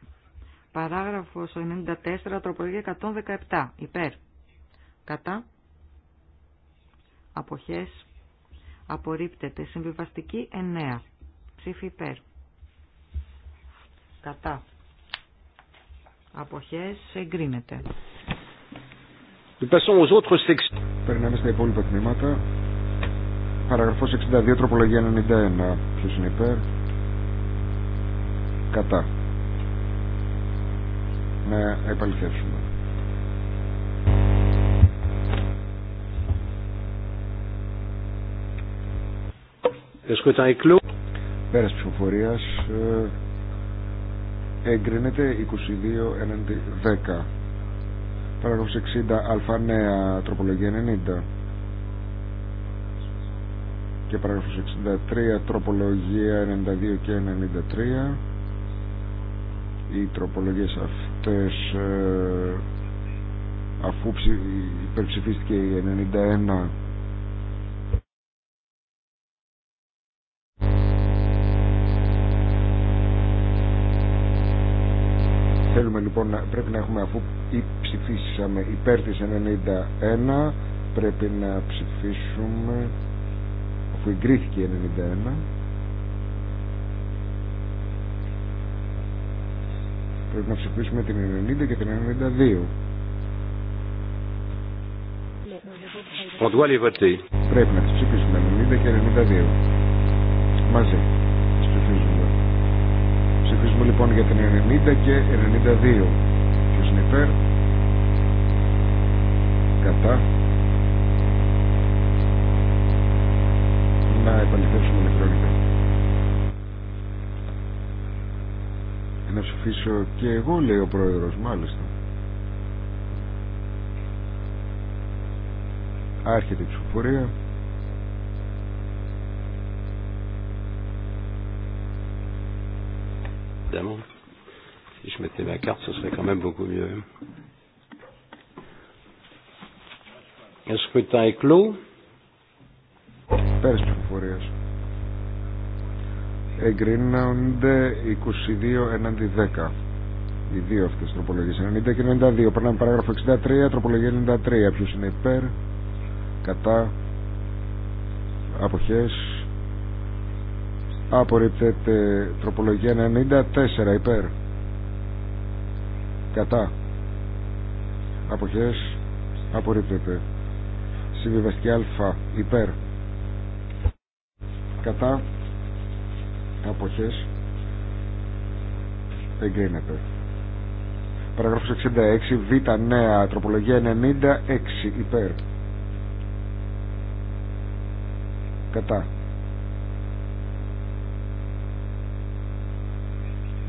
Παράγραφος 94, τροπολογία 117, υπέρ. Κατά. Αποχές απορρίπτεται. Συμβιβαστική 9. Ψήφι υπέρ. Κατά. Αποχές εγκρίνεται. Περνάμε στα υπόλοιπα τμήματα. Παραγραφός 62, τροπολογία 91. Ποιο είναι υπέρ. Κατά. Να επαληθεύσουμε. Le scrutin est clos. Πέρας ψηφοφορίας ε, εγκρίνεται 22 10. Παράγραφος 60 α νέα τροπολογία 90 και παράγραφος 63 τροπολογία 92 και 93 οι τροπολογίες αυτές ε, αφού υπερψηφίστηκε η 91 θέλουμε λοιπόν πρέπει να έχουμε αφού ψηφίσαμε υπέρ της 91 πρέπει να ψηφίσουμε αφού εγκρίθηκε η 91 πρέπει να ψηφίσουμε την 90 και την 92 Πρέπει να τις ψηφίσουμε 90 και 92 μαζί ψηφίσουμε λοιπόν για την 90 και 92. Ποιος είναι υπέρ. Κατά. Να επαληθεύσουμε ηλεκτρονικά. να ψηφίσω και εγώ λέει ο πρόεδρος μάλιστα. Άρχεται η ψηφοφορία. évidemment. Si je mettais ma carte, ce serait quand même beaucoup mieux. Le scrutin est clos. τη Εγκρίνονται 22 έναντι 10. Οι δύο αυτέ τροπολογίε. 90 και 92. Περνάμε παράγραφο 63, τροπολογία 93. Ποιο είναι υπέρ, κατά, αποχές απορρίπτεται τροπολογία 94 υπέρ κατά αποχές απορρίπτεται συμβιβαστική α υπέρ κατά αποχές εγκρίνεται παραγράφος 66 β νέα τροπολογία 96 υπέρ κατά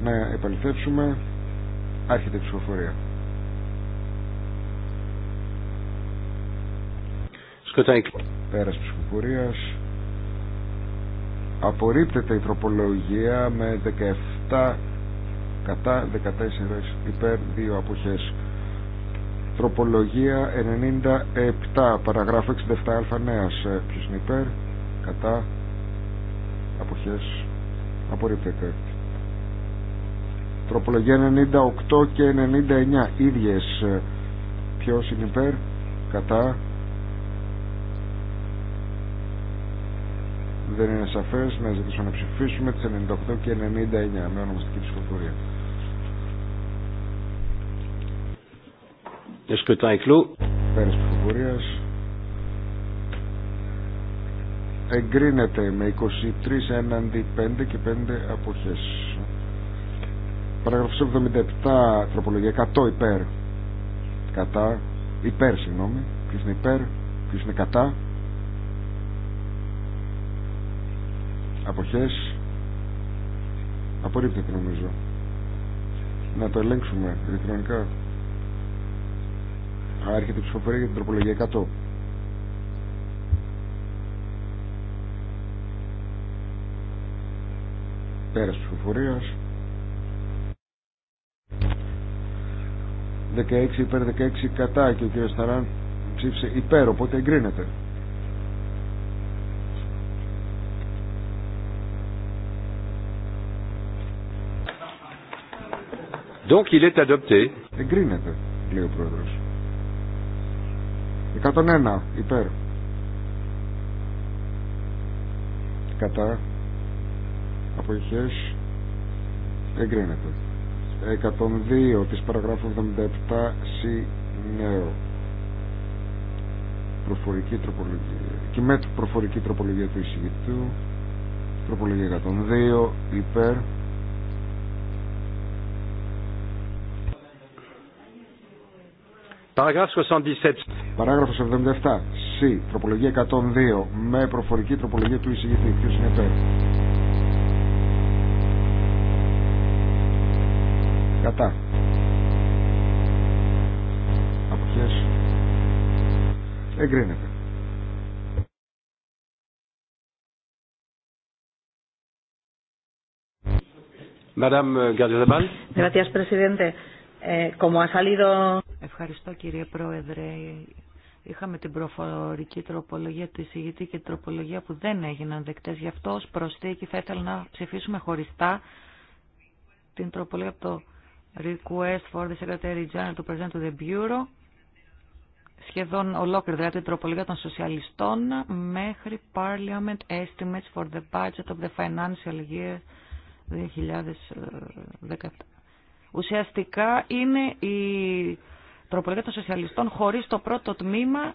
να επαληθεύσουμε άρχεται η ψηφοφορία Σκοτάκι. Πέρας ψηφοφορίας απορρίπτεται η τροπολογία με 17 κατά 14 υπέρ 2 αποχές τροπολογία 97 παραγράφου αλφα νέας ποιος είναι υπέρ κατά αποχές απορρίπτεται Τροπολογία 98 και 99 ίδιες. Ποιος είναι υπέρ, κατά. Δεν είναι σαφές. Να ζητήσω να ψηφίσουμε τις 98 και 99 με ονομαστική ψηφοφορία. Πέρας ψηφοφορίας. Εγκρίνεται με 23 έναντι 5 και 5 αποχές. Παράγραφος 77, τροπολογία 100 υπέρ. Κατά. Υπέρ, συγγνώμη. Ποιος είναι υπέρ, ποιος είναι κατά. Αποχές. Απορρίπτεται νομίζω. Να το ελέγξουμε ηλεκτρονικά. Άρχεται η ψηφοφορία για την τροπολογία 100. Πέρας ψηφοφορίας 16 υπέρ 16 κατά και ο κ. Σταράν ψήφισε υπέρ οπότε εγκρίνεται Donc il est adopté. Εγκρίνεται, λέει ο πρόεδρο. 101 υπέρ. Κατά. αποχέ Εγκρίνεται. 102 της παραγράφου 77 συ νέο προφορική τροπολογία και με προφορική τροπολογία του εισηγητού τροπολογία 102 υπέρ Παράγραφος 77 Παράγραφος 77 Συ Τροπολογία 102 Με προφορική τροπολογία του εισηγητή Ποιος είναι υπέρ Κατά. Αποχές. Εγκρίνεται. Eh, Ευχαριστώ κύριε Πρόεδρε. Είχαμε την προφορική τροπολογία του εισηγητή και τροπολογία που δεν έγιναν δεκτές. Γι' αυτό ως προσθήκη θα ήθελα να ψηφίσουμε χωριστά την τροπολογία από το request for the Secretary General to present to the Bureau σχεδόν ολόκληρη δηλαδή την τροπολογία των σοσιαλιστών μέχρι Parliament Estimates for the Budget of the Financial Year 2017. Ουσιαστικά είναι η τροπολογία των σοσιαλιστών χωρίς το πρώτο τμήμα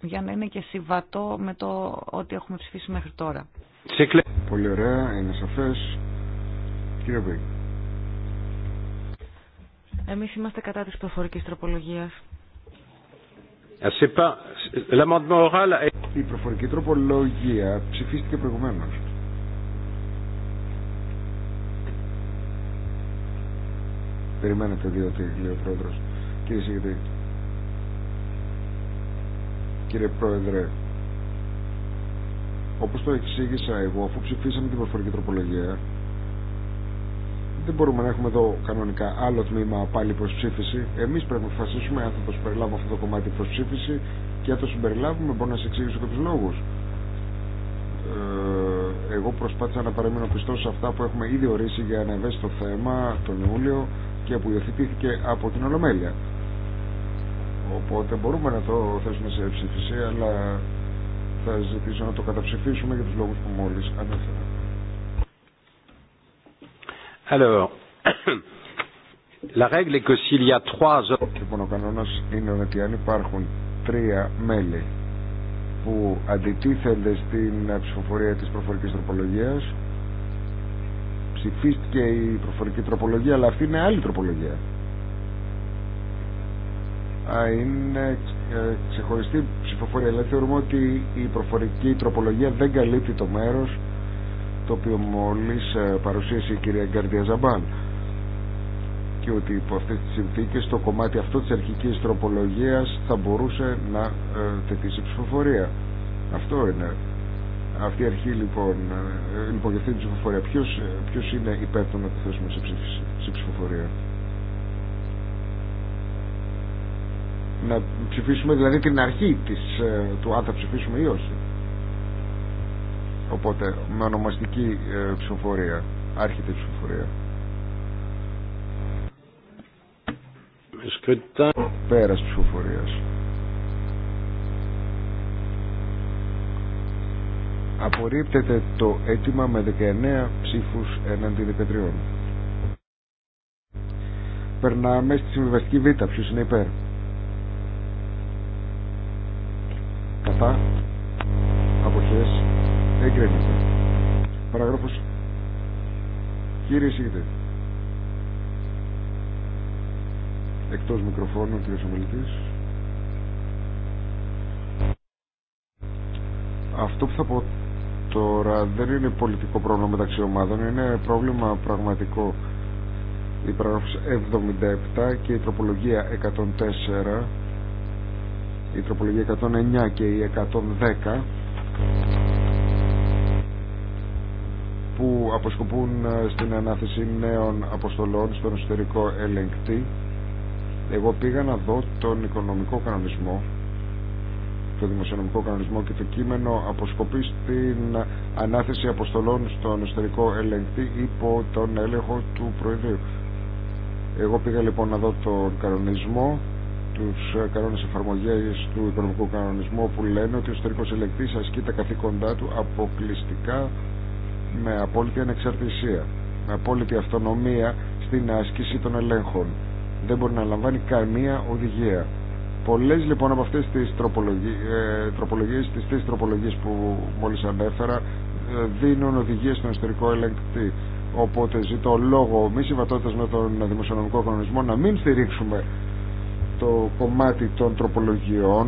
για να είναι και συμβατό με το ότι έχουμε ψηφίσει μέχρι τώρα. Πολύ ωραία, είναι σαφές. Κύριε Εμείς είμαστε κατά της προφορικής τροπολογίας. Ah, Η προφορική τροπολογία ψηφίστηκε προηγουμένως. Περιμένετε διότι, λέει ο Πρόεδρος. Κύριε Σιγητή. Κύριε Πρόεδρε, όπως το εξήγησα εγώ, αφού ψηφίσαμε την προφορική τροπολογία, δεν μπορούμε να έχουμε εδώ κανονικά άλλο τμήμα πάλι προς ψήφιση. Εμείς πρέπει να αποφασίσουμε αν θα το συμπεριλάβουμε αυτό το κομμάτι προς ψήφιση και αν το συμπεριλάβουμε μπορεί να σε εξήγησε και τους λόγους. Ε, εγώ προσπάθησα να παραμείνω πιστός σε αυτά που έχουμε ήδη ορίσει για να ευαίσθητο θέμα τον Ιούλιο και που υιοθετήθηκε από την Ολομέλεια. Οπότε μπορούμε να το θέσουμε σε ψήφιση, αλλά θα ζητήσω να το καταψηφίσουμε για τους λόγους που μόλις ανέφερα. Alors, la règle Λοιπόν, ο είναι ότι αν υπάρχουν τρία μέλη που αντιτίθενται στην ψηφοφορία της προφορικής τροπολογίας ψηφίστηκε η προφορική τροπολογία αλλά αυτή είναι άλλη τροπολογία Α, είναι ε, ξεχωριστή ψηφοφορία αλλά δηλαδή, θεωρούμε ότι η προφορική τροπολογία δεν καλύπτει το μέρος το οποίο μόλις ε, παρουσίασε η κυρία Γκάρδια Ζαμπάν και ότι υπό αυτές τις συνθήκες το κομμάτι αυτό της αρχικής τροπολογίας θα μπορούσε να ε, τεθεί σε ψηφοφορία. Αυτό είναι. Αυτή η αρχή λοιπόν, ε, λοιπόν για αυτή την ψηφοφορία, ποιος, ποιος είναι υπέρ να τη θέσουμε σε, σε ψηφοφορία. Να ψηφίσουμε δηλαδή την αρχή της, του αν θα ψηφίσουμε ή όχι. Οπότε με ονομαστική ε, ψηφοφορία, άρχεται η ψηφοφορία. Σκριτά. Πέρας ψηφοφορίας. Απορρίπτεται το αίτημα με 19 ψήφους έναντι 13. Περνάμε στη συμβιβαστική β. Ποιος είναι υπέρ. Κατά. Αποχές Εγκρίνεται. Παραγράφος. Κύριε Σίγητε. Εκτός μικροφώνου, κύριε ομιλητής. Αυτό που θα πω τώρα δεν είναι πολιτικό πρόβλημα μεταξύ ομάδων, είναι πρόβλημα πραγματικό. Η παράγραφος 77 και η τροπολογία 104, η τροπολογία 109 και η 110 που αποσκοπούν ε, στην ανάθεση νέων αποστολών στον εσωτερικό ελεγκτή. Εγώ πήγα να δω τον οικονομικό κανονισμό, το δημοσιονομικό κανονισμό και το κείμενο αποσκοπεί στην ανάθεση αποστολών στον εσωτερικό ελεγκτή υπό τον έλεγχο του Προεδρείου. Εγώ πήγα λοιπόν να δω τον κανονισμό, τους κανόνες εφαρμογής του οικονομικού κανονισμού που λένε ότι ο εσωτερικός ελεγκτής ασκεί τα καθήκοντά του αποκλειστικά με απόλυτη ανεξαρτησία, με απόλυτη αυτονομία στην άσκηση των ελέγχων. Δεν μπορεί να λαμβάνει καμία οδηγία. Πολλέ λοιπόν από αυτές τις τροπολογίες, τροπολογίες τις που μόλι ανέφερα ε, δίνουν οδηγίες στον εσωτερικό ελεγκτή. Οπότε ζητώ λόγο, μη συμβατότητα με τον δημοσιονομικό κανονισμό να μην στηρίξουμε το κομμάτι των τροπολογιών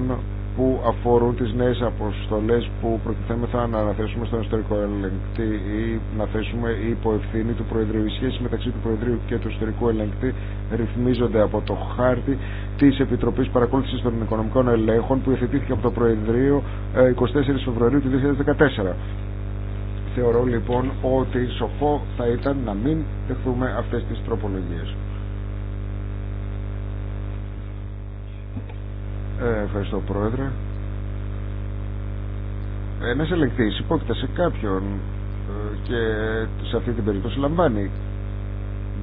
που αφορούν τις νέες αποστολές που προτιθέμεθα να αναθέσουμε στον ιστορικό ελεγκτή ή να θέσουμε υπό ευθύνη του Προεδρείου. Οι σχέσεις μεταξύ του Προεδρείου και του ιστορικού ελεγκτή ρυθμίζονται από το χάρτη της Επιτροπής Παρακολούθησης των Οικονομικών Ελέγχων που εθετήθηκε από το Προεδρείο 24 ε, Φεβρουαρίου του 2014. Θεωρώ λοιπόν ότι σοφό θα ήταν να μην δεχθούμε αυτές τις τροπολογίες. Ε, ευχαριστώ πρόεδρε. Ένας ε, ελεκτής υπόκειται σε κάποιον ε, και σε αυτή την περίπτωση λαμβάνει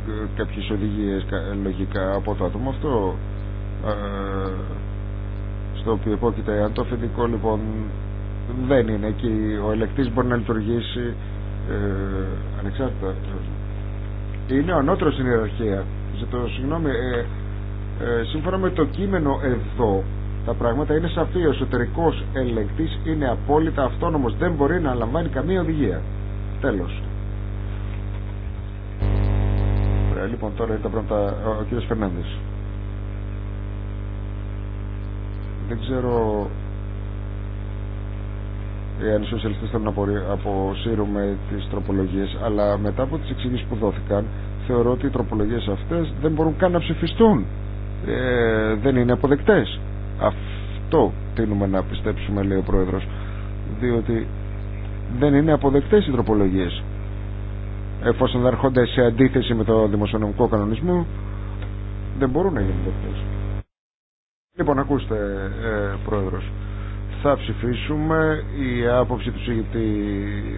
ε, κάποιες οδηγίες λογικά από το άτομο αυτό στο οποίο υπόκειται αν το αφεντικό λοιπόν δεν είναι εκεί ο ελεκτής μπορεί να λειτουργήσει ανεξάρτητα είναι ο ανώτερος στην ιεραρχία συγγνώμη ε, σύμφωνα με το κείμενο εδώ τα πράγματα είναι σαφή. Ο εσωτερικό ελεγκτή είναι απόλυτα αυτόνομο. Δεν μπορεί να λαμβάνει καμία οδηγία. Τέλο. λοιπόν, τώρα είναι τα Ο κύριο Φερνάνδη. Δεν ξέρω εάν οι σοσιαλιστέ θέλουν να αποσύρουμε τι τροπολογίε, αλλά μετά από τι εξηγήσει που δόθηκαν, θεωρώ ότι οι τροπολογίε αυτέ δεν μπορούν καν να ψηφιστούν. Ε, δεν είναι αποδεκτές αυτό τείνουμε να πιστέψουμε λέει ο Πρόεδρος διότι δεν είναι αποδεκτές οι τροπολογίες εφόσον έρχονται σε αντίθεση με το δημοσιονομικό κανονισμό δεν μπορούν να γίνουν δεκτές. Λοιπόν, ακούστε, ε, Πρόεδρος, θα ψηφίσουμε. Η άποψη του ΣΥΓΙΤΗ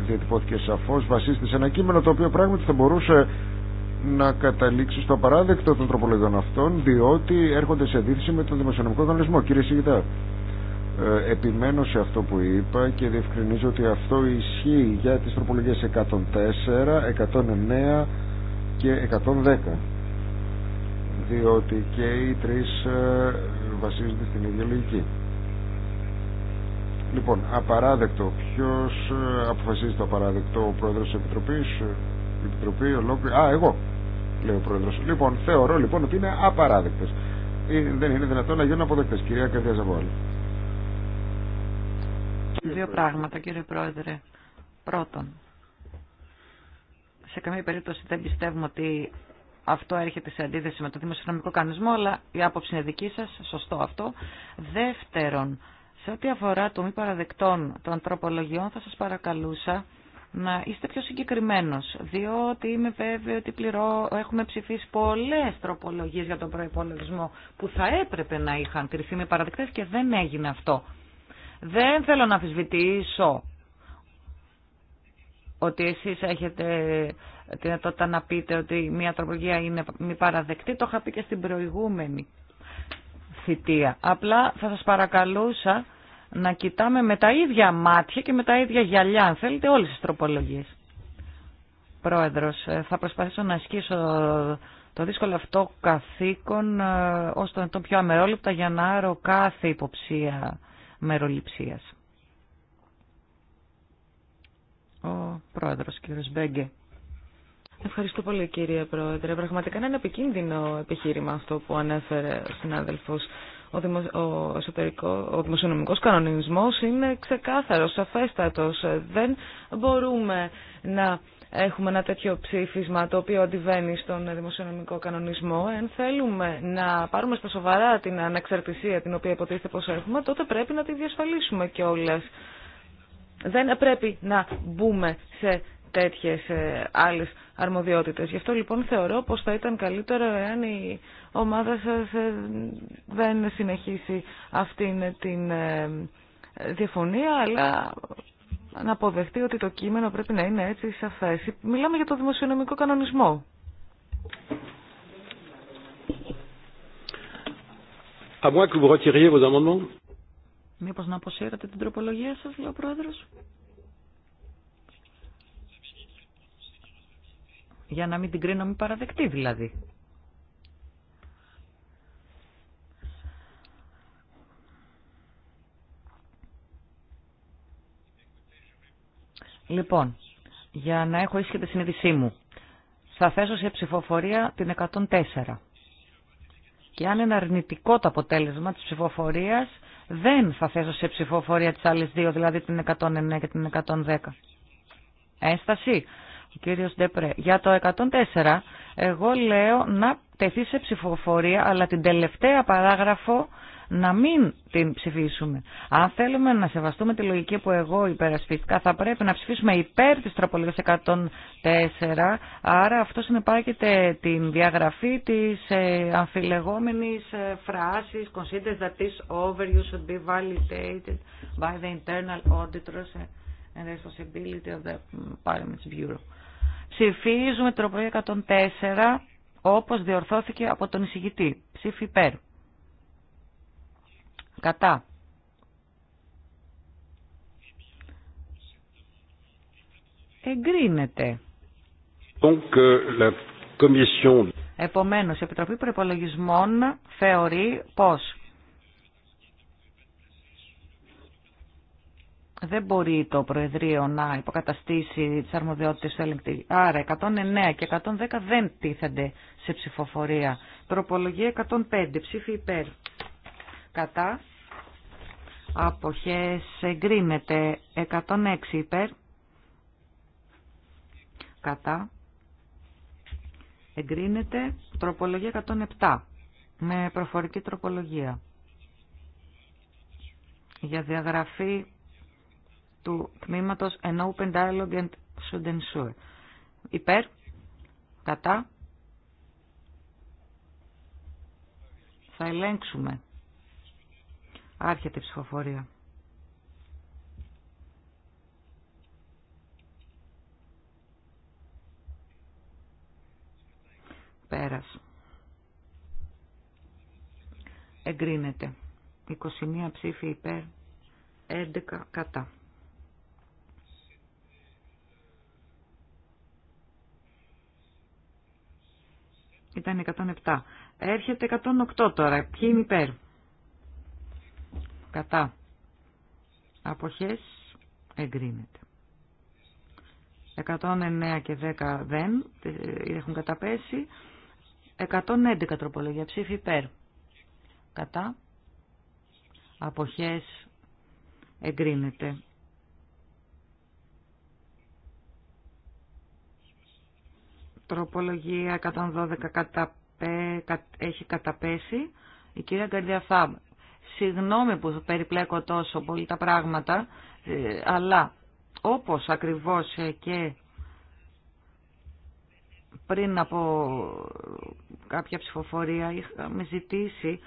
διατυπώθηκε σαφώς, βασίστησε σε ένα κείμενο το οποίο πράγματι θα μπορούσε να καταλήξει στο παράδεκτο των τροπολογιών αυτών διότι έρχονται σε αντίθεση με τον δημοσιονομικό κανονισμό. Κύριε Σιγητά, ε, επιμένω σε αυτό που είπα και διευκρινίζω ότι αυτό ισχύει για τις τροπολογίε 104, 109 και 110 διότι και οι τρεις ε, βασίζονται στην ίδια λογική. Λοιπόν, απαράδεκτο. Ποιο ε, αποφασίζει το απαράδεκτο, ο πρόεδρο τη Επιτροπή, Επιτροπή ολόκληρη. Α, εγώ. Λοιπόν, θεωρώ λοιπόν ότι είναι απαράδεκτε. Ε, δεν είναι δυνατόν να γίνουν αποδεκτέ, κυρία Καρδιά Ζαβόλη. Δύο πράγματα, κύριε Πρόεδρε. Πρώτον, σε καμία περίπτωση δεν πιστεύουμε ότι αυτό έρχεται σε αντίθεση με το δημοσιονομικό κανονισμό, αλλά η άποψη είναι δική σα, σωστό αυτό. Δεύτερον, σε ό,τι αφορά το μη παραδεκτών των τροπολογιών, θα σα παρακαλούσα να είστε πιο συγκεκριμένος, διότι είμαι βέβαιο ότι πληρώ, έχουμε ψηφίσει πολλές τροπολογίε για τον προπολογισμό που θα έπρεπε να είχαν κριθεί με παραδεκτέ και δεν έγινε αυτό. Δεν θέλω να αμφισβητήσω ότι εσείς έχετε τη δυνατότητα να πείτε ότι μια τροπολογία είναι μη παραδεκτή, το είχα πει και στην προηγούμενη θητεία. Απλά θα σας παρακαλούσα να κοιτάμε με τα ίδια μάτια και με τα ίδια γυαλιά, αν θέλετε, όλες τις τροπολογίες. Πρόεδρος, ε, θα προσπαθήσω να ασκήσω το δύσκολο αυτό καθήκον ε, ως το το πιο αμερόληπτα για να άρω κάθε υποψία μεροληψίας. Ο πρόεδρος, κύριος Μπέγκε. Ευχαριστώ πολύ κύριε Πρόεδρε. Πραγματικά είναι ένα επικίνδυνο επιχείρημα αυτό που ανέφερε ο συνάδελφος ο, δημο, ο, ο δημοσιονομικός κανονισμός είναι ξεκάθαρος, σαφέστατος. Δεν μπορούμε να έχουμε ένα τέτοιο ψήφισμα το οποίο αντιβαίνει στον δημοσιονομικό κανονισμό. Εν θέλουμε να πάρουμε στα σοβαρά την ανεξαρτησία την οποία υποτίθεται πως έχουμε, τότε πρέπει να τη διασφαλίσουμε κιόλα. Δεν πρέπει να μπούμε σε τέτοιες ε, άλλες αρμοδιότητες. Γι' αυτό λοιπόν θεωρώ πως θα ήταν καλύτερο εάν η ομάδα σας ε, δεν συνεχίσει αυτήν την ε, διαφωνία, αλλά να αποδεχτεί ότι το κείμενο πρέπει να είναι έτσι σαφές. Μιλάμε για το δημοσιονομικό κανονισμό. À Μήπως να αποσύρετε την τροπολογία σας, λέει ο Πρόεδρος. για να μην την κρίνω μη παραδεκτή δηλαδή. Λοιπόν, για να έχω ίσχυτη συνείδησή μου, θα θέσω σε ψηφοφορία την 104. Και αν είναι αρνητικό το αποτέλεσμα της ψηφοφορίας, δεν θα θέσω σε ψηφοφορία τις άλλες δύο, δηλαδή την 109 και την 110. Ένσταση. Ο κύριο Ντεπρέ, για το 104 εγώ λέω να τεθεί σε ψηφοφορία αλλά την τελευταία παράγραφο να μην την ψηφίσουμε. Αν θέλουμε να σεβαστούμε τη λογική που εγώ υπερασπίστηκα, θα πρέπει να ψηφίσουμε υπέρ της τροπολογίας 104, άρα αυτό συνεπάγεται την διαγραφή της ε, αμφιλεγόμενης ε, φράσης «Considers that this overview should be validated by the internal auditors and responsibility of the Parliament's Bureau». Ψηφίζουμε τροπολογία 104 όπως διορθώθηκε από τον εισηγητή. Ψήφι υπέρ. Κατά. Εγκρίνεται. Donc, euh, Επομένως, η Επιτροπή Προπολογισμών θεωρεί πως δεν μπορεί το Προεδρείο να υποκαταστήσει τι αρμοδιότητε του ελεγκτή. Άρα 109 και 110 δεν τίθενται σε ψηφοφορία. Τροπολογία 105, ψήφι υπέρ. Κατά. Αποχές εγκρίνεται 106 υπέρ. Κατά. Εγκρίνεται τροπολογία 107 με προφορική τροπολογία για διαγραφή του τμήματος An Open Dialogue and Should Ensure. Υπέρ, κατά, θα ελέγξουμε. Άρχεται η ψηφοφορία. Πέρας. Εγκρίνεται. 21 ψήφοι υπέρ, 11 κατά. Ήταν 107. Έρχεται 108 τώρα. Ποιοι είναι υπέρ. Κατά. Αποχές εγκρίνεται. 109 και 10 δεν έχουν καταπέσει. 111 τροπολογία ψήφι υπέρ. Κατά. Αποχές εγκρίνεται. Τροπολογία 112 καταπέ, έχει καταπέσει. Η κυρία Γκαρδιά Συγγνώμη που περιπλέκω τόσο πολύ τα πράγματα, ε, αλλά όπως ακριβώς ε, και πριν από κάποια ψηφοφορία είχαμε ζητήσει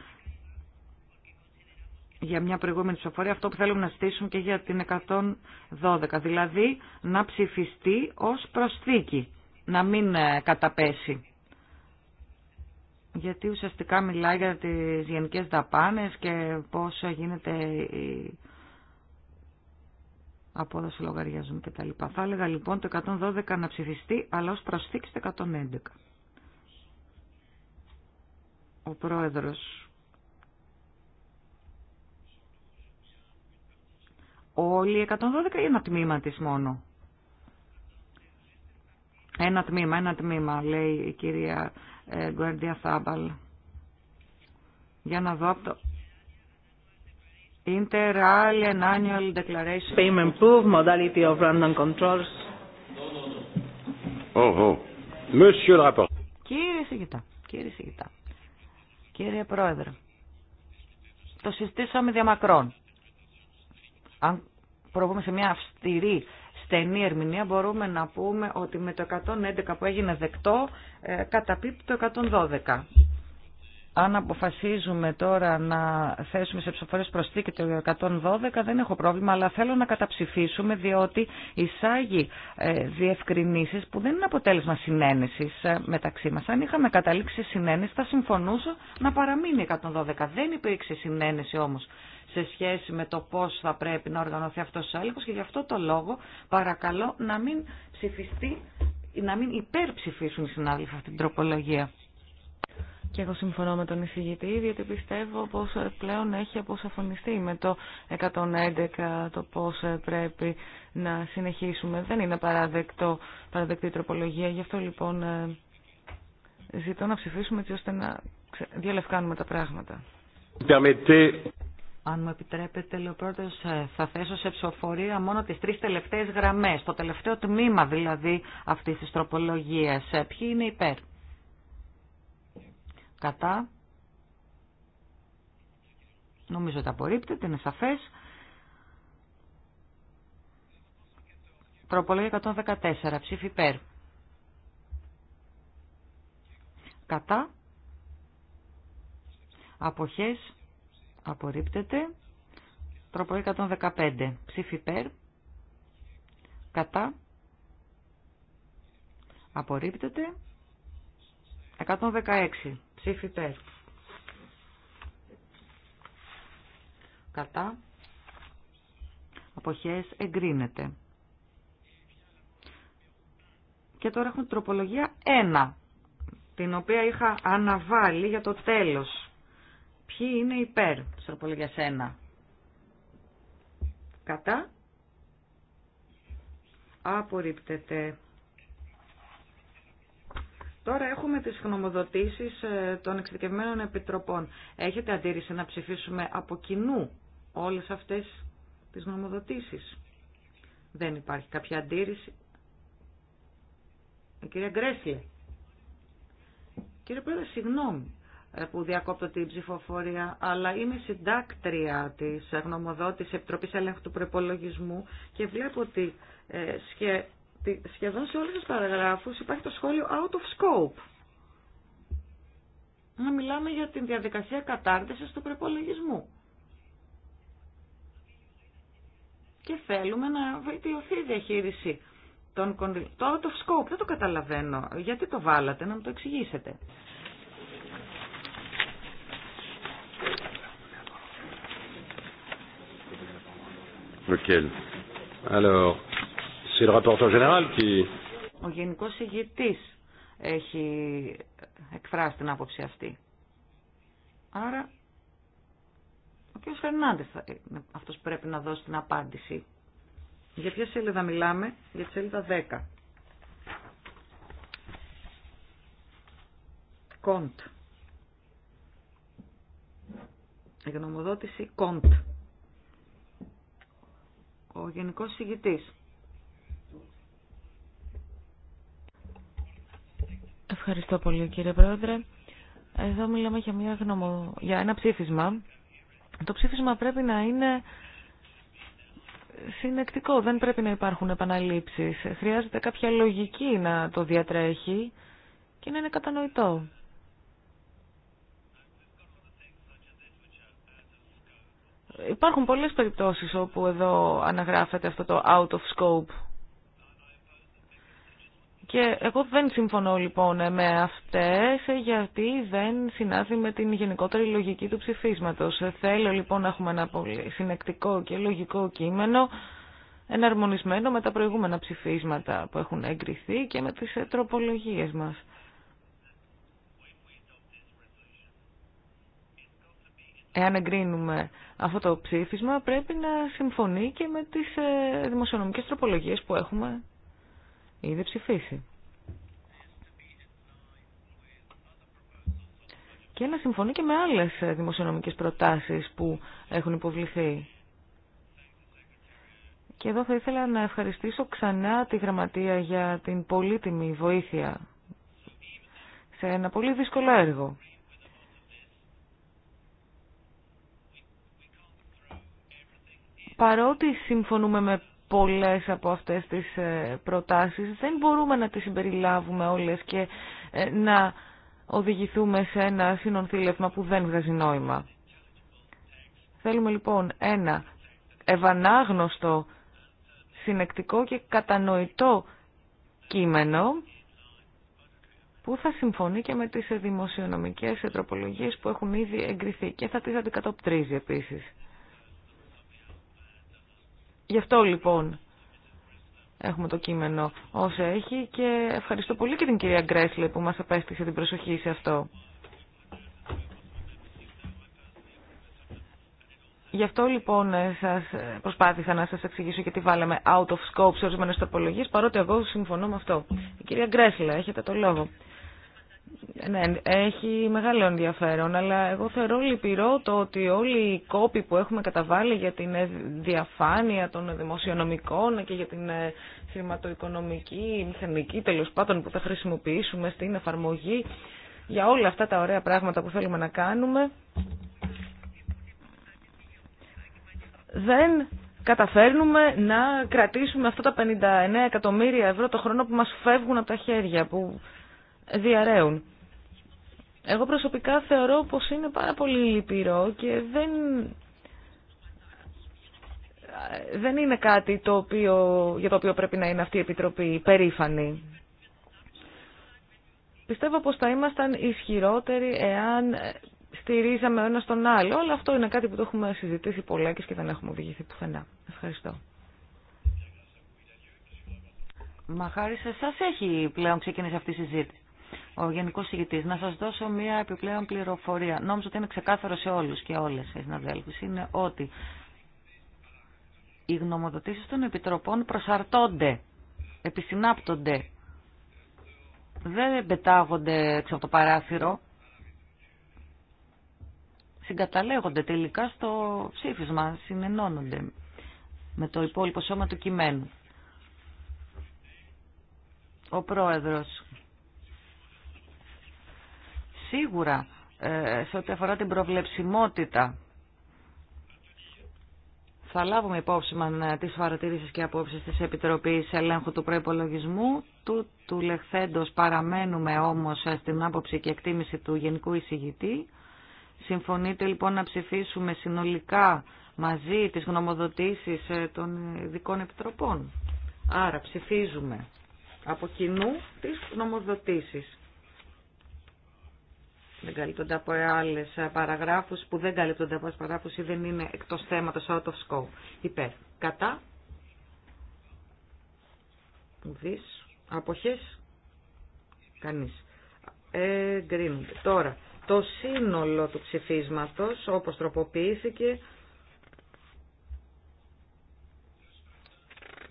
για μια προηγούμενη ψηφοφορία αυτό που θέλουμε να στήσουμε και για την 112, δηλαδή να ψηφιστεί ως προσθήκη να μην ε, καταπέσει. Γιατί ουσιαστικά μιλάει για τις γενικές δαπάνες και πως γίνεται η απόδοση λογαριασμού λοιπά. Θα έλεγα λοιπόν το 112 να ψηφιστεί, αλλά ως προσθήκη το 111. Ο πρόεδρος Όλοι 112 ή ένα τμήμα της μόνο. Ένα τμήμα, ένα τμήμα, λέει η κυρία ε, Γκουέρντια Θάμπαλ. Για να δω από το... Inter-Al and Annual Declaration. Payment proof, modality of random controls. Oh, oh. Monsieur rapport. Κύριε Σιγητά, κύριε Σιγητά, κύριε Πρόεδρε, το συστήσαμε διαμακρόν. Αν προβούμε σε μια αυστηρή στενή ερμηνεία μπορούμε να πούμε ότι με το 111 που έγινε δεκτό ε, καταπίπτει το 112. Αν αποφασίζουμε τώρα να θέσουμε σε ψηφοφόρες προσθήκη το 112 δεν έχω πρόβλημα, αλλά θέλω να καταψηφίσουμε διότι εισάγει ε, διευκρινήσεις που δεν είναι αποτέλεσμα συνένεσης ε, μεταξύ μας. Αν είχαμε καταλήξει συνένεση θα συμφωνούσα να παραμείνει 112. Δεν υπήρξε συνένεση όμως σε σχέση με το πώς θα πρέπει να οργανωθεί αυτός ο έλεγχος και γι' αυτό το λόγο παρακαλώ να μην ψηφιστεί, να μην υπερψηφίσουν οι συνάδελφοι αυτή την τροπολογία. Και εγώ συμφωνώ με τον εισηγητή, διότι πιστεύω πως πλέον έχει αποσαφωνιστεί με το 111 το πώς πρέπει να συνεχίσουμε. Δεν είναι παραδεκτό, παραδεκτή τροπολογία, γι' αυτό λοιπόν ε, ζητώ να ψηφίσουμε έτσι ώστε να διαλευκάνουμε τα πράγματα. Αν μου επιτρέπετε, λέω ε, θα θέσω σε ψηφοφορία μόνο τις τρει τελευταίες γραμμές, το τελευταίο τμήμα δηλαδή αυτή τη τροπολογία. Ε, ποιοι είναι υπέρ. Κατά. Νομίζω ότι απορρίπτεται, είναι σαφέ. Τροπολογία 114, ψήφι υπέρ. Κατά. Αποχές απορρίπτεται. Τρόπο 115. Ψήφι υπέρ. Κατά. Απορρίπτεται. 116. Ψήφι υπέρ. Κατά. Αποχές εγκρίνεται. Και τώρα έχουμε τροπολογία 1, την οποία είχα αναβάλει για το τέλος Ποιοι είναι υπέρ της για σένα, Κατά. Απορρίπτεται. Τώρα έχουμε τις γνωμοδοτήσεις ε, των εξειδικευμένων επιτροπών. Έχετε αντίρρηση να ψηφίσουμε από κοινού όλες αυτές τις γνωμοδοτήσεις. Δεν υπάρχει κάποια αντίρρηση. Η ε, κυρία Γκρέσλε. Κύριε Πρόεδρε, συγγνώμη. Ε, που διακόπτω την ψηφοφορία, αλλά είμαι συντάκτρια της γνωμοδότης Επιτροπής Ελέγχου του Προπολογισμού και βλέπω ότι ε, σχεδόν σε όλες τις παραγράφους υπάρχει το σχόλιο out of scope. Να μιλάμε για την διαδικασία κατάρτισης του προπολογισμού. Και θέλουμε να βελτιωθεί η διαχείριση των Το out of scope δεν το καταλαβαίνω. Γιατί το βάλατε, να μου το εξηγήσετε. Ο Γενικός ηγητής έχει εκφράσει την άποψη αυτή. Άρα, ο κ. Φερνάντες θα αυτός πρέπει να δώσει την απάντηση. Για ποια σελίδα μιλάμε, για τη σελίδα 10. Κοντ. Η Κοντ ο Γενικός Συγητής. Ευχαριστώ πολύ κύριε Πρόεδρε. Εδώ μιλάμε για, μια γνωμο... για ένα ψήφισμα. Το ψήφισμα πρέπει να είναι συνεκτικό, δεν πρέπει να υπάρχουν επαναλήψεις. Χρειάζεται κάποια λογική να το διατρέχει και να είναι κατανοητό. Υπάρχουν πολλές περιπτώσεις όπου εδώ αναγράφεται αυτό το out of scope. Και εγώ δεν συμφωνώ λοιπόν με αυτές γιατί δεν συνάδει με την γενικότερη λογική του ψηφίσματος. Θέλω λοιπόν να έχουμε ένα πολύ συνεκτικό και λογικό κείμενο εναρμονισμένο με τα προηγούμενα ψηφίσματα που έχουν εγκριθεί και με τις τροπολογίες μας. εάν εγκρίνουμε αυτό το ψήφισμα, πρέπει να συμφωνεί και με τις ε, δημοσιονομικές τροπολογίες που έχουμε ήδη ψηφίσει. Και να συμφωνεί και με άλλες ε, δημοσιονομικές προτάσεις που έχουν υποβληθεί. Και εδώ θα ήθελα να ευχαριστήσω ξανά τη Γραμματεία για την πολύτιμη βοήθεια σε ένα πολύ δύσκολο έργο. παρότι συμφωνούμε με πολλές από αυτές τις ε, προτάσεις, δεν μπορούμε να τις συμπεριλάβουμε όλες και ε, να οδηγηθούμε σε ένα συνονθήλευμα που δεν βγάζει νόημα. Θέλουμε λοιπόν ένα ευανάγνωστο, συνεκτικό και κατανοητό κείμενο που θα συμφωνεί και με τις δημοσιονομικές ετροπολογίες που έχουν ήδη εγκριθεί και θα τις αντικατοπτρίζει επίσης. Γι' αυτό λοιπόν έχουμε το κείμενο όσα έχει και ευχαριστώ πολύ και την κυρία Γκρέσλε που μας απέστησε την προσοχή σε αυτό. Γι' αυτό λοιπόν σας προσπάθησα να σας εξηγήσω γιατί βάλαμε out of scope σε ορισμένε τροπολογίες, παρότι εγώ συμφωνώ με αυτό. Η κυρία Γκρέσλε, έχετε το λόγο. Ναι, έχει μεγάλο ενδιαφέρον, αλλά εγώ θεωρώ λυπηρό το ότι όλοι οι κόποι που έχουμε καταβάλει για την ε, διαφάνεια των δημοσιονομικών και για την ε, χρηματοοικονομική, μηχανική τέλο πάντων που θα χρησιμοποιήσουμε στην εφαρμογή για όλα αυτά τα ωραία πράγματα που θέλουμε να κάνουμε, δεν καταφέρνουμε να κρατήσουμε αυτά τα 59 εκατομμύρια ευρώ το χρόνο που μας φεύγουν από τα χέρια, που διαραίουν. Εγώ προσωπικά θεωρώ πως είναι πάρα πολύ λυπηρό και δεν, δεν είναι κάτι το οποίο, για το οποίο πρέπει να είναι αυτή η Επιτροπή περήφανη. Πιστεύω πως θα ήμασταν ισχυρότεροι εάν στηρίζαμε ο ένας τον άλλο, αλλά αυτό είναι κάτι που το έχουμε συζητήσει πολλά και δεν έχουμε οδηγηθεί πουθενά. Ευχαριστώ. Μα χάρη σε εσάς έχει πλέον ξεκινήσει αυτή η συζήτηση ο Γενικό Συγητή. Να σα δώσω μία επιπλέον πληροφορία. Νόμιζα ότι είναι ξεκάθαρο σε όλου και όλε οι συναδέλφου. Είναι ότι οι γνωμοδοτήσει των επιτροπών προσαρτώνται, επισυνάπτονται. Δεν πετάγονται έξω από το παράθυρο. Συγκαταλέγονται τελικά στο ψήφισμα, συνενώνονται με το υπόλοιπο σώμα του κειμένου. Ο πρόεδρος Σίγουρα ε, σε ό,τι αφορά την προβλεψιμότητα θα λάβουμε υπόψη μα ε, τις παρατηρήσεις και απόψεις της Επιτροπής Ελέγχου του Προϋπολογισμού. Του, του λεχθέντος παραμένουμε όμως ε, στην άποψη και εκτίμηση του Γενικού Εισηγητή. Συμφωνείτε λοιπόν να ψηφίσουμε συνολικά μαζί τις γνωμοδοτήσεις των ειδικών επιτροπών. Άρα ψηφίζουμε από κοινού τις γνωμοδοτήσεις δεν καλύπτονται από άλλε παραγράφου που δεν καλύπτονται από άλλε παραγράφου ή δεν είναι εκτό θέματο out of scope. Υπέρ. Κατά. Δει. Αποχέ. Κανεί. Εγκρίνονται. Τώρα, το σύνολο του ψηφίσματος, όπως τροποποιήθηκε,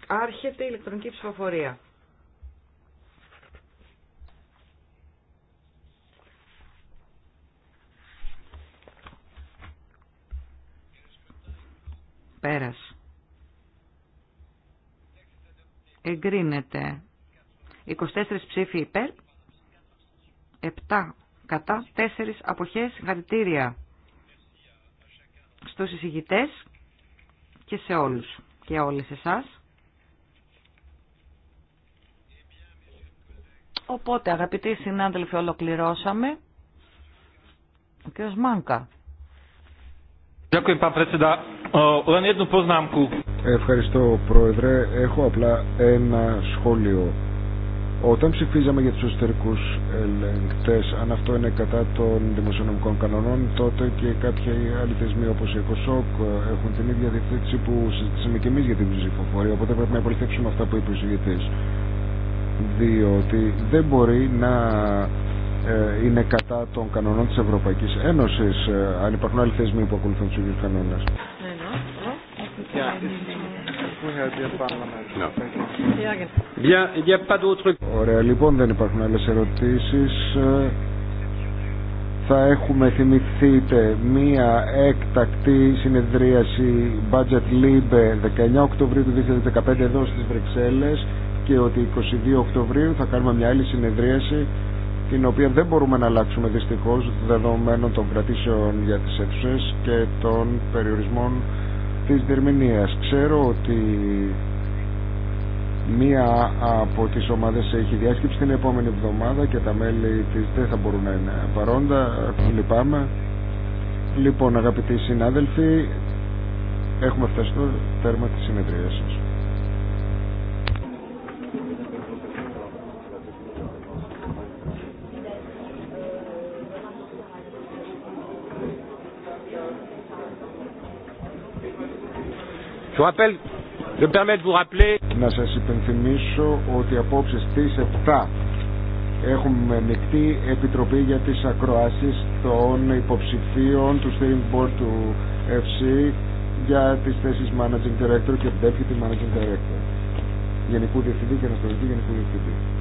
άρχεται η ηλεκτρονική ψηφοφορία. Πέρας. Εγκρίνεται. 24 ψήφοι υπέρ. 7 κατά. 4 αποχές. χαρητήρια Στους εισηγητές και σε όλους και όλες εσάς. Οπότε αγαπητοί συνάδελφοι ολοκληρώσαμε. Ο κ. Μάνκα. Ευχαριστώ Πρόεδρε. Έχω απλά ένα σχόλιο. Όταν ψηφίζαμε για του εσωτερικού ελεγκτέ, αν αυτό είναι κατά των δημοσιονομικών κανονών, τότε και κάποιοι άλλοι θεσμοί όπω η ΕΚΟΣΟΚ έχουν την ίδια διευθύνση που συζητήσαμε και εμεί για την ψηφοφορία, οπότε πρέπει να υπολοιθέψουμε αυτά που είπε ο διότι δεν μπορεί να είναι κατά των κανονών της Ευρωπαϊκής Ένωσης, αν υπάρχουν άλλοι θεσμοί που ακολουθούν τους ίδιους κανόνες. Ωραία, λοιπόν δεν υπάρχουν άλλες ερωτήσεις. Θα έχουμε, θυμηθείτε, μία έκτακτη συνεδρίαση Budget Libre 19 Οκτωβρίου του 2015 εδώ στις Βρυξέλλες και ότι 22 Οκτωβρίου θα κάνουμε μια άλλη συνεδρίαση την οποία δεν μπορούμε να αλλάξουμε δυστυχώς δεδομένων των κρατήσεων για τις αίθουσες και των περιορισμών της διερμηνίας. Ξέρω ότι μία από τις ομάδες έχει διάσκεψη την επόμενη εβδομάδα και τα μέλη της δεν θα μπορούν να είναι παρόντα. Λυπάμαι. Λοιπόν αγαπητοί συνάδελφοι, έχουμε φτάσει στο τέρμα της συνεδρίασης. Να σας υπενθυμίσω ότι απόψε στις 7 έχουμε μεικτή επιτροπή για τις ακροάσεις των υποψηφίων του Steering Board του FC για τις θέσεις Managing Director και Deputy Managing Director. Γενικού Διευθυντή και Αναστολική Γενικού Διευθυντή.